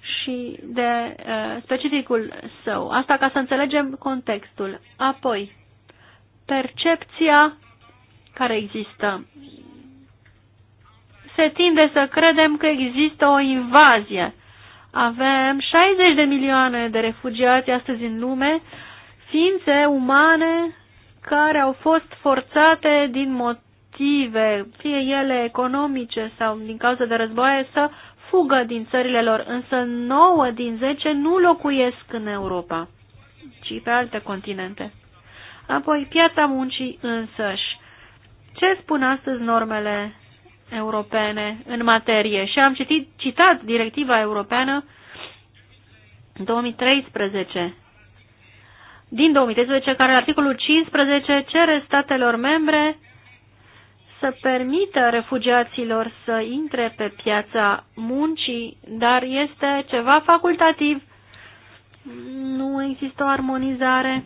și de uh, specificul său. Asta ca să înțelegem contextul. Apoi, percepția care există se tinde să credem că există o invazie. Avem 60 de milioane de refugiați astăzi în lume, ființe umane care au fost forțate din motive, fie ele economice sau din cauza de războaie, să fugă din țările lor, însă 9 din 10 nu locuiesc în Europa, ci pe alte continente. Apoi, piața muncii însăși. Ce spun astăzi normele europene în materie și am citit, citat directiva europeană 2013 din 2013, care în articolul 15 cere statelor membre să permită refugiaților să intre pe piața muncii, dar este ceva facultativ. Nu există o armonizare,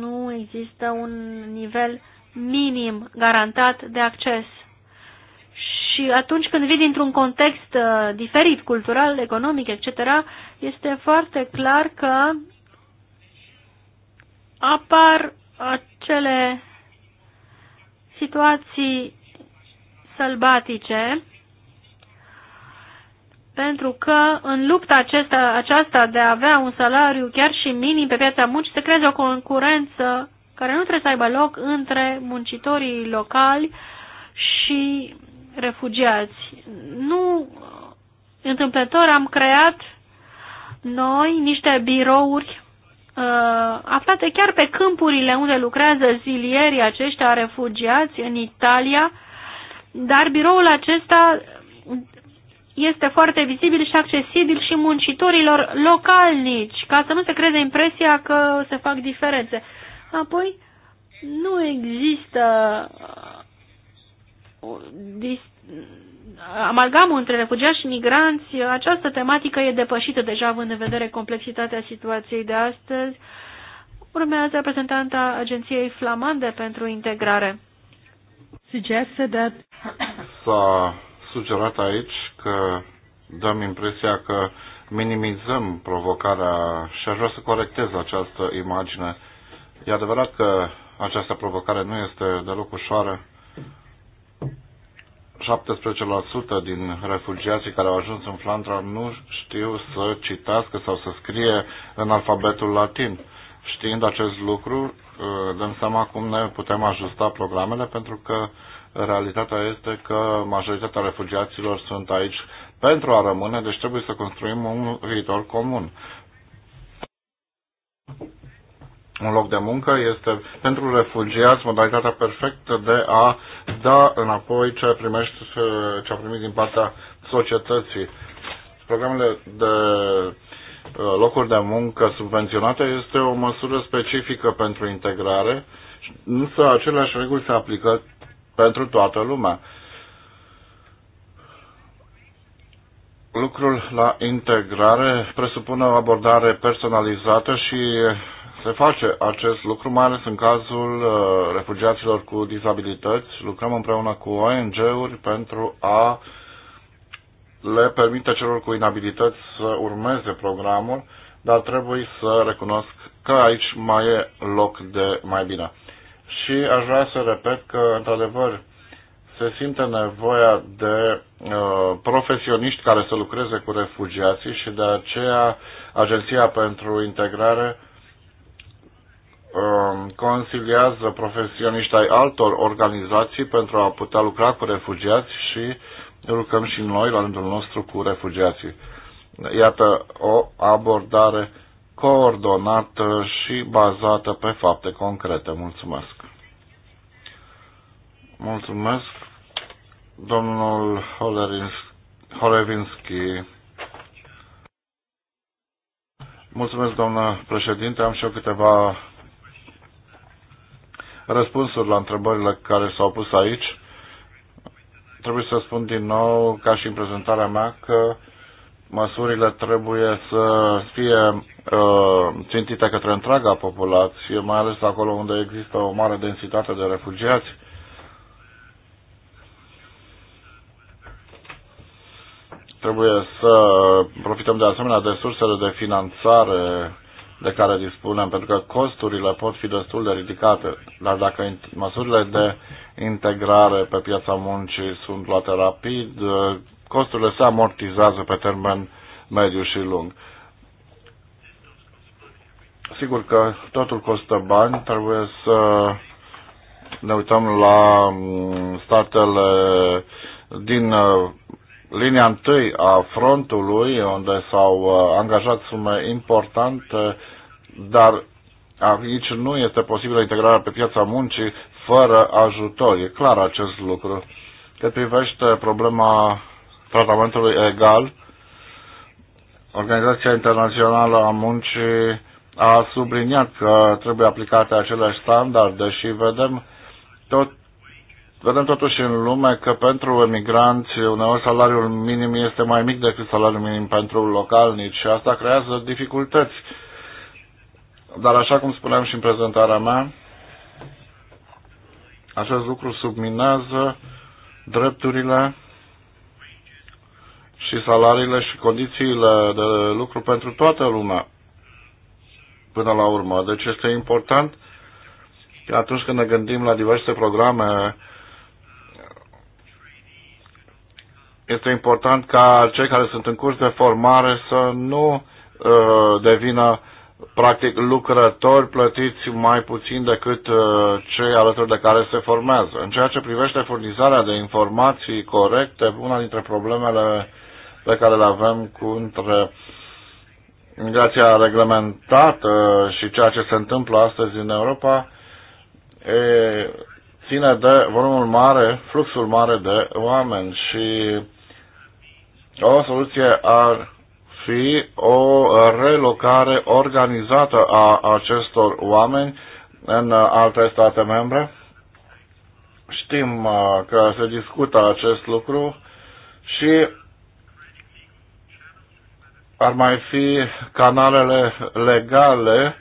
nu există un nivel minim garantat de acces și atunci când vii dintr-un context uh, diferit, cultural, economic, etc., este foarte clar că apar acele situații sălbatice, pentru că în lupta acesta, aceasta de a avea un salariu chiar și minim pe piața muncii se creează o concurență care nu trebuie să aibă loc între muncitorii locali și refugiați. Nu întâmplător am creat noi niște birouri uh, aflate chiar pe câmpurile unde lucrează zilierii aceștia refugiați în Italia, dar biroul acesta este foarte vizibil și accesibil și muncitorilor localnici, ca să nu se creeze impresia că se fac diferențe. Apoi, nu există amalgamul între refugiați și migranți, această tematică e depășită deja având în vedere complexitatea situației de astăzi. Urmează reprezentanta Agenției Flamande pentru Integrare. S-a sugerat aici că dăm impresia că minimizăm provocarea și aș vrea să corectez această imagine. E adevărat că această provocare nu este deloc ușoară 17% din refugiații care au ajuns în Flandra nu știu să citească sau să scrie în alfabetul latin. Știind acest lucru, uh, dăm seama cum ne putem ajusta programele, pentru că realitatea este că majoritatea refugiaților sunt aici pentru a rămâne, deci trebuie să construim un viitor comun un loc de muncă este pentru refugiați modalitatea perfectă de a da înapoi ce primești, ce a primit din partea societății. Programele de uh, locuri de muncă subvenționate este o măsură specifică pentru integrare, însă aceleași reguli se aplică pentru toată lumea. Lucrul la integrare presupune o abordare personalizată și se face acest lucru, mai ales în cazul uh, refugiaților cu dizabilități. Lucrăm împreună cu ONG-uri pentru a le permite celor cu inabilități să urmeze programul, dar trebuie să recunosc că aici mai e loc de mai bine. Și aș vrea să repet că, într-adevăr, se simte nevoia de uh, profesioniști care să lucreze cu refugiații și de aceea Agenția pentru Integrare uh, Um, consiliază profesioniști ai altor organizații pentru a putea lucra cu refugiați și lucrăm și noi la rândul nostru cu refugiații. Iată o abordare coordonată și bazată pe fapte concrete. Mulțumesc! Mulțumesc, domnul Holevinski. Mulțumesc, doamnă președinte. Am și eu câteva răspunsuri la întrebările care s-au pus aici. Trebuie să spun din nou, ca și în prezentarea mea, că măsurile trebuie să fie uh, țintite către întreaga populație, mai ales acolo unde există o mare densitate de refugiați. Trebuie să profităm de asemenea de sursele de finanțare de care dispunem, pentru că costurile pot fi destul de ridicate, dar dacă măsurile de integrare pe piața muncii sunt luate rapid, uh, costurile se amortizează pe termen mediu și lung. Sigur că totul costă bani, trebuie să ne uităm la mm, statele din uh, linia întâi a frontului, unde s-au uh, angajat sume importante dar aici nu este posibilă integrarea pe piața muncii fără ajutor. E clar acest lucru. Cât privește problema tratamentului egal, Organizația Internațională a Muncii a subliniat că trebuie aplicate aceleași standarde și vedem tot Vedem totuși în lume că pentru emigranți uneori salariul minim este mai mic decât salariul minim pentru localnici și asta creează dificultăți dar așa cum spuneam și în prezentarea mea, acest lucru subminează drepturile și salariile și condițiile de lucru pentru toată lumea până la urmă. Deci este important că atunci când ne gândim la diverse programe, este important ca cei care sunt în curs de formare să nu uh, devină practic lucrători plătiți mai puțin decât uh, cei alături de care se formează. În ceea ce privește furnizarea de informații corecte, una dintre problemele pe care le avem cu între migrația reglementată și ceea ce se întâmplă astăzi în Europa e, ține de volumul mare, fluxul mare de oameni și o soluție ar fi o relocare organizată a acestor oameni în alte state membre. Știm uh, că se discută acest lucru și ar mai fi canalele legale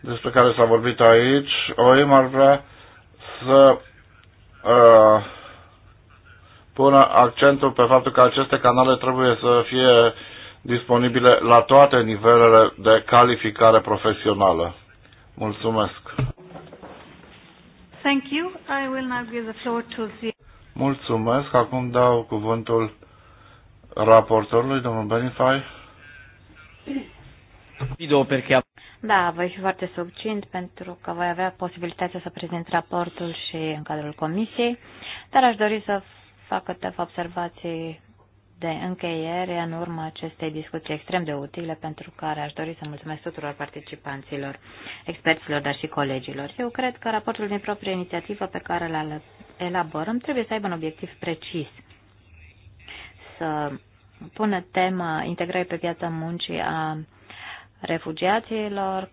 despre care s-a vorbit aici. OIM ar vrea să uh, pună accentul pe faptul că aceste canale trebuie să fie disponibile la toate nivelele de calificare profesională. Mulțumesc! Thank you. I will now give the floor to the... Mulțumesc. Acum dau cuvântul raportorului, domnul Benifai. Da, voi fi foarte subțint pentru că voi avea posibilitatea să prezint raportul și în cadrul comisiei, dar aș dori să fac câteva observații de încheiere în urma acestei discuții extrem de utile pentru care aș dori să mulțumesc tuturor participanților, experților, dar și colegilor. Eu cred că raportul din proprie inițiativă pe care îl elaborăm trebuie să aibă un obiectiv precis. Să pună tema integrării pe piața muncii a refugiaților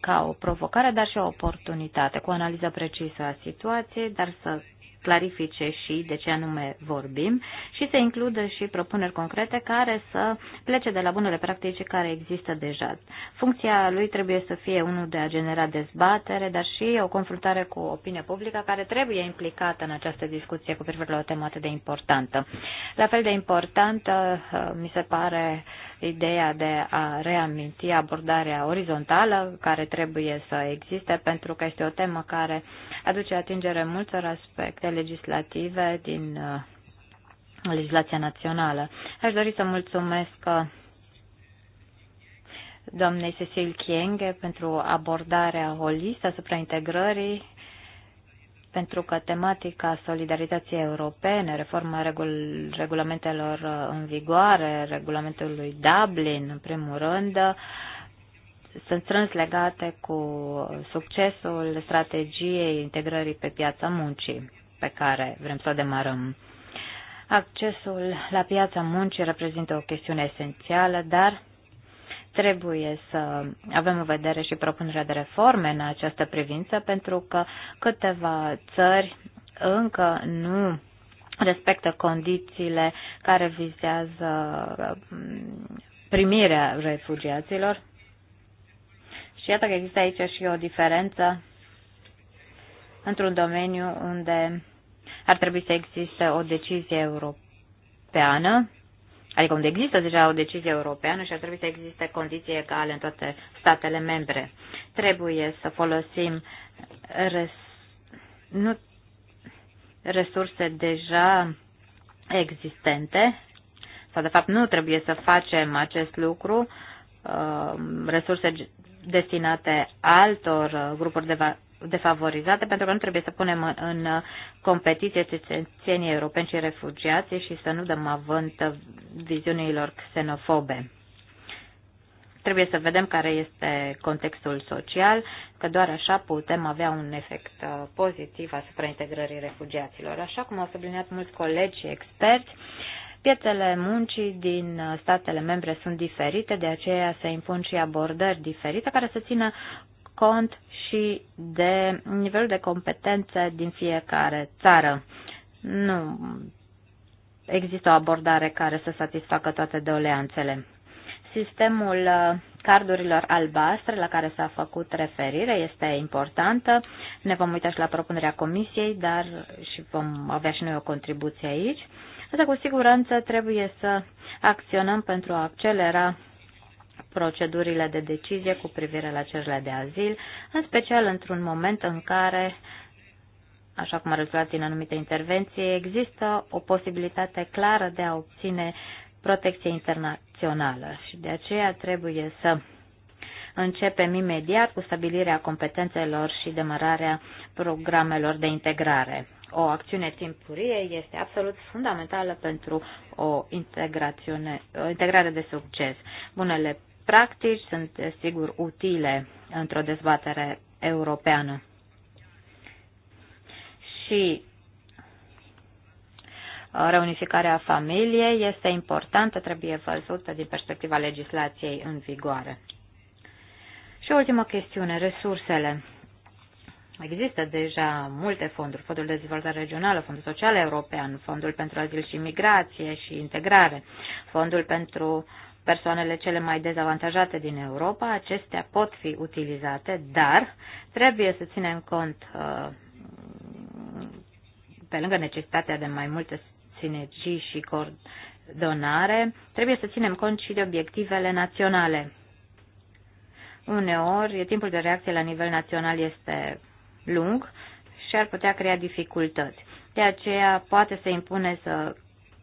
ca o provocare, dar și o oportunitate, cu o analiză precisă a situației, dar să clarifice și de ce anume vorbim și să includă și propuneri concrete care să plece de la bunele practici care există deja. Funcția lui trebuie să fie unul de a genera dezbatere, dar și o confruntare cu opinia publică care trebuie implicată în această discuție cu privire la o temă atât de importantă. La fel de importantă uh, mi se pare ideea de a reaminti abordarea orizontală care trebuie să existe pentru că este o temă care aduce atingere multor aspecte legislative din uh, legislația națională. Aș dori să mulțumesc uh, doamnei Cecil Chienghe pentru abordarea holistă asupra integrării pentru că tematica solidarității europene, reforma regul, regulamentelor uh, în vigoare, regulamentului Dublin, în primul rând, uh, sunt strâns legate cu succesul strategiei integrării pe piața muncii pe care vrem să o demarăm. Accesul la piața muncii reprezintă o chestiune esențială, dar Trebuie să avem în vedere și propunerea de reforme în această privință, pentru că câteva țări încă nu respectă condițiile care vizează mm, primirea refugiaților. Și iată că există aici și o diferență într-un domeniu unde ar trebui să existe o decizie europeană Adică unde există deja o decizie europeană și ar trebui să existe condiții egale în toate statele membre. Trebuie să folosim res, nu, resurse deja existente sau de fapt nu trebuie să facem acest lucru, uh, resurse destinate altor uh, grupuri de defavorizate, pentru că nu trebuie să punem în, în competiție cetățenii europeni și refugiații și să nu dăm avânt viziunilor xenofobe. Trebuie să vedem care este contextul social, că doar așa putem avea un efect uh, pozitiv asupra integrării refugiaților. Așa cum au subliniat mulți colegi și experți, Piețele muncii din uh, statele membre sunt diferite, de aceea se impun și abordări diferite care să țină cont și de nivelul de competențe din fiecare țară. Nu există o abordare care să satisfacă toate doleanțele. Sistemul uh, cardurilor albastre la care s-a făcut referire este importantă. Ne vom uita și la propunerea comisiei, dar și vom avea și noi o contribuție aici. Asta cu siguranță trebuie să acționăm pentru a accelera procedurile de decizie cu privire la cererile de azil, în special într-un moment în care, așa cum a rezultat din anumite intervenții, există o posibilitate clară de a obține protecție internațională și de aceea trebuie să începem imediat cu stabilirea competențelor și demararea programelor de integrare. O acțiune timpurie este absolut fundamentală pentru o, o integrare de succes. Bunele practici sunt, sigur, utile într-o dezbatere europeană. Și uh, reunificarea familiei este importantă, trebuie văzută din perspectiva legislației în vigoare. Și ultima chestiune, resursele. Există deja multe fonduri, Fondul de Dezvoltare Regională, Fondul Social European, Fondul pentru Azil și Migrație și Integrare, Fondul pentru persoanele cele mai dezavantajate din Europa, acestea pot fi utilizate, dar trebuie să ținem cont, uh, pe lângă necesitatea de mai multe sinergii și coordonare, trebuie să ținem cont și de obiectivele naționale. Uneori, timpul de reacție la nivel național este lung și ar putea crea dificultăți. De aceea, poate se impune să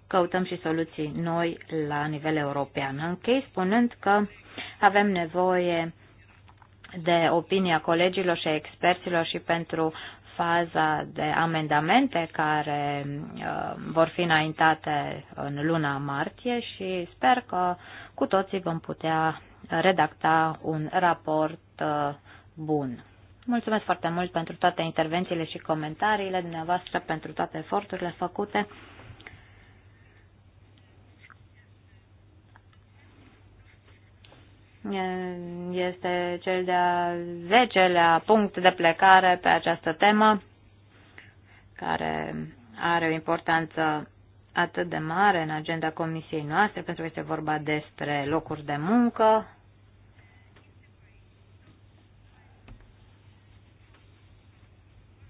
căutăm și soluții noi la nivel european. Închei spunând că avem nevoie de opinia colegilor și experților și pentru faza de amendamente care uh, vor fi înaintate în luna martie și sper că cu toții vom putea redacta un raport uh, bun. Mulțumesc foarte mult pentru toate intervențiile și comentariile dumneavoastră, pentru toate eforturile făcute. Este cel de-a zecelea punct de plecare pe această temă, care are o importanță atât de mare în agenda comisiei noastre, pentru că este vorba despre locuri de muncă.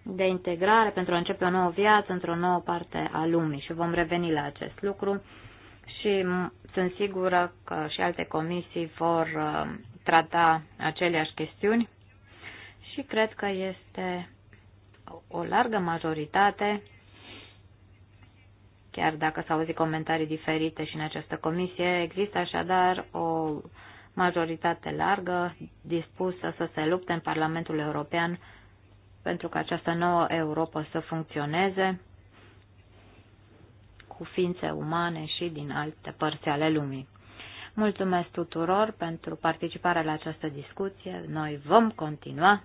de integrare pentru a începe o nouă viață într-o nouă parte a lumii și vom reveni la acest lucru și sunt sigură că și alte comisii vor uh, trata aceleași chestiuni și cred că este o largă majoritate, chiar dacă s-au auzit comentarii diferite și în această comisie, există așadar o majoritate largă dispusă să se lupte în Parlamentul European pentru ca această nouă Europa să funcționeze cu ființe umane și din alte părți ale lumii. Mulțumesc tuturor pentru participarea la această discuție. Noi vom continua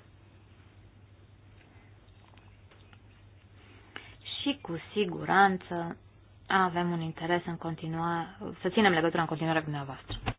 și cu siguranță avem un interes în continuare, să ținem legătura în continuare cu dumneavoastră.